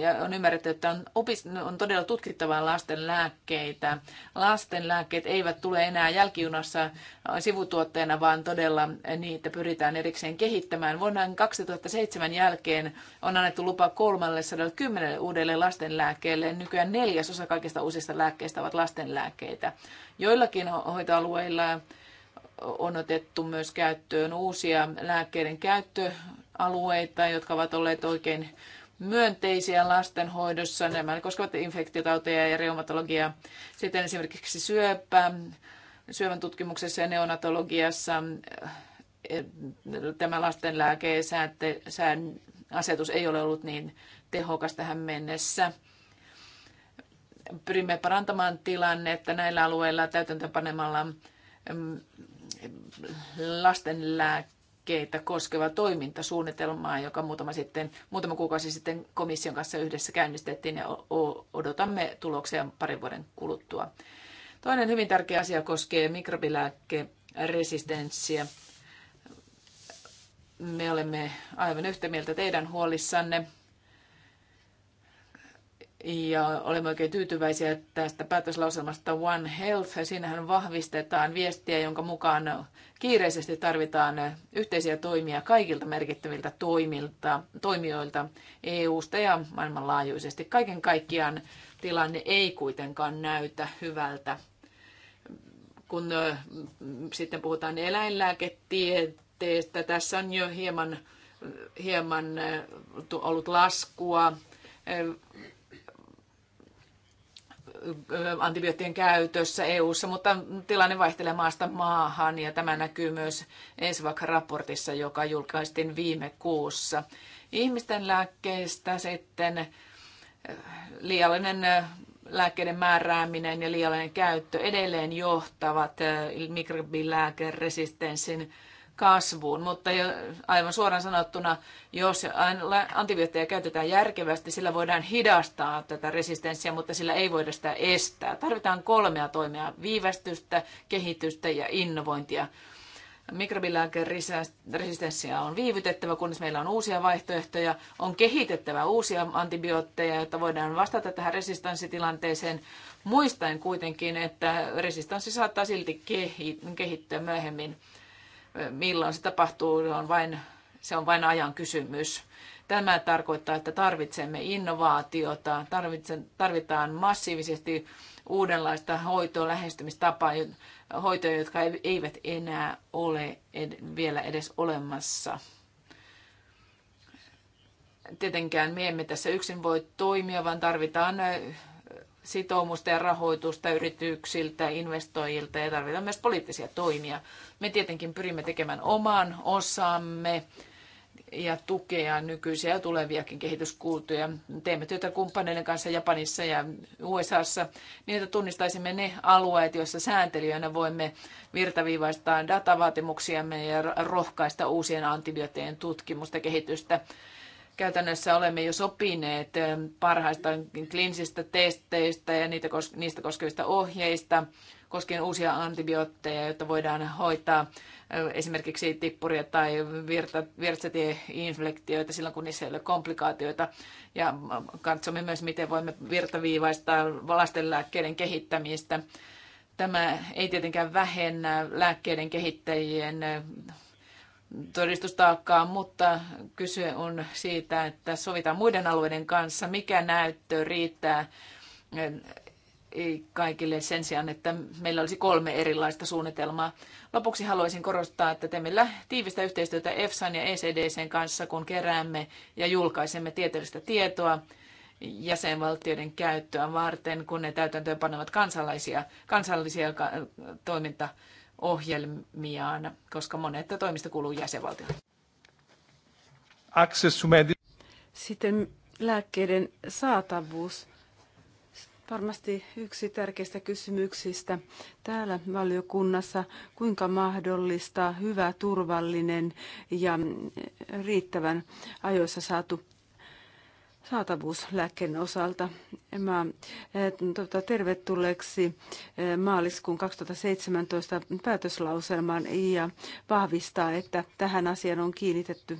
ja on ymmärretty, että on, opist- on todella tutkittavaa lasten lääkkeitä. Lasten lääkkeet eivät tule enää jälkijunassa sivutuotteena, vaan todella niitä pyritään erikseen kehittämään. Vuonna 2007 jälkeen on annettu lupa 310 uudelle lastenlääkkeelle. Nykyään neljäsosa kaikista uusista lääkkeistä ovat lastenlääkkeitä. Joillakin hoitoalueilla on otettu myös käyttöön uusia lääkkeiden käyttöalueita, jotka ovat olleet oikein myönteisiä lastenhoidossa. Nämä koskevat infektiotauteja ja reumatologiaa. Sitten esimerkiksi syöpä, syövän tutkimuksessa ja neonatologiassa eh, tämä lastenlääkeen asetus ei ole ollut niin tehokas tähän mennessä. Pyrimme parantamaan tilannetta näillä alueilla täytäntöpanemalla mm, lasten hankkeita koskeva toimintasuunnitelmaa, joka muutama, sitten, muutama kuukausi sitten komission kanssa yhdessä käynnistettiin ja odotamme tuloksia parin vuoden kuluttua. Toinen hyvin tärkeä asia koskee mikrobilääkkeresistenssiä. Me olemme aivan yhtä mieltä teidän huolissanne ja olemme oikein tyytyväisiä tästä päätöslauselmasta One Health. Siinähän vahvistetaan viestiä, jonka mukaan kiireisesti tarvitaan yhteisiä toimia kaikilta merkittäviltä toimilta, toimijoilta EU-sta ja maailmanlaajuisesti. Kaiken kaikkiaan tilanne ei kuitenkaan näytä hyvältä. Kun sitten puhutaan eläinlääketieteestä, tässä on jo hieman, hieman ollut laskua antibioottien käytössä EU:ssa, mutta tilanne vaihtelee maasta maahan ja tämä näkyy myös ESVAC-raportissa, joka julkaistiin viime kuussa. Ihmisten lääkkeistä sitten liiallinen lääkkeiden määrääminen ja liiallinen käyttö edelleen johtavat mikrobilääkeresistenssin kasvuun, mutta aivan suoraan sanottuna, jos antibiootteja käytetään järkevästi, sillä voidaan hidastaa tätä resistenssiä, mutta sillä ei voida sitä estää. Tarvitaan kolmea toimia, viivästystä, kehitystä ja innovointia. Mikrobilääkeresistenssiä on viivytettävä, kunnes meillä on uusia vaihtoehtoja. On kehitettävä uusia antibiootteja, jotta voidaan vastata tähän resistanssitilanteeseen, muistaen kuitenkin, että resistanssi saattaa silti kehittyä myöhemmin milloin se tapahtuu, on vain, se on vain ajan kysymys. Tämä tarkoittaa, että tarvitsemme innovaatiota, tarvitaan massiivisesti uudenlaista hoitoa, lähestymistapaa, hoitoja, jotka eivät enää ole ed- vielä edes olemassa. Tietenkään me emme tässä yksin voi toimia, vaan tarvitaan sitoumusta ja rahoitusta yrityksiltä, investoijilta ja tarvitaan myös poliittisia toimia. Me tietenkin pyrimme tekemään oman osamme ja tukea nykyisiä ja tuleviakin kehityskultuja. Teemme työtä kumppaneiden kanssa Japanissa ja USAssa niin, että tunnistaisimme ne alueet, joissa sääntelijöinä voimme virtaviivaistaa datavaatimuksiamme ja rohkaista uusien antibioottien tutkimusta kehitystä käytännössä olemme jo sopineet eh, parhaista kliinisistä testeistä ja niitä, niistä koskevista ohjeista koskien uusia antibiootteja, jotta voidaan hoitaa eh, esimerkiksi tippuria tai virtsatieinflektioita silloin, kun niissä ei ole komplikaatioita. Ja mm, katsomme myös, miten voimme virtaviivaistaa lastenlääkkeiden kehittämistä. Tämä ei tietenkään vähennä lääkkeiden kehittäjien eh, todistustaakkaa, mutta kyse on siitä, että sovitaan muiden alueiden kanssa, mikä näyttö riittää kaikille sen sijaan, että meillä olisi kolme erilaista suunnitelmaa. Lopuksi haluaisin korostaa, että teemme tiivistä yhteistyötä EFSAn ja ECDCn kanssa, kun keräämme ja julkaisemme tieteellistä tietoa jäsenvaltioiden käyttöä varten, kun ne täytäntöön panevat kansallisia, kansallisia toimintaa ohjelmiaan, koska monet toimista kuuluu jäsenvaltioon. Sitten lääkkeiden saatavuus. Varmasti yksi tärkeistä kysymyksistä täällä valiokunnassa, kuinka mahdollista hyvä, turvallinen ja riittävän ajoissa saatu saatavuuslääkkeen osalta. Mä tota, tervetulleeksi e, maaliskuun 2017 päätöslauselman ja vahvistaa, että tähän asiaan on kiinnitetty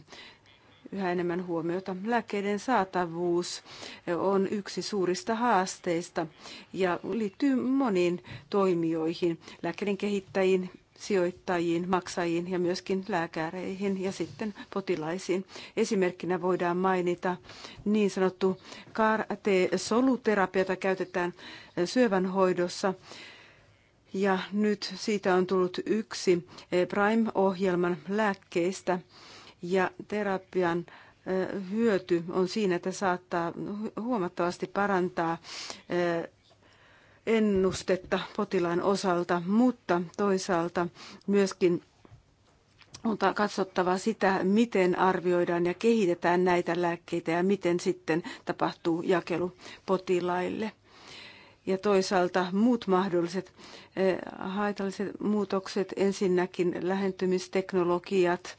yhä enemmän huomiota. Lääkkeiden saatavuus e, on yksi suurista haasteista ja liittyy moniin toimijoihin, lääkkeiden kehittäjiin, sijoittajiin, maksajiin ja myöskin lääkäreihin ja sitten potilaisiin. Esimerkkinä voidaan mainita niin sanottu CAR-T-soluterapia, jota käytetään syövän hoidossa. Ja nyt siitä on tullut yksi Prime-ohjelman lääkkeistä ja terapian hyöty on siinä, että saattaa huomattavasti parantaa ennustetta potilaan osalta, mutta toisaalta myöskin on katsottava sitä, miten arvioidaan ja kehitetään näitä lääkkeitä ja miten sitten tapahtuu jakelu potilaille. Ja toisaalta muut mahdolliset eh, haitalliset muutokset, ensinnäkin lähentymisteknologiat,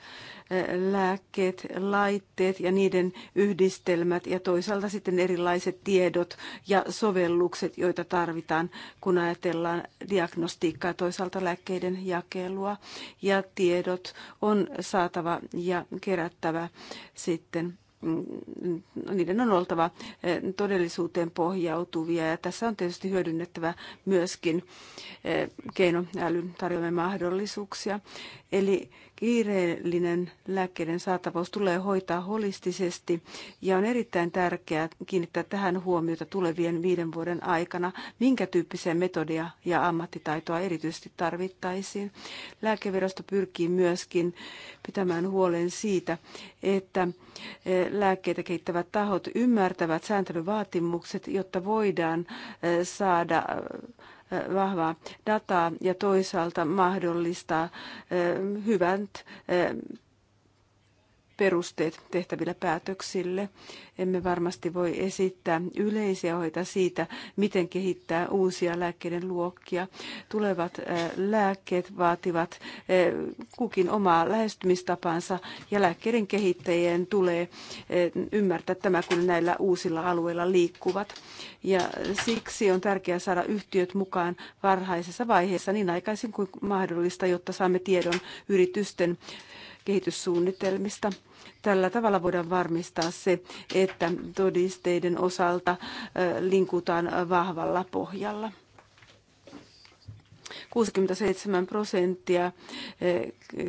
lääkkeet, laitteet ja niiden yhdistelmät ja toisaalta sitten erilaiset tiedot ja sovellukset, joita tarvitaan, kun ajatellaan diagnostiikkaa ja toisaalta lääkkeiden jakelua. Ja tiedot on saatava ja kerättävä sitten mm, niiden on oltava todellisuuteen pohjautuvia ja tässä on tietysti hyödynnettävä myöskin keinoälyn tarjoamia mahdollisuuksia. Eli Kiireellinen lääkkeiden saatavuus tulee hoitaa holistisesti ja on erittäin tärkeää kiinnittää tähän huomiota tulevien viiden vuoden aikana, minkä tyyppisiä metodia ja ammattitaitoa erityisesti tarvittaisiin. Lääkevirasto pyrkii myöskin pitämään huolen siitä, että eh, lääkkeitä kehittävät tahot ymmärtävät sääntelyvaatimukset, jotta voidaan eh, saada vahvaa dataa ja toisaalta mahdollistaa hyvät perusteet tehtävillä päätöksille. Emme varmasti voi esittää yleisiä ohjeita siitä, miten kehittää uusia lääkkeiden luokkia. Tulevat lääkkeet vaativat kukin omaa lähestymistapansa ja lääkkeiden kehittäjien tulee ymmärtää tämä, kun näillä uusilla alueilla liikkuvat. Ja siksi on tärkeää saada yhtiöt mukaan varhaisessa vaiheessa niin aikaisin kuin mahdollista, jotta saamme tiedon yritysten kehityssuunnitelmista. Tällä tavalla voidaan varmistaa se, että todisteiden osalta linkutaan vahvalla pohjalla. 67 prosenttia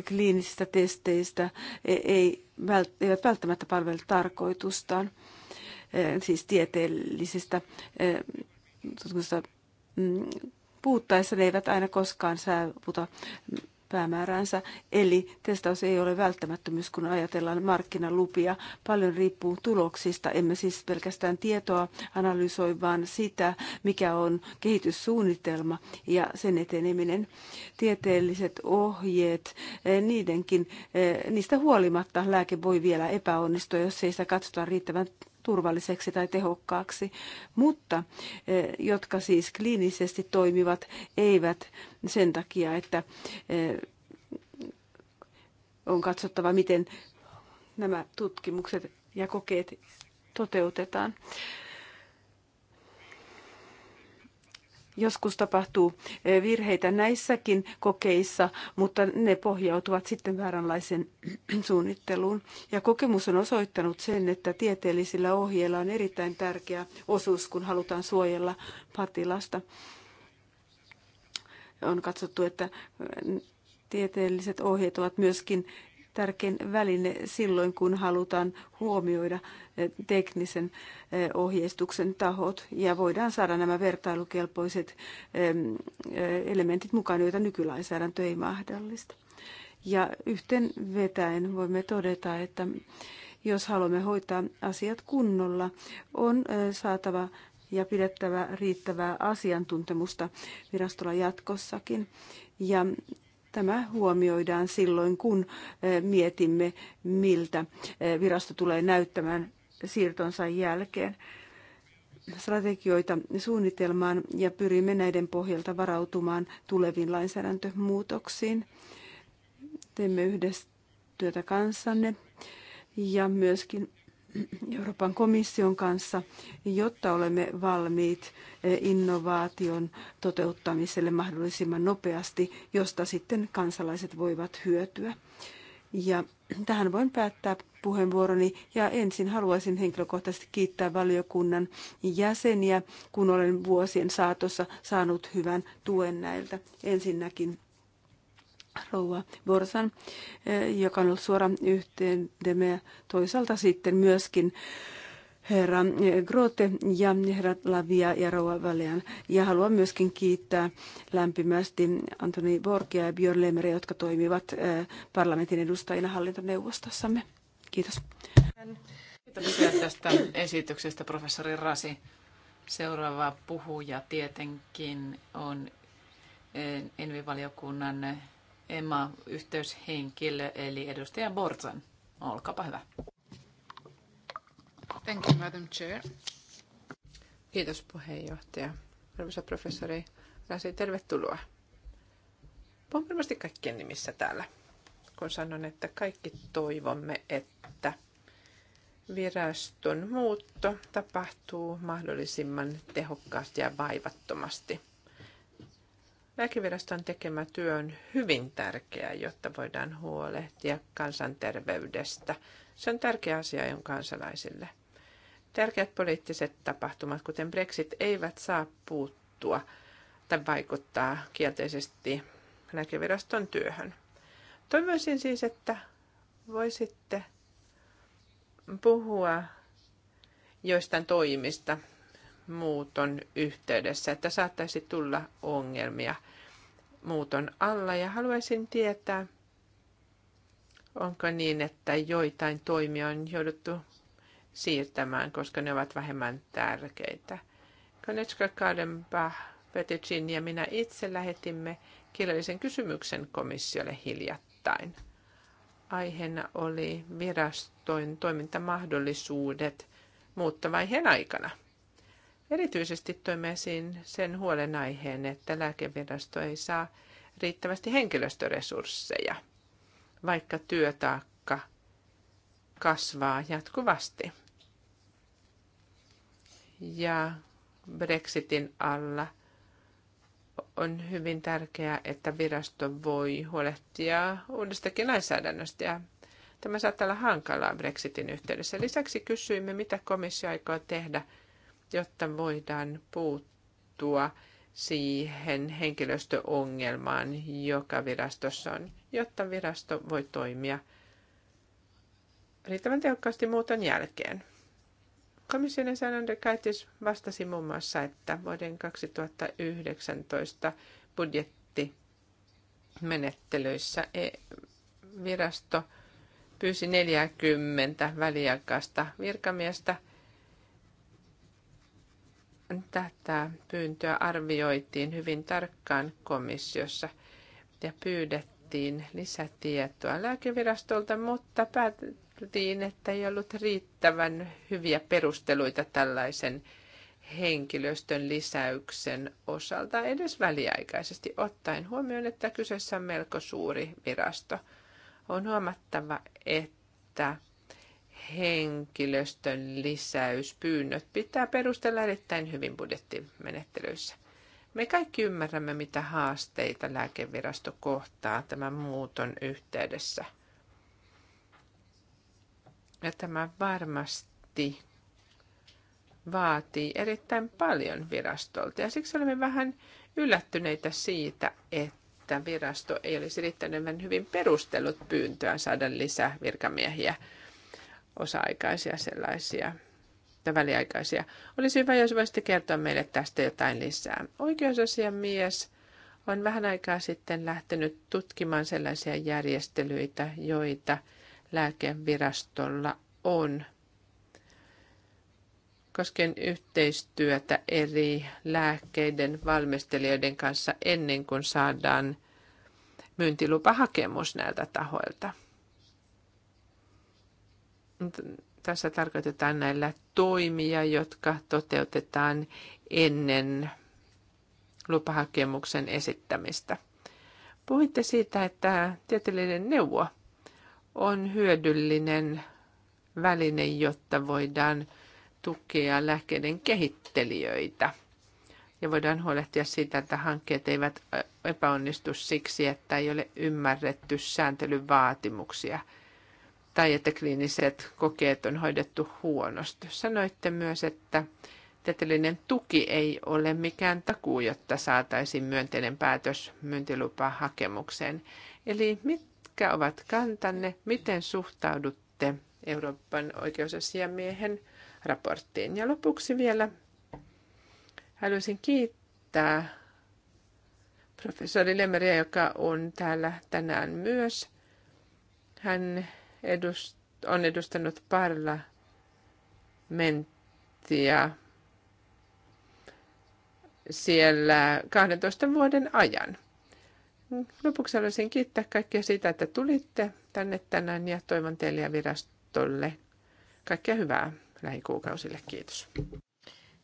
kliinisistä testeistä e, ei eivät välttämättä palvele tarkoitustaan, siis tieteellisistä tutkimusta mm, puuttaessa ne eivät aina koskaan saavuta päämääränsä, eli testaus ei ole välttämättömyys, kun ajatellaan markkinalupia. Paljon riippuu tuloksista. Emme siis pelkästään tietoa analysoi, vaan sitä, mikä on kehityssuunnitelma ja sen eteneminen. Tieteelliset ohjeet, eh, niidenkin, eh, niistä huolimatta lääke voi vielä epäonnistua, jos ei sitä katsota riittävän turvalliseksi tai tehokkaaksi, mutta eh, jotka siis kliinisesti toimivat, eivät sen takia, että eh, on katsottava, miten nämä tutkimukset ja kokeet toteutetaan. Joskus tapahtuu eh, virheitä näissäkin kokeissa, mutta ne pohjautuvat sitten vääränlaiseen suunnitteluun. Ja kokemus on osoittanut sen, että tieteellisillä ohjeilla on erittäin tärkeä osuus, kun halutaan suojella patilasta. On katsottu, että mm, tieteelliset ohjeet ovat myöskin tärkein väline silloin, kun halutaan huomioida eh, teknisen eh, ohjeistuksen tahot ja voidaan saada nämä vertailukelpoiset eh, elementit mukaan, joita nykylainsäädäntö ei mahdollista. Ja yhten vetäen voimme todeta, että jos haluamme hoitaa asiat kunnolla, on saatava ja pidettävä riittävää asiantuntemusta virastolla jatkossakin. Ja Tämä huomioidaan silloin, kun eh, mietimme, miltä eh, virasto tulee näyttämään siirtonsa jälkeen strategioita suunnitelmaan ja pyrimme näiden pohjalta varautumaan tuleviin lainsäädäntömuutoksiin. Teemme yhdessä työtä kanssanne ja myöskin Euroopan komission kanssa, jotta olemme valmiit eh, innovaation toteuttamiselle mahdollisimman nopeasti, josta sitten kansalaiset voivat hyötyä. Ja tähän voin päättää puheenvuoroni ja ensin haluaisin henkilökohtaisesti kiittää valiokunnan jäseniä, kun olen vuosien saatossa saanut hyvän tuen näiltä. Ensinnäkin rouva Borsan, eh, joka on ollut suora yhteydemme ja toisaalta sitten myöskin herra eh, Grote ja herra Lavia ja rouva Valean. Ja haluan myöskin kiittää lämpimästi Antoni Borgia ja Björn Lemere, jotka toimivat eh, parlamentin edustajina hallintoneuvostossamme. Kiitos. Kiitoksia tästä esityksestä, professori Rasi. Seuraava puhuja tietenkin on Envivaliokunnan Emma yhteyshenkilö eli edustaja Borzan. Olkaapa hyvä. Thank you, Madam Chair. Kiitos puheenjohtaja. Arvoisa professori Rasi, tervetuloa. Puhun varmasti kaikkien nimissä täällä, kun sanon, että kaikki toivomme, että viraston muutto tapahtuu mahdollisimman tehokkaasti ja vaivattomasti – Lääkeviraston tekemä työ on hyvin tärkeää, jotta voidaan huolehtia kansanterveydestä. Se on tärkeä asia on kansalaisille. Tärkeät poliittiset tapahtumat, kuten Brexit, eivät saa puuttua tai vaikuttaa kielteisesti lääkeviraston työhön. Toivoisin siis, että voisitte puhua joistain toimista, muuton yhteydessä, että saattaisi tulla ongelmia muuton alla ja haluaisin tietää, onko niin, että joitain toimia on jouduttu siirtämään, koska ne ovat vähemmän tärkeitä. Konecka Kadenbach, Petitsin ja minä itse lähetimme kirjallisen kysymyksen komissiolle hiljattain. Aiheena oli virastojen toimintamahdollisuudet muuttavaiheen aikana – Erityisesti toimme esiin sen huolenaiheen, että lääkevirasto ei saa riittävästi henkilöstöresursseja, vaikka työtaakka kasvaa jatkuvasti. Ja Brexitin alla on hyvin tärkeää, että virasto voi huolehtia uudestakin lainsäädännöstä ja tämä saattaa olla hankalaa Brexitin yhteydessä. Lisäksi kysyimme, mitä komissio aikoo tehdä – jotta voidaan puuttua siihen henkilöstöongelmaan, joka virastossa on, jotta virasto voi toimia riittävän tehokkaasti muuton jälkeen. Komission jäsen Kaitis vastasi muun muassa, että vuoden 2019 budjettimenettelyissä e- virasto pyysi 40 väliaikaista virkamiestä Tätä pyyntöä arvioitiin hyvin tarkkaan komissiossa ja pyydettiin lisätietoa lääkevirastolta, mutta päätettiin, että ei ollut riittävän hyviä perusteluita tällaisen henkilöstön lisäyksen osalta edes väliaikaisesti ottaen huomioon, että kyseessä on melko suuri virasto. On huomattava, että henkilöstön lisäyspyynnöt pitää perustella erittäin hyvin budjettimenettelyissä. Me kaikki ymmärrämme, mitä haasteita lääkevirasto kohtaa tämän muuton yhteydessä. Ja tämä varmasti vaatii erittäin paljon virastolta. Ja siksi olemme vähän yllättyneitä siitä, että virasto ei olisi riittänyt hyvin perustellut pyyntöä saada lisää virkamiehiä osa-aikaisia sellaisia tai väliaikaisia. Olisi hyvä, jos voisitte kertoa meille tästä jotain lisää. Oikeusasiamies on vähän aikaa sitten lähtenyt tutkimaan sellaisia järjestelyitä, joita lääkevirastolla on koskien yhteistyötä eri lääkkeiden valmistelijoiden kanssa ennen kuin saadaan myyntilupahakemus näiltä tahoilta tässä tarkoitetaan näillä toimia, jotka toteutetaan ennen lupahakemuksen esittämistä. Puhuitte siitä, että tieteellinen neuvo on hyödyllinen väline, jotta voidaan tukea lääkkeiden kehittelijöitä. Ja voidaan huolehtia siitä, että hankkeet eivät epäonnistu siksi, että ei ole ymmärretty sääntelyvaatimuksia. vaatimuksia – tai että kliiniset kokeet on hoidettu huonosti. Sanoitte myös, että tieteellinen tuki ei ole mikään takuu, jotta saataisiin myönteinen päätös myyntilupa hakemukseen. Eli mitkä ovat kantanne, miten suhtaudutte Euroopan oikeusasiamiehen raporttiin? Ja lopuksi vielä haluaisin kiittää professori Lemmeria, joka on täällä tänään myös. Hän edust, on edustanut parlamenttia siellä 12 vuoden ajan. Lopuksi haluaisin kiittää kaikkia siitä, että tulitte tänne tänään ja toivon teille ja virastolle kaikkea hyvää lähikuukausille. Kiitos.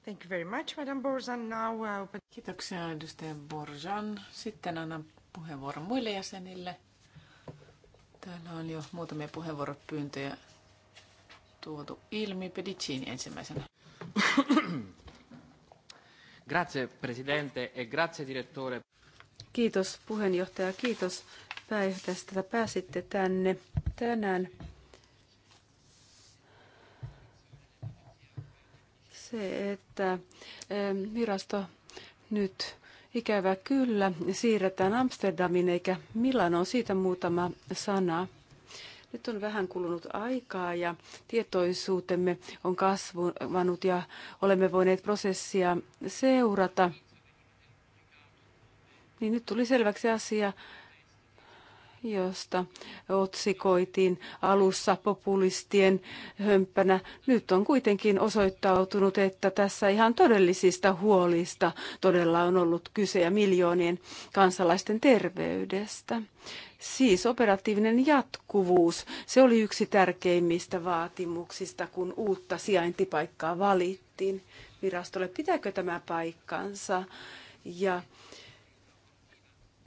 Thank you very much, Madam Borzan. Now, uh, open... Kiitoksia, edustaja Borjan. Sitten annan puheenvuoron muille jäsenille. Täällä on jo muutamia puheenvuoropyyntöjä tuotu ilmi. Pedicini ensimmäisenä. grazie presidente e grazie direttore. Kiitos puheenjohtaja, kiitos pääjohtajasta, että pääsitte tänne tänään. Se, että eh, virasto nyt Ikävä kyllä, siirretään Amsterdamiin eikä Milanoon. Siitä muutama sana. Nyt on vähän kulunut aikaa ja tietoisuutemme on kasvanut ja olemme voineet prosessia seurata. Niin nyt tuli selväksi asia, josta otsikoitiin alussa populistien hömppänä, nyt on kuitenkin osoittautunut, että tässä ihan todellisista huolista todella on ollut kyse ja miljoonien kansalaisten terveydestä. Siis operatiivinen jatkuvuus, se oli yksi tärkeimmistä vaatimuksista, kun uutta sijaintipaikkaa valittiin virastolle. Pitääkö tämä paikkansa? Ja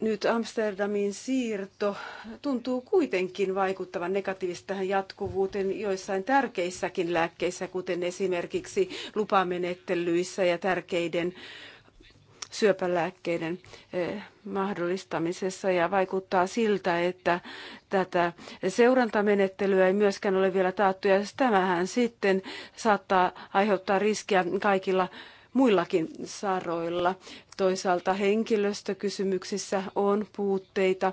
nyt Amsterdamin siirto tuntuu kuitenkin vaikuttavan negatiivisesti tähän jatkuvuuteen joissain tärkeissäkin lääkkeissä, kuten esimerkiksi lupamenettelyissä ja tärkeiden syöpälääkkeiden eh, mahdollistamisessa ja vaikuttaa siltä, että tätä seurantamenettelyä ei myöskään ole vielä taattu ja tämähän sitten saattaa aiheuttaa riskiä kaikilla muillakin saroilla. Toisaalta henkilöstökysymyksissä on puutteita.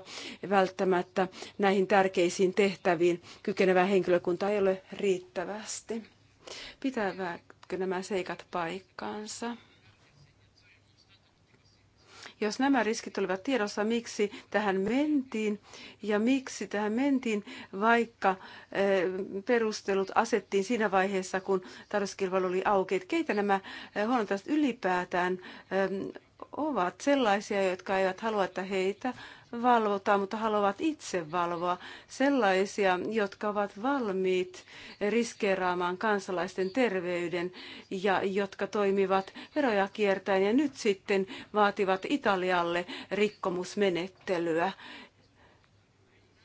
Välttämättä näihin tärkeisiin tehtäviin kykenevää henkilökuntaa ei ole riittävästi. Pitävätkö nämä seikat paikkaansa? Jos nämä riskit olivat tiedossa, miksi tähän mentiin ja miksi tähän mentiin, vaikka eh, perustelut asettiin siinä vaiheessa, kun tarjouskilpailu oli auki, että keitä nämä eh, huonontaiset ylipäätään eh, ovat sellaisia, jotka eivät halua, että heitä valvotaan, mutta haluavat itse valvoa sellaisia, jotka ovat valmiit riskeeraamaan kansalaisten terveyden ja jotka toimivat veroja kiertäen ja nyt sitten vaativat Italialle rikkomusmenettelyä.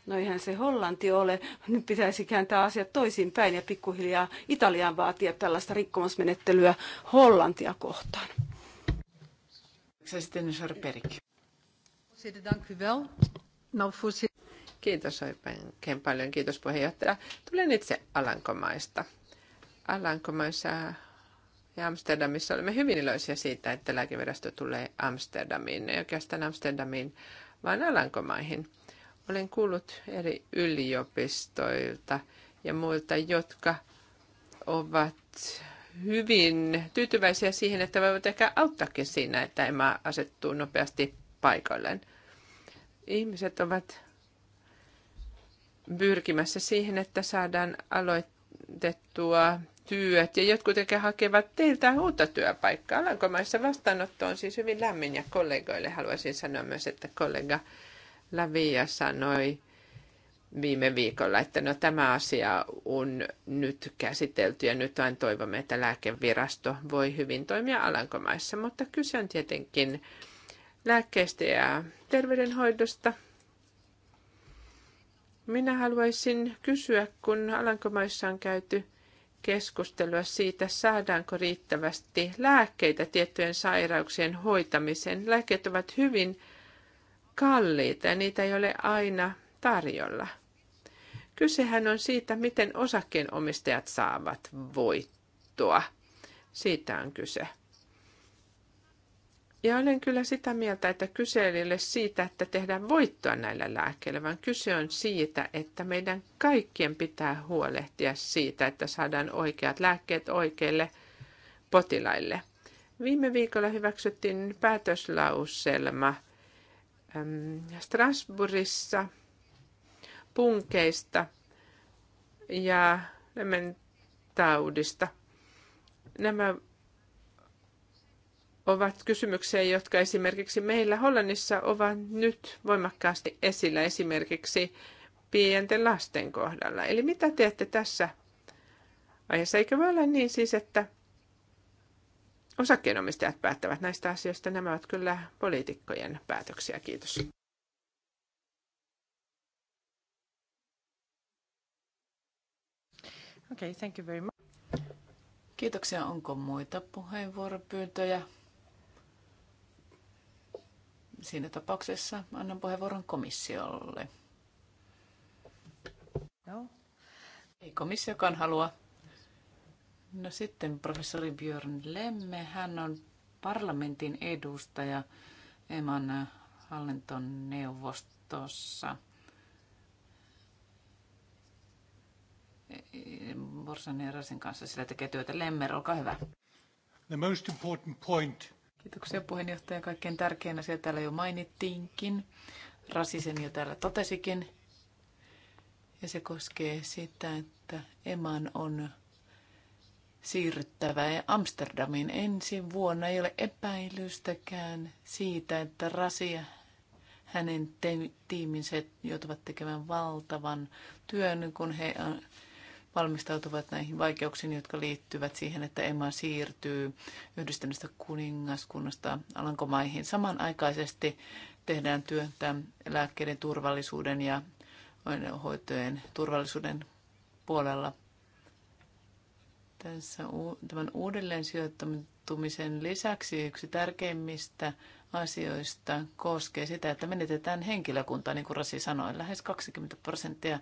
No eihän se Hollanti ole. Nyt pitäisi kääntää asiat toisinpäin ja pikkuhiljaa Italiaan vaatia tällaista rikkomusmenettelyä Hollantia kohtaan. Sitten Sarperik. Kiitos oikein paljon. Kiitos puheenjohtaja. Tulen itse Alankomaista. Alankomaissa ja Amsterdamissa olemme hyvin iloisia siitä, että lääkevirasto tulee Amsterdamiin. Ei oikeastaan Amsterdamiin, vaan Alankomaihin. Olen kuullut eri yliopistoilta ja muilta, jotka ovat hyvin tyytyväisiä siihen, että voivat ehkä auttaakin siinä, että EMA asettuu nopeasti paikoilleen. Ihmiset ovat pyrkimässä siihen, että saadaan aloitettua työt ja jotkut ehkä hakevat teiltä uutta työpaikkaa. Alankomaissa vastaanotto on siis hyvin lämmin ja kollegoille haluaisin sanoa myös, että kollega Lavia sanoi viime viikolla, että no tämä asia on nyt käsitelty ja nyt vain toivomme, että lääkevirasto voi hyvin toimia Alankomaissa, mutta kyse on tietenkin lääkkeistä ja terveydenhoidosta. Minä haluaisin kysyä, kun Alankomaissa on käyty keskustelua siitä, saadaanko riittävästi lääkkeitä tiettyjen sairauksien hoitamiseen. Lääkkeet ovat hyvin kalliita ja niitä ei ole aina tarjolla. Kysehän on siitä, miten osakkeenomistajat saavat voittoa. Siitä on kyse. Ja olen kyllä sitä mieltä, että kyse ei ole siitä, että tehdään voittoa näillä lääkkeillä, vaan kyse on siitä, että meidän kaikkien pitää huolehtia siitä, että saadaan oikeat lääkkeet oikeille potilaille. Viime viikolla hyväksyttiin päätöslauselma Strasbourgissa punkeista ja lementaudista. Nämä ovat kysymyksiä, jotka esimerkiksi meillä Hollannissa ovat nyt voimakkaasti esillä esimerkiksi pienten lasten kohdalla. Eli mitä teette tässä aiheessa? Eikö voi olla niin siis, että osakkeenomistajat päättävät näistä asioista? Nämä ovat kyllä poliitikkojen päätöksiä. Kiitos. Okay, thank you very much. Kiitoksia. Onko muita puheenvuoropyyntöjä? Siinä tapauksessa annan puheenvuoron komissiolle. No. Ei komissiokaan halua. No sitten professori Björn Lemme, hän on parlamentin edustaja Eman hallintoneuvostossa. Borsan ja Rasin kanssa sillä tekee työtä. Lemmer, olkaa hyvä. The most important point Kiitoksia puheenjohtaja. Kaikkein tärkein asia täällä jo mainittiinkin. Rasisen jo täällä totesikin. Ja se koskee sitä, että Eman on siirryttävä Amsterdamiin. Ensi vuonna ei ole epäilystäkään siitä, että Rasia hänen tiiminsä joutuvat tekemään valtavan työn, kun he valmistautuvat näihin vaikeuksiin, jotka liittyvät siihen, että Emma siirtyy yhdistyneestä kuningaskunnasta Alankomaihin. Samanaikaisesti tehdään työtä lääkkeiden turvallisuuden ja hoitojen turvallisuuden puolella. Tässä tämän uudelleen sijoittamisen lisäksi yksi tärkeimmistä asioista koskee sitä, että menetetään henkilökuntaa, niin kuin Rasi sanoi. Lähes 20 prosenttia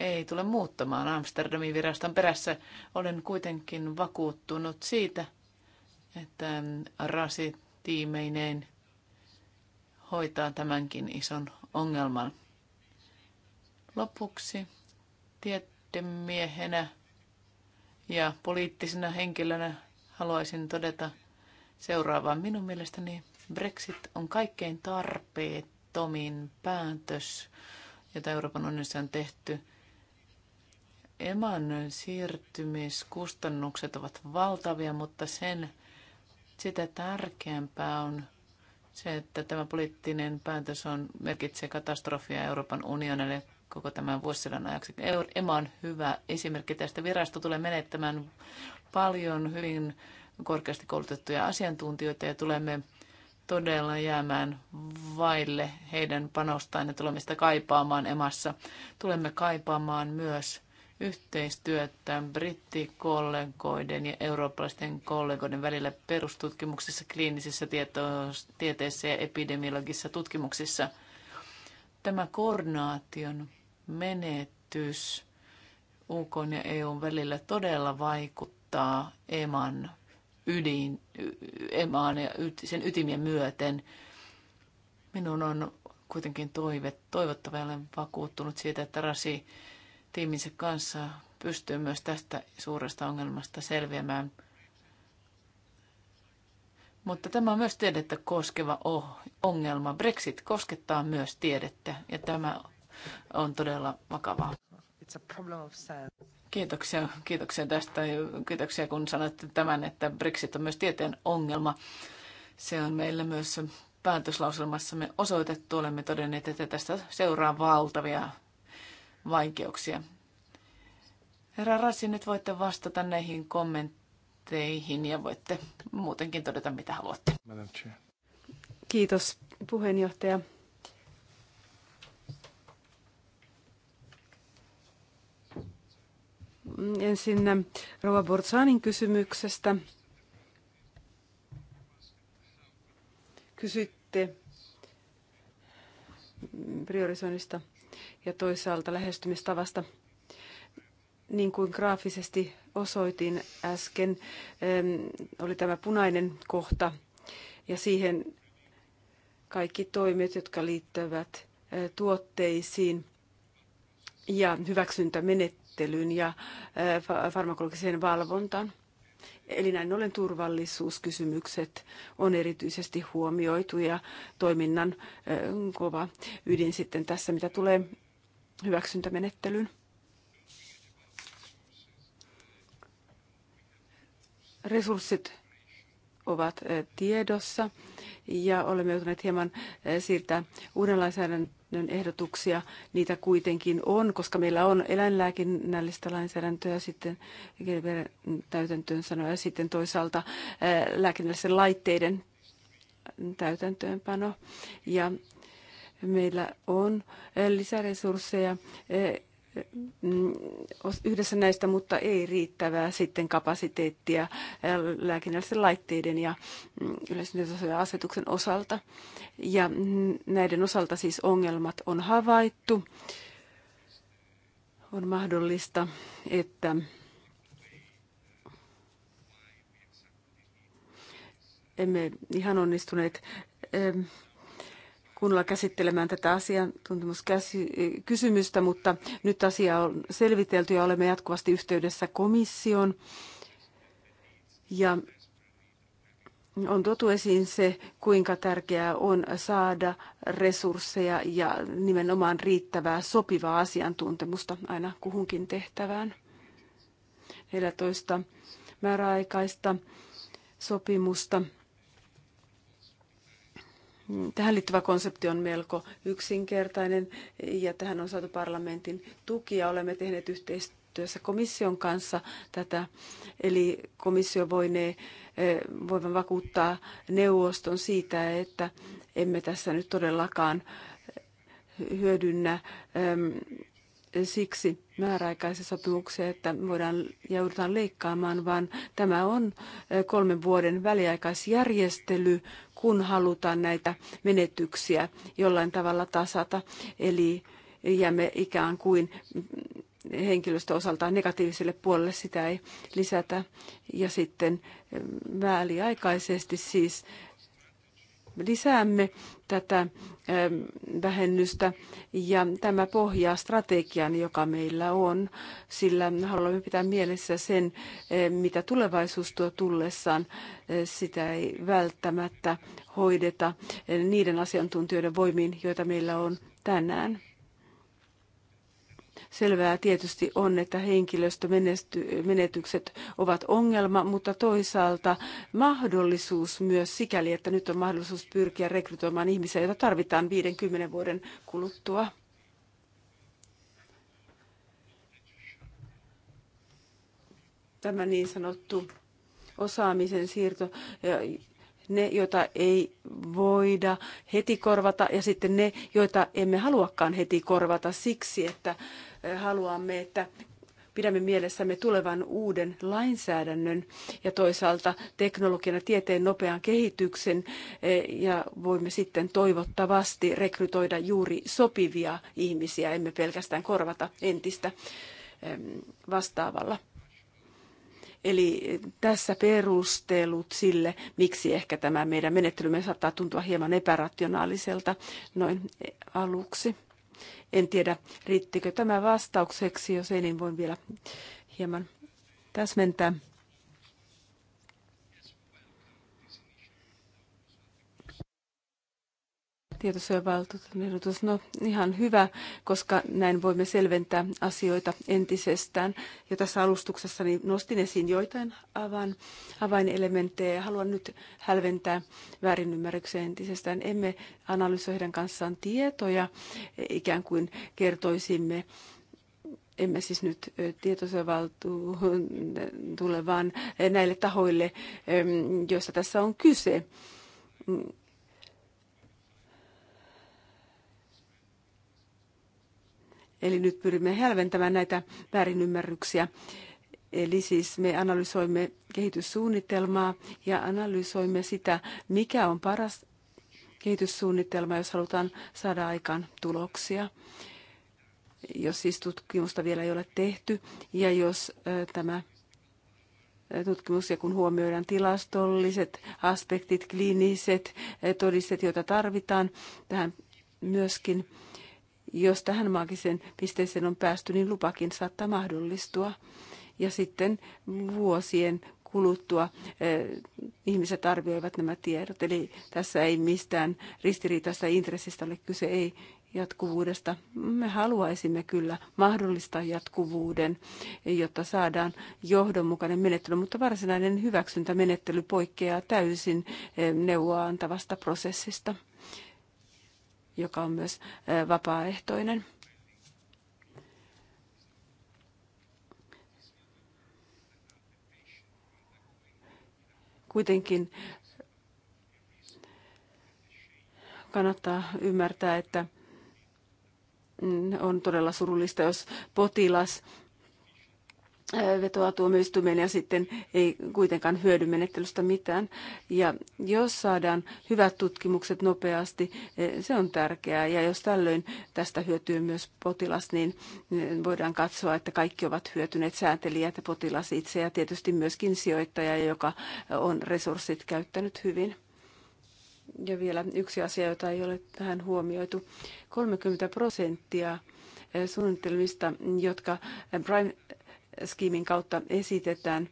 ei tule muuttamaan Amsterdamin viraston perässä. Olen kuitenkin vakuuttunut siitä, että Rasi tiimeineen hoitaa tämänkin ison ongelman. Lopuksi tiedemiehenä ja poliittisena henkilönä haluaisin todeta seuraavaan Minun mielestäni Brexit on kaikkein tarpeettomin päätös, jota Euroopan unionissa on tehty. Eman siirtymiskustannukset ovat valtavia, mutta sen, sitä tärkeämpää on se, että tämä poliittinen päätös on, merkitsee katastrofia Euroopan unionille koko tämän vuosisadan ajaksi. EMA on hyvä esimerkki tästä. Virasto tulee menettämään paljon hyvin korkeasti koulutettuja asiantuntijoita ja tulemme todella jäämään vaille heidän panostaan ja tulemme sitä kaipaamaan emassa. Tulemme kaipaamaan myös yhteistyötä brittikollegoiden ja eurooppalaisten kollegoiden välillä perustutkimuksissa, kliinisissä tieteissä ja epidemiologisissa tutkimuksissa. Tämä koordinaation menetys UK ja EUn välillä todella vaikuttaa EMAN ydin, emaan ja sen ytimien myöten. Minun on kuitenkin toive, toivottava ja olen vakuuttunut siitä, että Rasi tiiminsä kanssa pystyy myös tästä suuresta ongelmasta selviämään. Mutta tämä on myös tiedettä koskeva ongelma. Brexit koskettaa myös tiedettä ja tämä on todella vakavaa. Kiitoksia, kiitoksia tästä. Kiitoksia, kun sanoitte tämän, että Brexit on myös tieteen ongelma. Se on meillä myös päätöslauselmassamme osoitettu. Olemme todenneet, että tästä seuraa valtavia vaikeuksia. Herra Rassi, nyt voitte vastata näihin kommentteihin ja voitte muutenkin todeta, mitä haluatte. Kiitos puheenjohtaja. ensin ähm, Rova Borzanin kysymyksestä. Kysytte priorisoinnista ja toisaalta lähestymistavasta. Niin kuin graafisesti osoitin äsken, ähm, oli tämä punainen kohta ja siihen kaikki toimet, jotka liittyvät äh, tuotteisiin ja hyväksyntämenettelyihin määrittelyyn ja farmakologiseen valvontaan. Eli näin ollen turvallisuuskysymykset on erityisesti huomioitu ja toiminnan kova ydin sitten tässä, mitä tulee hyväksyntämenettelyyn. Resurssit ovat tiedossa ja olemme joutuneet hieman siirtää uuden lainsäädännön ehdotuksia. Niitä kuitenkin on, koska meillä on eläinlääkinnällistä lainsäädäntöä sitten täytäntöön sanoa ja sitten toisaalta lääkinnällisten laitteiden täytäntöönpano. Ja meillä on lisäresursseja Mm, yhdessä näistä, mutta ei riittävää sitten kapasiteettia lääkinnällisten laitteiden ja mm, yleisen asetuksen osalta. Ja mm, näiden osalta siis ongelmat on havaittu. On mahdollista, että emme ihan onnistuneet kunnolla käsittelemään tätä asiantuntemuskysymystä, mutta nyt asia on selvitelty ja olemme jatkuvasti yhteydessä komission Ja on tuotu esiin se, kuinka tärkeää on saada resursseja ja nimenomaan riittävää sopivaa asiantuntemusta aina kuhunkin tehtävään. 14 määräaikaista sopimusta Tähän liittyvä konsepti on melko yksinkertainen ja tähän on saatu parlamentin tuki ja olemme tehneet yhteistyössä komission kanssa tätä. Eli komissio voinee eh, voimme vakuuttaa neuvoston siitä, että emme tässä nyt todellakaan eh, hyödynnä ehm, siksi määräaikaisia sopimuksia, että voidaan joudutaan leikkaamaan, vaan tämä on eh, kolmen vuoden väliaikaisjärjestely, kun halutaan näitä menetyksiä jollain tavalla tasata. Eli jäämme ikään kuin henkilöstö osaltaan negatiiviselle puolelle sitä ei lisätä. Ja sitten mm, väliaikaisesti siis lisäämme tätä ähm, vähennystä ja tämä pohjaa strategian, joka meillä on, sillä haluamme pitää mielessä sen, äh, mitä tulevaisuus tuo tullessaan. Äh, sitä ei välttämättä hoideta äh, niiden asiantuntijoiden voimiin, joita meillä on tänään. Selvää tietysti on, että henkilöstömenetykset ovat ongelma, mutta toisaalta mahdollisuus myös sikäli, että nyt on mahdollisuus pyrkiä rekrytoimaan ihmisiä, joita tarvitaan 50 vuoden kuluttua. Tämä niin sanottu osaamisen siirto, ne, joita ei voida heti korvata ja sitten ne, joita emme haluakaan heti korvata siksi, että haluamme, että pidämme mielessämme tulevan uuden lainsäädännön ja toisaalta teknologian ja tieteen nopean kehityksen eh, ja voimme sitten toivottavasti rekrytoida juuri sopivia ihmisiä, emme pelkästään korvata entistä vastaavalla. Eli eh, tässä perustelut sille, miksi ehkä tämä meidän menettelymme saattaa tuntua hieman epärationaaliselta noin eh, aluksi. En tiedä, riittikö tämä vastaukseksi, jos ei, niin voin vielä hieman täsmentää. tietosuojavaltuutetun ehdotus. No ihan hyvä, koska näin voimme selventää asioita entisestään. Ja tässä alustuksessa niin nostin esiin joitain avain, avainelementtejä ja haluan nyt hälventää väärinymmärryksen entisestään. Emme analysoi heidän kanssaan tietoja, ikään kuin kertoisimme emme siis nyt tule, vaan näille tahoille, joista tässä on kyse Eli nyt pyrimme hälventämään näitä väärinymmärryksiä. Eli siis me analysoimme kehityssuunnitelmaa ja analysoimme sitä, mikä on paras kehityssuunnitelma, jos halutaan saada aikaan tuloksia. Jos siis tutkimusta vielä ei ole tehty ja jos tämä tutkimus ja kun huomioidaan tilastolliset aspektit, kliiniset todisteet, joita tarvitaan tähän myöskin – jos tähän maagiseen pisteeseen on päästy, niin lupakin saattaa mahdollistua. Ja sitten vuosien kuluttua eh, ihmiset arvioivat nämä tiedot. Eli tässä ei mistään ristiriitaista intressistä ole kyse, ei jatkuvuudesta. Me haluaisimme kyllä mahdollistaa jatkuvuuden, jotta saadaan johdonmukainen menettely, mutta varsinainen hyväksyntämenettely poikkeaa täysin eh, neuvoa antavasta prosessista joka on myös vapaaehtoinen. Kuitenkin kannattaa ymmärtää, että mm, on todella surullista, jos potilas vetoa tuomioistuimeen ja sitten ei kuitenkaan hyödy menettelystä mitään. Ja jos saadaan hyvät tutkimukset nopeasti, se on tärkeää. Ja jos tällöin tästä hyötyy myös potilas, niin voidaan katsoa, että kaikki ovat hyötyneet, sääntelijät ja potilas itse ja tietysti myöskin sijoittaja, joka on resurssit käyttänyt hyvin. Ja vielä yksi asia, jota ei ole tähän huomioitu. 30 prosenttia suunnitelmista, jotka Prime skiimin kautta esitetään.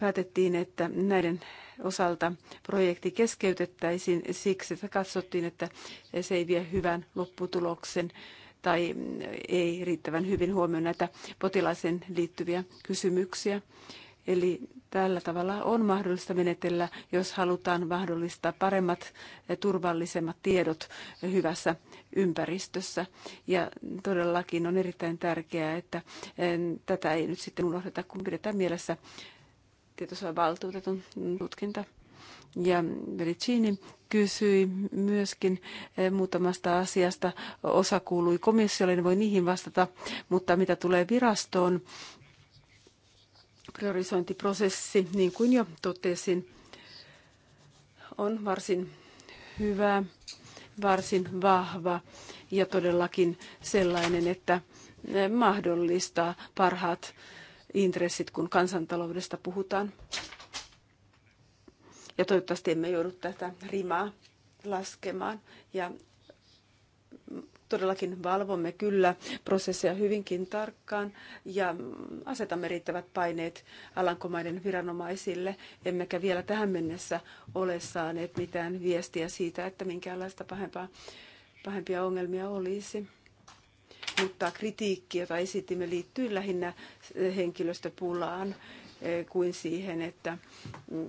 Päätettiin, että näiden osalta projekti keskeytettäisiin siksi, että katsottiin, että se ei vie hyvän lopputuloksen tai ei riittävän hyvin huomioon näitä potilaisen liittyviä kysymyksiä. Eli Tällä tavalla on mahdollista menetellä, jos halutaan mahdollistaa paremmat ja eh, turvallisemmat tiedot hyvässä ympäristössä. Ja todellakin on erittäin tärkeää, että eh, tätä ei nyt sitten unohdeta, kun pidetään mielessä valtuutetun tutkinta. Ja Vericini kysyi myöskin eh, muutamasta asiasta. Osa kuului komissiolle, voi niihin vastata, mutta mitä tulee virastoon, priorisointiprosessi, niin kuin jo totesin, on varsin hyvä, varsin vahva ja todellakin sellainen, että mahdollistaa parhaat intressit, kun kansantaloudesta puhutaan. Ja toivottavasti emme joudu tätä rimaa laskemaan. Ja todellakin valvomme kyllä prosesseja hyvinkin tarkkaan ja asetamme riittävät paineet Alankomaiden viranomaisille, emmekä vielä tähän mennessä ole saaneet mitään viestiä siitä, että minkäänlaista pahempaa, pahempia ongelmia olisi. Mutta kritiikki, jota esitimme, liittyy lähinnä henkilöstöpulaan eh, kuin siihen, että mm,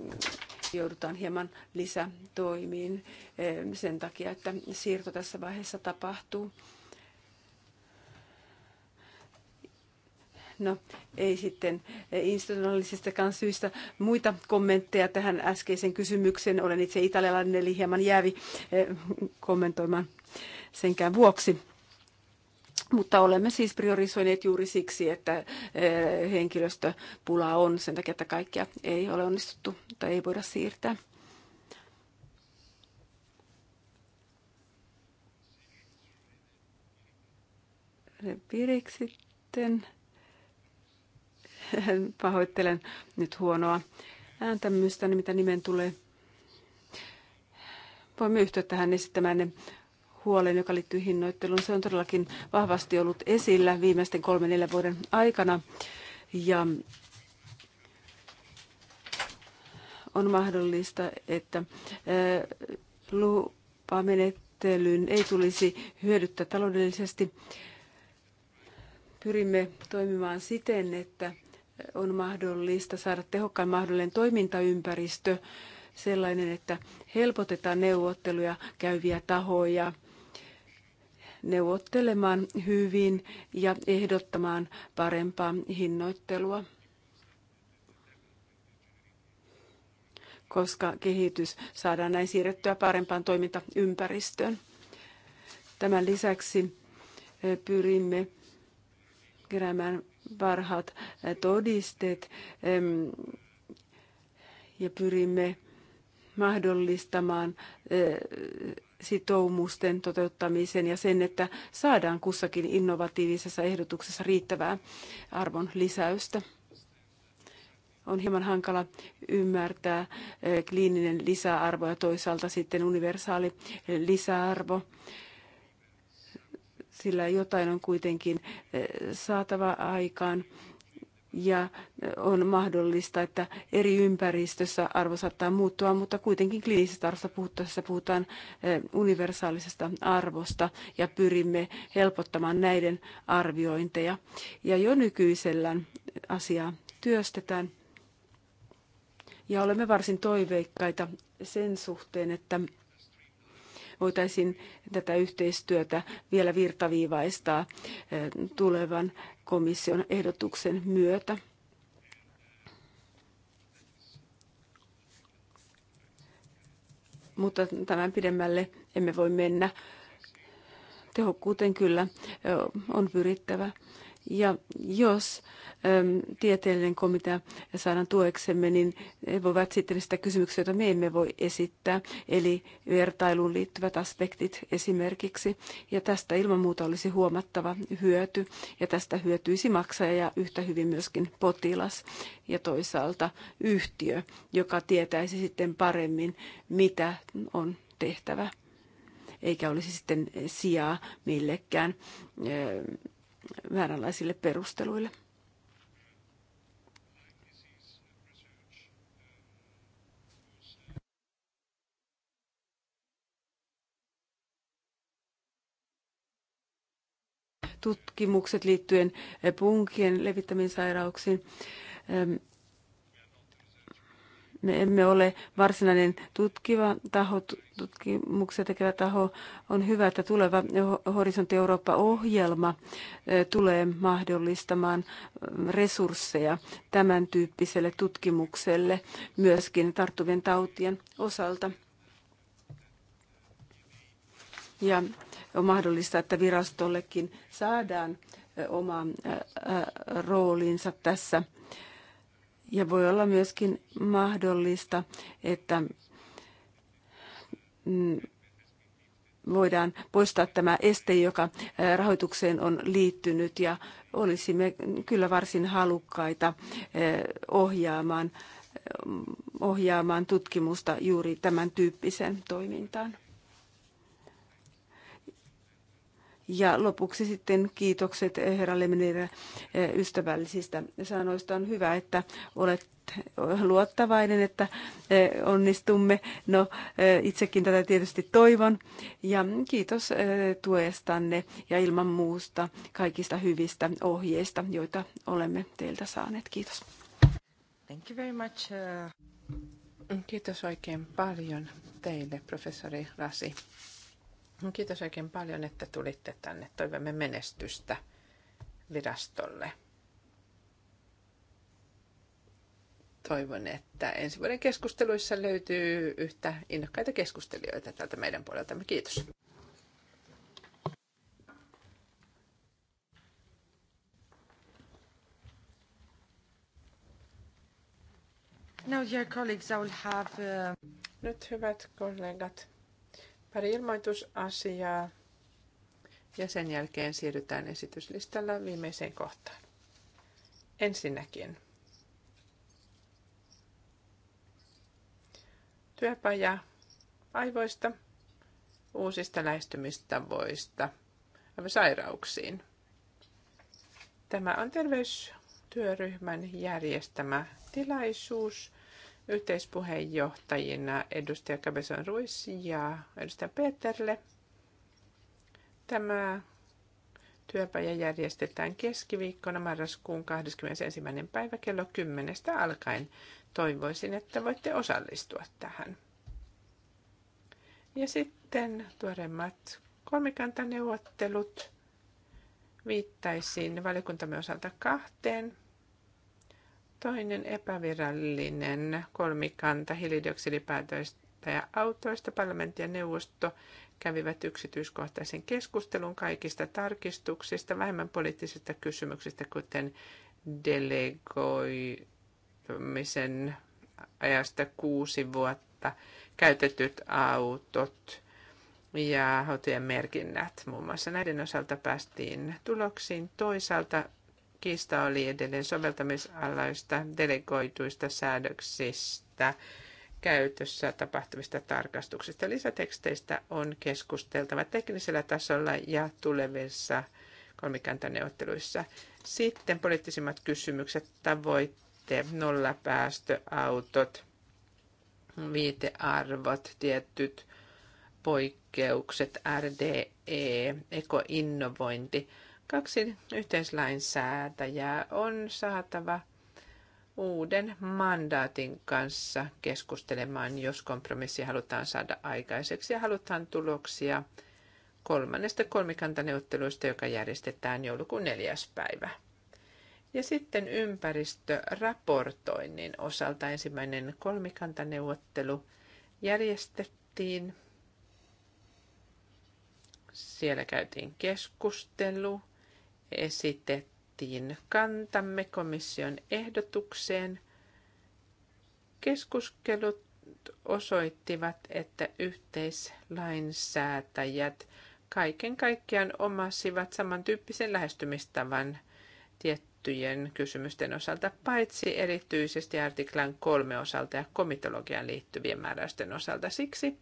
joudutaan hieman lisätoimiin eh, sen takia, että siirto tässä vaiheessa tapahtuu. No, ei sitten institutionaalisistakaan syistä muita kommentteja tähän äskeiseen kysymykseen. Olen itse italialainen, eli hieman jäävi eh, kommentoimaan senkään vuoksi. Mutta olemme siis priorisoineet juuri siksi, että eh, henkilöstöpula on sen takia, että kaikkia ei ole onnistuttu tai ei voida siirtää. Pirik sitten. Pahoittelen nyt huonoa ääntämystä, mitä nimen tulee. Voimme yhtyä tähän esittämään huolen, joka liittyy hinnoitteluun. Se on todellakin vahvasti ollut esillä viimeisten kolmen neljän vuoden aikana. Ja on mahdollista, että äh, lupamenettelyyn ei tulisi hyödyttää taloudellisesti. Pyrimme toimimaan siten, että on mahdollista saada tehokkain mahdollinen toimintaympäristö sellainen, että helpotetaan neuvotteluja käyviä tahoja neuvottelemaan hyvin ja ehdottamaan parempaa hinnoittelua. koska kehitys saadaan näin siirrettyä parempaan toimintaympäristöön. Tämän lisäksi e, pyrimme keräämään parhaat e, todisteet ja pyrimme mahdollistamaan e, sitoumusten toteuttamisen ja sen, että saadaan kussakin innovatiivisessa ehdotuksessa riittävää arvon lisäystä. On hieman hankala ymmärtää eh, kliininen lisäarvo ja toisaalta sitten universaali lisäarvo sillä jotain on kuitenkin eh, saatava aikaan ja on mahdollista, että eri ympäristössä arvo saattaa muuttua, mutta kuitenkin kliinisestä arvosta puhuttaessa puhutaan universaalisesta arvosta ja pyrimme helpottamaan näiden arviointeja. Ja jo nykyisellään asiaa työstetään ja olemme varsin toiveikkaita sen suhteen, että voitaisiin tätä yhteistyötä vielä virtaviivaistaa tulevan komission ehdotuksen myötä. Mutta tämän pidemmälle emme voi mennä. Tehokkuuteen kyllä on pyrittävä ja jos äm, tieteellinen komitea saadaan tueksemme, niin he voivat sitten sitä kysymyksiä, joita me emme voi esittää, eli vertailuun liittyvät aspektit esimerkiksi. Ja tästä ilman muuta olisi huomattava hyöty, ja tästä hyötyisi maksaja ja yhtä hyvin myöskin potilas ja toisaalta yhtiö, joka tietäisi sitten paremmin, mitä on tehtävä eikä olisi sitten sijaa millekään vääränlaisille perusteluille. Tutkimukset liittyen punkien levittämiin sairauksiin me emme ole varsinainen tutkiva taho, tutkimuksia tekevä taho. On hyvä, että tuleva Horisontti Eurooppa-ohjelma tulee mahdollistamaan resursseja tämän tyyppiselle tutkimukselle myöskin tarttuvien tautien osalta. Ja on mahdollista, että virastollekin saadaan oma roolinsa tässä ja voi olla myöskin mahdollista, että mm, voidaan poistaa tämä este, joka rahoitukseen on liittynyt ja olisimme kyllä varsin halukkaita ohjaamaan, ohjaamaan tutkimusta juuri tämän tyyppiseen toimintaan. Ja lopuksi sitten kiitokset eh, herra Lemnerille eh, ystävällisistä sanoista. On hyvä, että olet eh, luottavainen, että onnistumme. No, itsekin tätä tietysti toivon. Ja kiitos tuestanne ja ilman muusta kaikista hyvistä ohjeista, joita olemme teiltä saaneet. Kiitos. Thank you very much. Kiitos oikein paljon teille, professori Rasi. No, kiitos oikein paljon, että tulitte tänne. Toivomme menestystä virastolle. Toivon, että ensi vuoden keskusteluissa löytyy yhtä innokkaita keskustelijoita tältä meidän puoleltamme. Kiitos. Now, dear colleagues, I will have, uh... Nyt hyvät kollegat, Pari ilmoitusasiaa ja sen jälkeen siirrytään esityslistalla viimeiseen kohtaan. Ensinnäkin työpaja aivoista, uusista lähestymistavoista sairauksiin. Tämä on terveystyöryhmän järjestämä tilaisuus yhteispuheenjohtajina edustaja Cabezon Ruiz ja edustaja Peterle. Tämä työpaja järjestetään keskiviikkona marraskuun 21. päivä kello 10 alkaen. Toivoisin, että voitte osallistua tähän. Ja sitten tuoreimmat kolmikantaneuvottelut. Viittaisin valiokuntamme osalta kahteen Toinen epävirallinen kolmikanta hiilidioksidipäätöistä ja autoista parlamentti ja neuvosto kävivät yksityiskohtaisen keskustelun kaikista tarkistuksista, vähemmän poliittisista kysymyksistä, kuten delegoimisen ajasta kuusi vuotta, käytetyt autot ja autojen merkinnät. Muun muassa näiden osalta päästiin tuloksiin. Toisaalta Kiista oli edelleen soveltamisalaista delegoituista säädöksistä käytössä tapahtuvista tarkastuksista. Lisäteksteistä on keskusteltava teknisellä tasolla ja tulevissa kolmikantaneuvotteluissa. Sitten poliittisimmat kysymykset, tavoitte, nollapäästöautot, viitearvot, tietyt poikkeukset, RDE, ekoinnovointi. Kaksi yhteislainsäätäjää on saatava uuden mandaatin kanssa keskustelemaan, jos kompromissi halutaan saada aikaiseksi ja halutaan tuloksia kolmannesta kolmikantaneuvotteluista, joka järjestetään joulukuun neljäs päivä. Ja sitten ympäristöraportoinnin osalta ensimmäinen kolmikantaneuvottelu järjestettiin. Siellä käytiin keskustelu esitettiin kantamme komission ehdotukseen. Keskustelut osoittivat, että yhteislainsäätäjät kaiken kaikkiaan omasivat samantyyppisen lähestymistavan tiettyjen kysymysten osalta, paitsi erityisesti artiklan kolme osalta ja komitologian liittyvien määräysten osalta. Siksi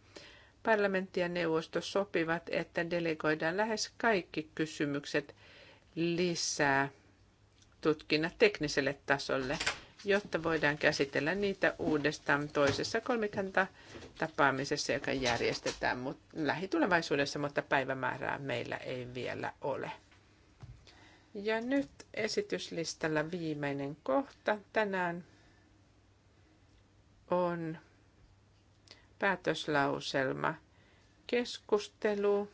parlamentti ja neuvosto sopivat, että delegoidaan lähes kaikki kysymykset – lisää tutkinnat tekniselle tasolle, jotta voidaan käsitellä niitä uudestaan toisessa kolmikanta tapaamisessa, joka järjestetään lähitulevaisuudessa, mutta päivämäärää meillä ei vielä ole. Ja nyt esityslistalla viimeinen kohta tänään on päätöslauselma keskustelu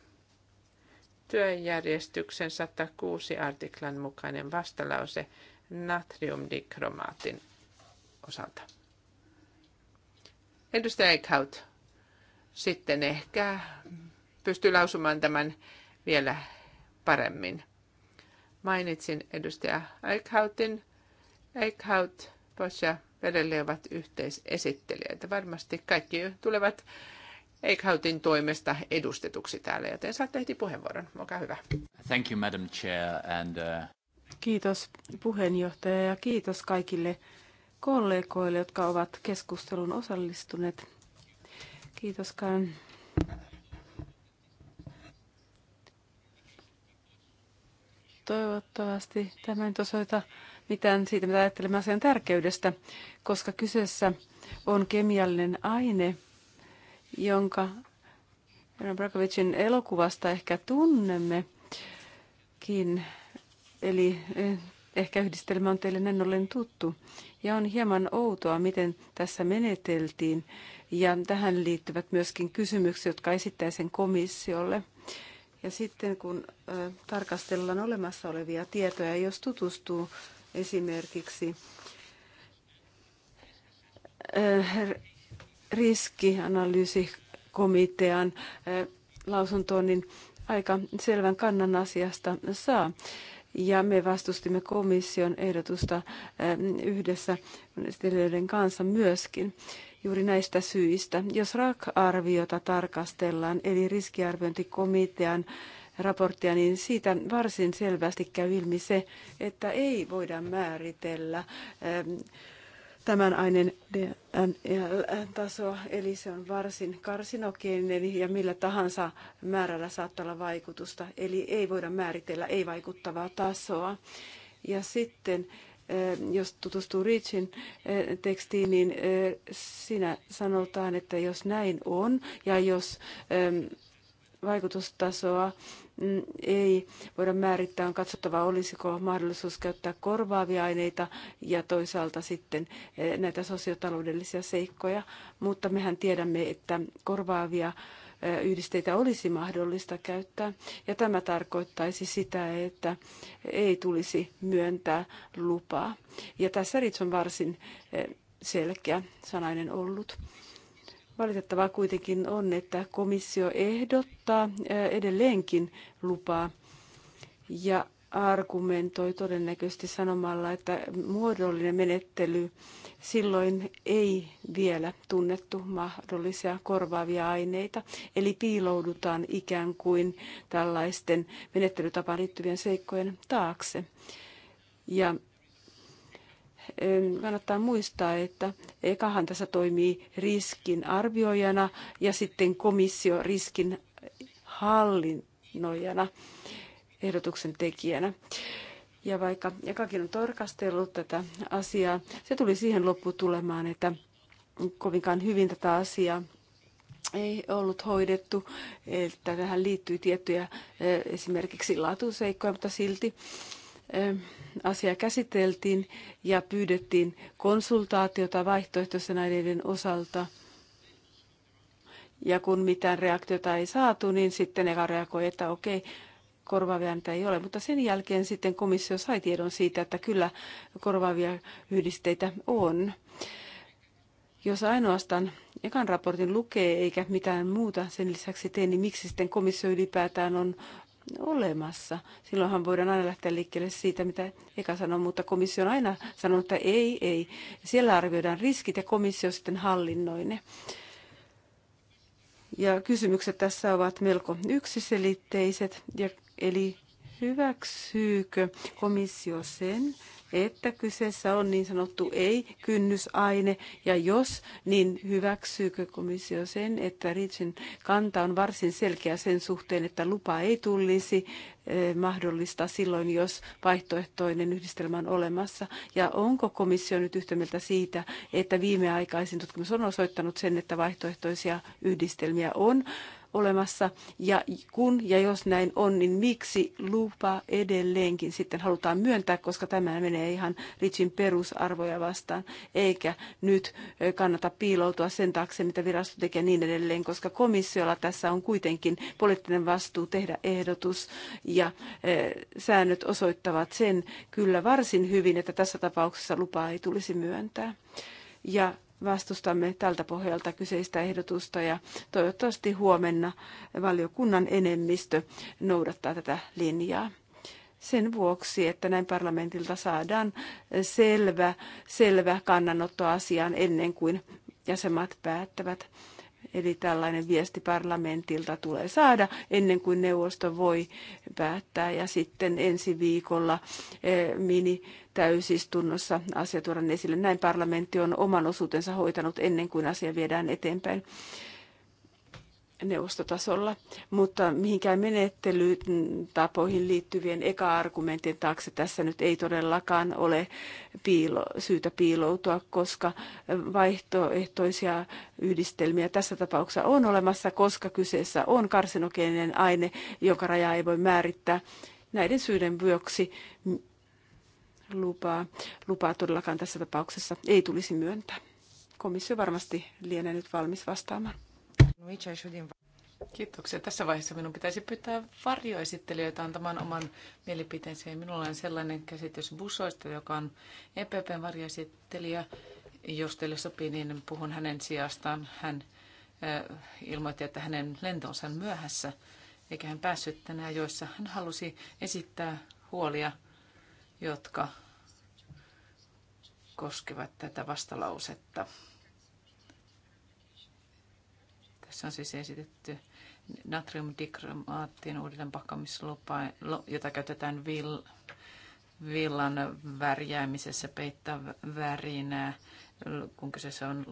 työjärjestyksen 106 artiklan mukainen vastalause natriumdikromaatin osalta. Edustaja Eichhout sitten ehkä pystyy lausumaan tämän vielä paremmin. Mainitsin edustaja Eichhoutin. Eichhout, Porsche, Vedelle ovat yhteisesittelijöitä. Varmasti kaikki tulevat Eichhoutin toimesta edustetuksi täällä, joten saatte heti puheenvuoron. Olkaa hyvä. Thank you, Madam Chair, and, uh... Kiitos puheenjohtaja ja kiitos kaikille kollegoille, jotka ovat keskustelun osallistuneet. Kiitos kään. Toivottavasti tämä ei osoita mitään siitä, mitä ajattelemme asian tärkeydestä, koska kyseessä on kemiallinen aine – jonka Aaron Brakovicin elokuvasta ehkä tunnemmekin. Eli eh, ehkä yhdistelmä on teille näin ollen tuttu. Ja on hieman outoa, miten tässä meneteltiin. Ja tähän liittyvät myöskin kysymykset, jotka sen komissiolle. Ja sitten kun eh, tarkastellaan olemassa olevia tietoja, jos tutustuu esimerkiksi eh, riskianalyysikomitean eh, lausuntoon, niin aika selvän kannan asiasta saa. Ja me vastustimme komission ehdotusta eh, yhdessä ministeriöiden kanssa myöskin juuri näistä syistä. Jos RAK-arviota tarkastellaan, eli riskiarviointikomitean raporttia, niin siitä varsin selvästi käy ilmi se, että ei voida määritellä eh, tämän aineen DNL-tasoa, eli se on varsin karsinogeeninen ja millä tahansa määrällä saattaa olla vaikutusta, eli ei voida määritellä ei-vaikuttavaa tasoa. Ja sitten eh, jos tutustuu Richin eh, tekstiin, niin eh, siinä sanotaan, että jos näin on ja jos vaikutustasoa mm, ei voida määrittää. On katsottava, olisiko mahdollisuus käyttää korvaavia aineita ja toisaalta sitten eh, näitä sosiotaloudellisia seikkoja. Mutta mehän tiedämme, että korvaavia eh, yhdisteitä olisi mahdollista käyttää. Ja tämä tarkoittaisi sitä, että ei tulisi myöntää lupaa. Ja tässä Rits on varsin eh, selkeä sanainen ollut. Valitettavaa kuitenkin on, että komissio ehdottaa edelleenkin lupaa ja argumentoi todennäköisesti sanomalla, että muodollinen menettely silloin ei vielä tunnettu mahdollisia korvaavia aineita. Eli piiloudutaan ikään kuin tällaisten menettelytapaan liittyvien seikkojen taakse. Ja kannattaa muistaa, että ekahan tässä toimii riskin arvioijana ja sitten komissio riskin hallinnoijana, ehdotuksen tekijänä. Ja vaikka Ekakin on tarkastellut tätä asiaa, se tuli siihen lopputulemaan, että kovinkaan hyvin tätä asiaa ei ollut hoidettu, että tähän liittyy tiettyjä eh, esimerkiksi laatuseikkoja, mutta silti asia käsiteltiin ja pyydettiin konsultaatiota vaihtoehtoisten näiden osalta. Ja kun mitään reaktiota ei saatu, niin sitten ne reagoi, että okei, korvaavia niitä ei ole. Mutta sen jälkeen sitten komissio sai tiedon siitä, että kyllä korvaavia yhdisteitä on. Jos ainoastaan ekan raportin lukee eikä mitään muuta sen lisäksi tee, niin miksi sitten komissio ylipäätään on olemassa. Silloinhan voidaan aina lähteä liikkeelle siitä, mitä Eka sanoi, mutta komissio on aina sanonut, että ei, ei. Siellä arvioidaan riskit ja komissio sitten hallinnoi ne. Ja kysymykset tässä ovat melko yksiselitteiset, ja, eli hyväksyykö komissio sen, että kyseessä on niin sanottu ei-kynnysaine, ja jos, niin hyväksyykö komissio sen, että Ritsin kanta on varsin selkeä sen suhteen, että lupa ei tullisi eh, mahdollista silloin, jos vaihtoehtoinen yhdistelmä on olemassa, ja onko komissio nyt yhtä mieltä siitä, että viimeaikaisin tutkimus on osoittanut sen, että vaihtoehtoisia yhdistelmiä on, olemassa. Ja kun ja jos näin on, niin miksi lupa edelleenkin sitten halutaan myöntää, koska tämä menee ihan Ritsin perusarvoja vastaan, eikä nyt kannata piiloutua sen taakse, mitä virasto tekee niin edelleen, koska komissiolla tässä on kuitenkin poliittinen vastuu tehdä ehdotus ja säännöt osoittavat sen kyllä varsin hyvin, että tässä tapauksessa lupaa ei tulisi myöntää. Ja vastustamme tältä pohjalta kyseistä ehdotusta ja toivottavasti huomenna valiokunnan enemmistö noudattaa tätä linjaa sen vuoksi, että näin parlamentilta saadaan selvä, selvä kannanotto asiaan ennen kuin jäsenmaat päättävät. Eli tällainen viesti parlamentilta tulee saada ennen kuin neuvosto voi päättää. Ja sitten ensi viikolla eh, mini täysistunnossa asia tuodaan esille. Näin parlamentti on oman osuutensa hoitanut ennen kuin asia viedään eteenpäin neuvostotasolla, mutta mihinkään menettelytapoihin liittyvien eka argumentien taakse tässä nyt ei todellakaan ole piilo, syytä piiloutua, koska vaihtoehtoisia yhdistelmiä tässä tapauksessa on olemassa, koska kyseessä on karsinogeeninen aine, joka rajaa ei voi määrittää. Näiden syiden vuoksi lupaa, lupaa todellakaan tässä tapauksessa ei tulisi myöntää. Komissio varmasti lienee nyt valmis vastaamaan. Kiitoksia. Tässä vaiheessa minun pitäisi pyytää varjoesittelijöitä antamaan oman mielipiteensä. Minulla on sellainen käsitys Busoista, joka on EPPn varjoesittelijä. Jos teille sopii, niin puhun hänen sijastaan. Hän ilmoitti, että hänen lentonsa on myöhässä, eikä hän päässyt tänään, joissa hän halusi esittää huolia – jotka koskevat tätä vastalausetta. Tässä on siis esitetty natriumdikromaattin pakkamislupa, jota käytetään vill, villan värjäämisessä peittää värinää kun kyseessä on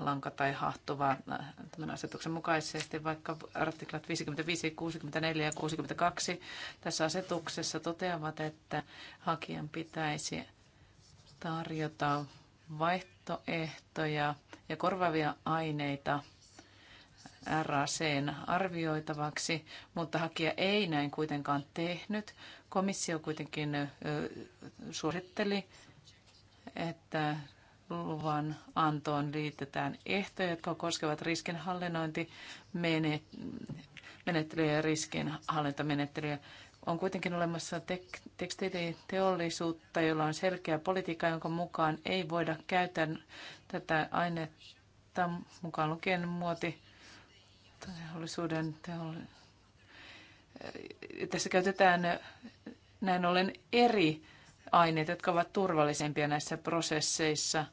lanka tai vaan äh, tämän asetuksen mukaisesti, vaikka artiklat 55, 64 ja 62 tässä asetuksessa toteavat, että hakijan pitäisi tarjota vaihtoehtoja ja korvaavia aineita RACn arvioitavaksi, mutta hakija ei näin kuitenkaan tehnyt. Komissio kuitenkin suositteli, että luvan antoon liitetään ehtoja, jotka koskevat riskinhallinnointimenettelyjä ja riskinhallintamenettelyjä. On kuitenkin olemassa tek- tekstiiliteollisuutta, jolla on selkeä politiikka, jonka mukaan ei voida käyttää tätä ainetta mukaan lukien muoti teollisuuden teollisuuden. Tässä käytetään näin ollen eri aineet, jotka ovat turvallisempia näissä prosesseissa –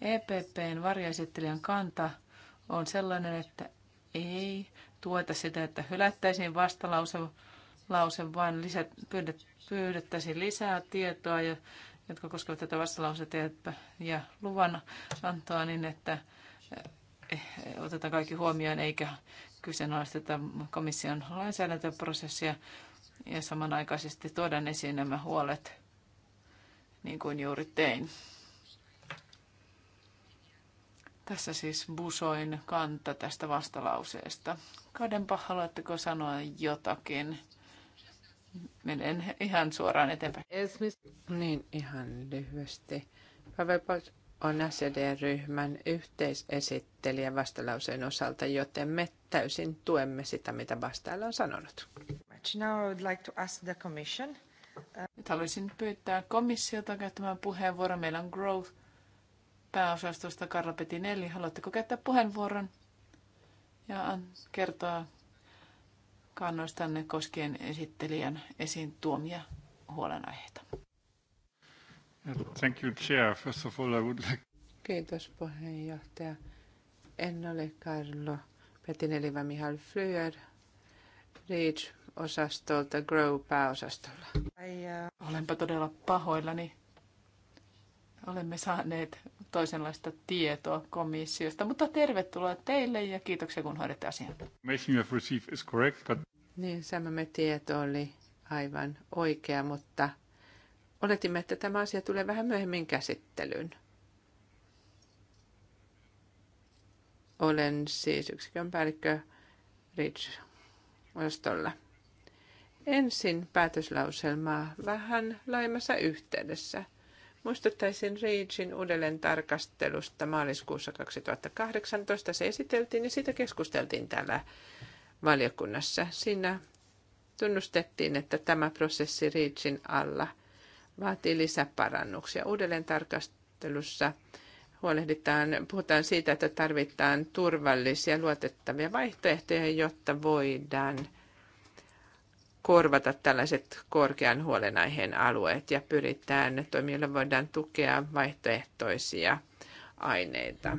EPPn varjaisettelijän kanta on sellainen, että ei tueta sitä, että hylättäisiin vastalause, lause, vaan lisät, pyydet, pyydettäisiin lisää tietoa, ja, jotka koskevat tätä vastalausetta ja luvan antoa niin, että eh, otetaan kaikki huomioon eikä kyseenalaisteta komission lainsäädäntöprosessia ja samanaikaisesti tuodaan esiin nämä huolet, niin kuin juuri tein. Tässä siis Busoin kanta tästä vastalauseesta. Kadenpa, haluatteko sanoa jotakin? Menen ihan suoraan eteenpäin. Niin, ihan lyhyesti. Pavel on SED-ryhmän yhteisesittelijä vastalauseen osalta, joten me täysin tuemme sitä, mitä vastaajalla on sanonut. Uh, Nyt haluaisin pyytää komissiota käyttämään puheenvuoron. Meillä on Growth pääosastosta Karla Petinelli. Haluatteko käyttää puheenvuoron ja kertoa kannoistanne koskien esittelijän esiin tuomia huolenaiheita? Thank you, Chair. First of all, I would like... Kiitos puheenjohtaja. En ole Karlo Petinelli vaan Mihal Flyer Reach-osastolta Grow-pääosastolla. I, uh... Olenpa todella pahoillani Olemme saaneet toisenlaista tietoa komissiosta, mutta tervetuloa teille ja kiitoksia kun hoidatte asian. Niin, samamme tieto oli aivan oikea, mutta oletimme, että tämä asia tulee vähän myöhemmin käsittelyyn. Olen siis yksikön päällikkö Rich Ostolla. Ensin päätöslauselmaa vähän laajemmassa yhteydessä – Muistuttaisin Reachin uudelleen tarkastelusta maaliskuussa 2018. Se esiteltiin ja siitä keskusteltiin täällä valiokunnassa. Siinä tunnustettiin, että tämä prosessi Reachin alla vaatii lisäparannuksia. Uudelleen tarkastelussa huolehditaan, puhutaan siitä, että tarvitaan turvallisia, luotettavia vaihtoehtoja, jotta voidaan – korvata tällaiset korkean huolenaiheen alueet ja pyritään toimilla voidaan tukea vaihtoehtoisia aineita.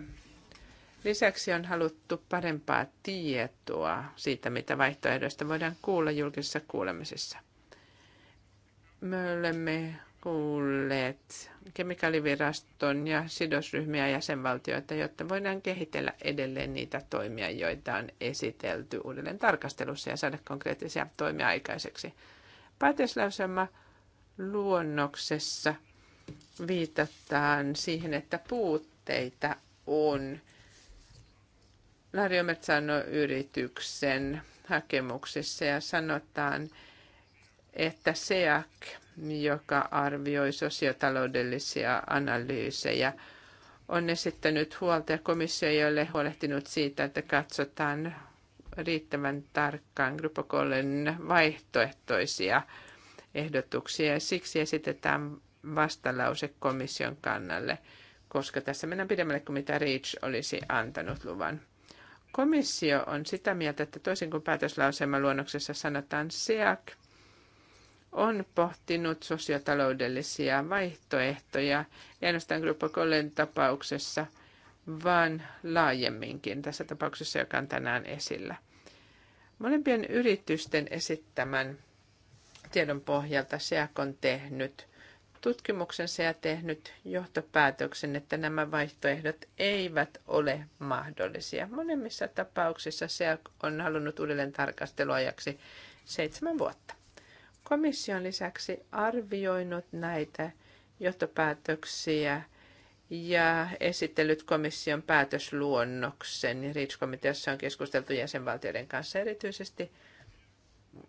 Lisäksi on haluttu parempaa tietoa siitä, mitä vaihtoehdoista voidaan kuulla julkisessa kuulemisessa. Me olemme kuulleet kemikaaliviraston ja sidosryhmiä jäsenvaltioita, jotta voidaan kehitellä edelleen niitä toimia, joita on esitelty uudelleen tarkastelussa ja saada konkreettisia toimia aikaiseksi. Päätöslauselma luonnoksessa viitataan siihen, että puutteita on Lario yrityksen hakemuksissa ja sanotaan, että SEAC joka arvioi sosiotaloudellisia analyysejä, on esittänyt huolta ja komissio ei ole huolehtinut siitä, että katsotaan riittävän tarkkaan Grupokollen vaihtoehtoisia ehdotuksia. Ja siksi esitetään vastalause komission kannalle, koska tässä mennään pidemmälle kuin mitä REACH olisi antanut luvan. Komissio on sitä mieltä, että toisin kuin päätöslauselman luonnoksessa sanotaan SEAC, on pohtinut sosiotaloudellisia vaihtoehtoja, ei ainoastaan Gruppo Kollen tapauksessa, vaan laajemminkin tässä tapauksessa, joka on tänään esillä. Molempien yritysten esittämän tiedon pohjalta SEAK on tehnyt tutkimuksensa ja tehnyt johtopäätöksen, että nämä vaihtoehdot eivät ole mahdollisia. Molemmissa tapauksissa SEAK on halunnut uudelleen tarkasteluajaksi seitsemän vuotta. Komission lisäksi arvioinut näitä johtopäätöksiä ja esitellyt komission päätösluonnoksen. Riitskomiteassa on keskusteltu jäsenvaltioiden kanssa erityisesti.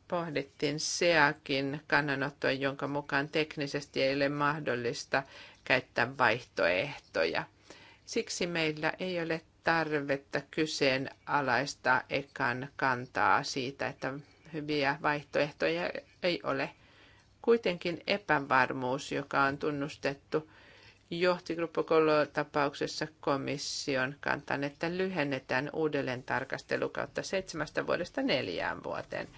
Pohdittiin SEAkin kannanottoa, jonka mukaan teknisesti ei ole mahdollista käyttää vaihtoehtoja. Siksi meillä ei ole tarvetta kyseenalaistaa ekan kantaa siitä, että hyviä vaihtoehtoja ei ole. Kuitenkin epävarmuus, joka on tunnustettu, johti tapauksessa komission kantaan, että lyhennetään uudelleen tarkastelukautta seitsemästä vuodesta neljään vuoteen.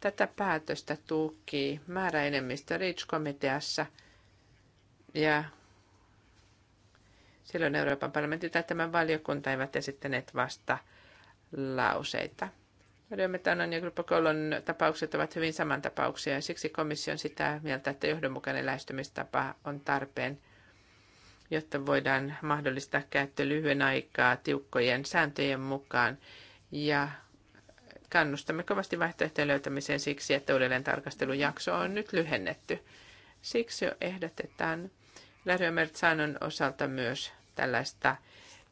Tätä päätöstä tuki määräenemmistö REACH-komiteassa ja silloin Euroopan parlamentti tai tämän valiokunta eivät esittäneet vasta lauseita. Ryömetanon ja glupakollon tapaukset ovat hyvin samantapauksia ja siksi komission sitä mieltä, että johdonmukainen lähestymistapa on tarpeen, jotta voidaan mahdollistaa käyttö lyhyen aikaa tiukkojen sääntöjen mukaan ja kannustamme kovasti vaihtoehtojen löytämiseen siksi, että uudelleen tarkastelujakso on nyt lyhennetty. Siksi jo ehdotetaan Mertsanon osalta myös tällaista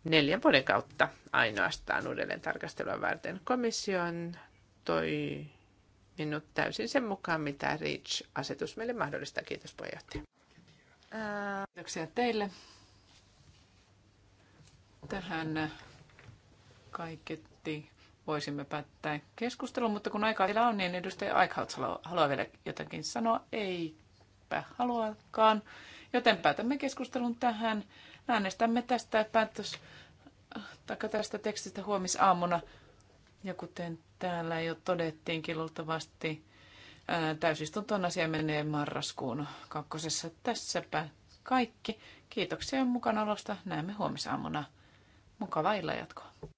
neljän vuoden kautta ainoastaan uudelleen tarkastelua varten. Komissio on toiminut täysin sen mukaan, mitä REACH-asetus meille mahdollistaa. Kiitos puheenjohtaja. Kiitoksia teille. Tähän kaiketti voisimme päättää keskustelun, mutta kun aikaa vielä on, niin edustaja Aikhaut haluaa vielä jotakin sanoa. Eipä haluakaan, joten päätämme keskustelun tähän. Äänestämme tästä päätös, taikka tästä tekstistä huomisaamuna. Ja kuten täällä jo todettiinkin, luultavasti täysistuntoon asia menee marraskuun kakkosessa. Tässäpä kaikki. Kiitoksia mukanaolosta. Näemme huomisaamuna. Mukavaa jatkoa.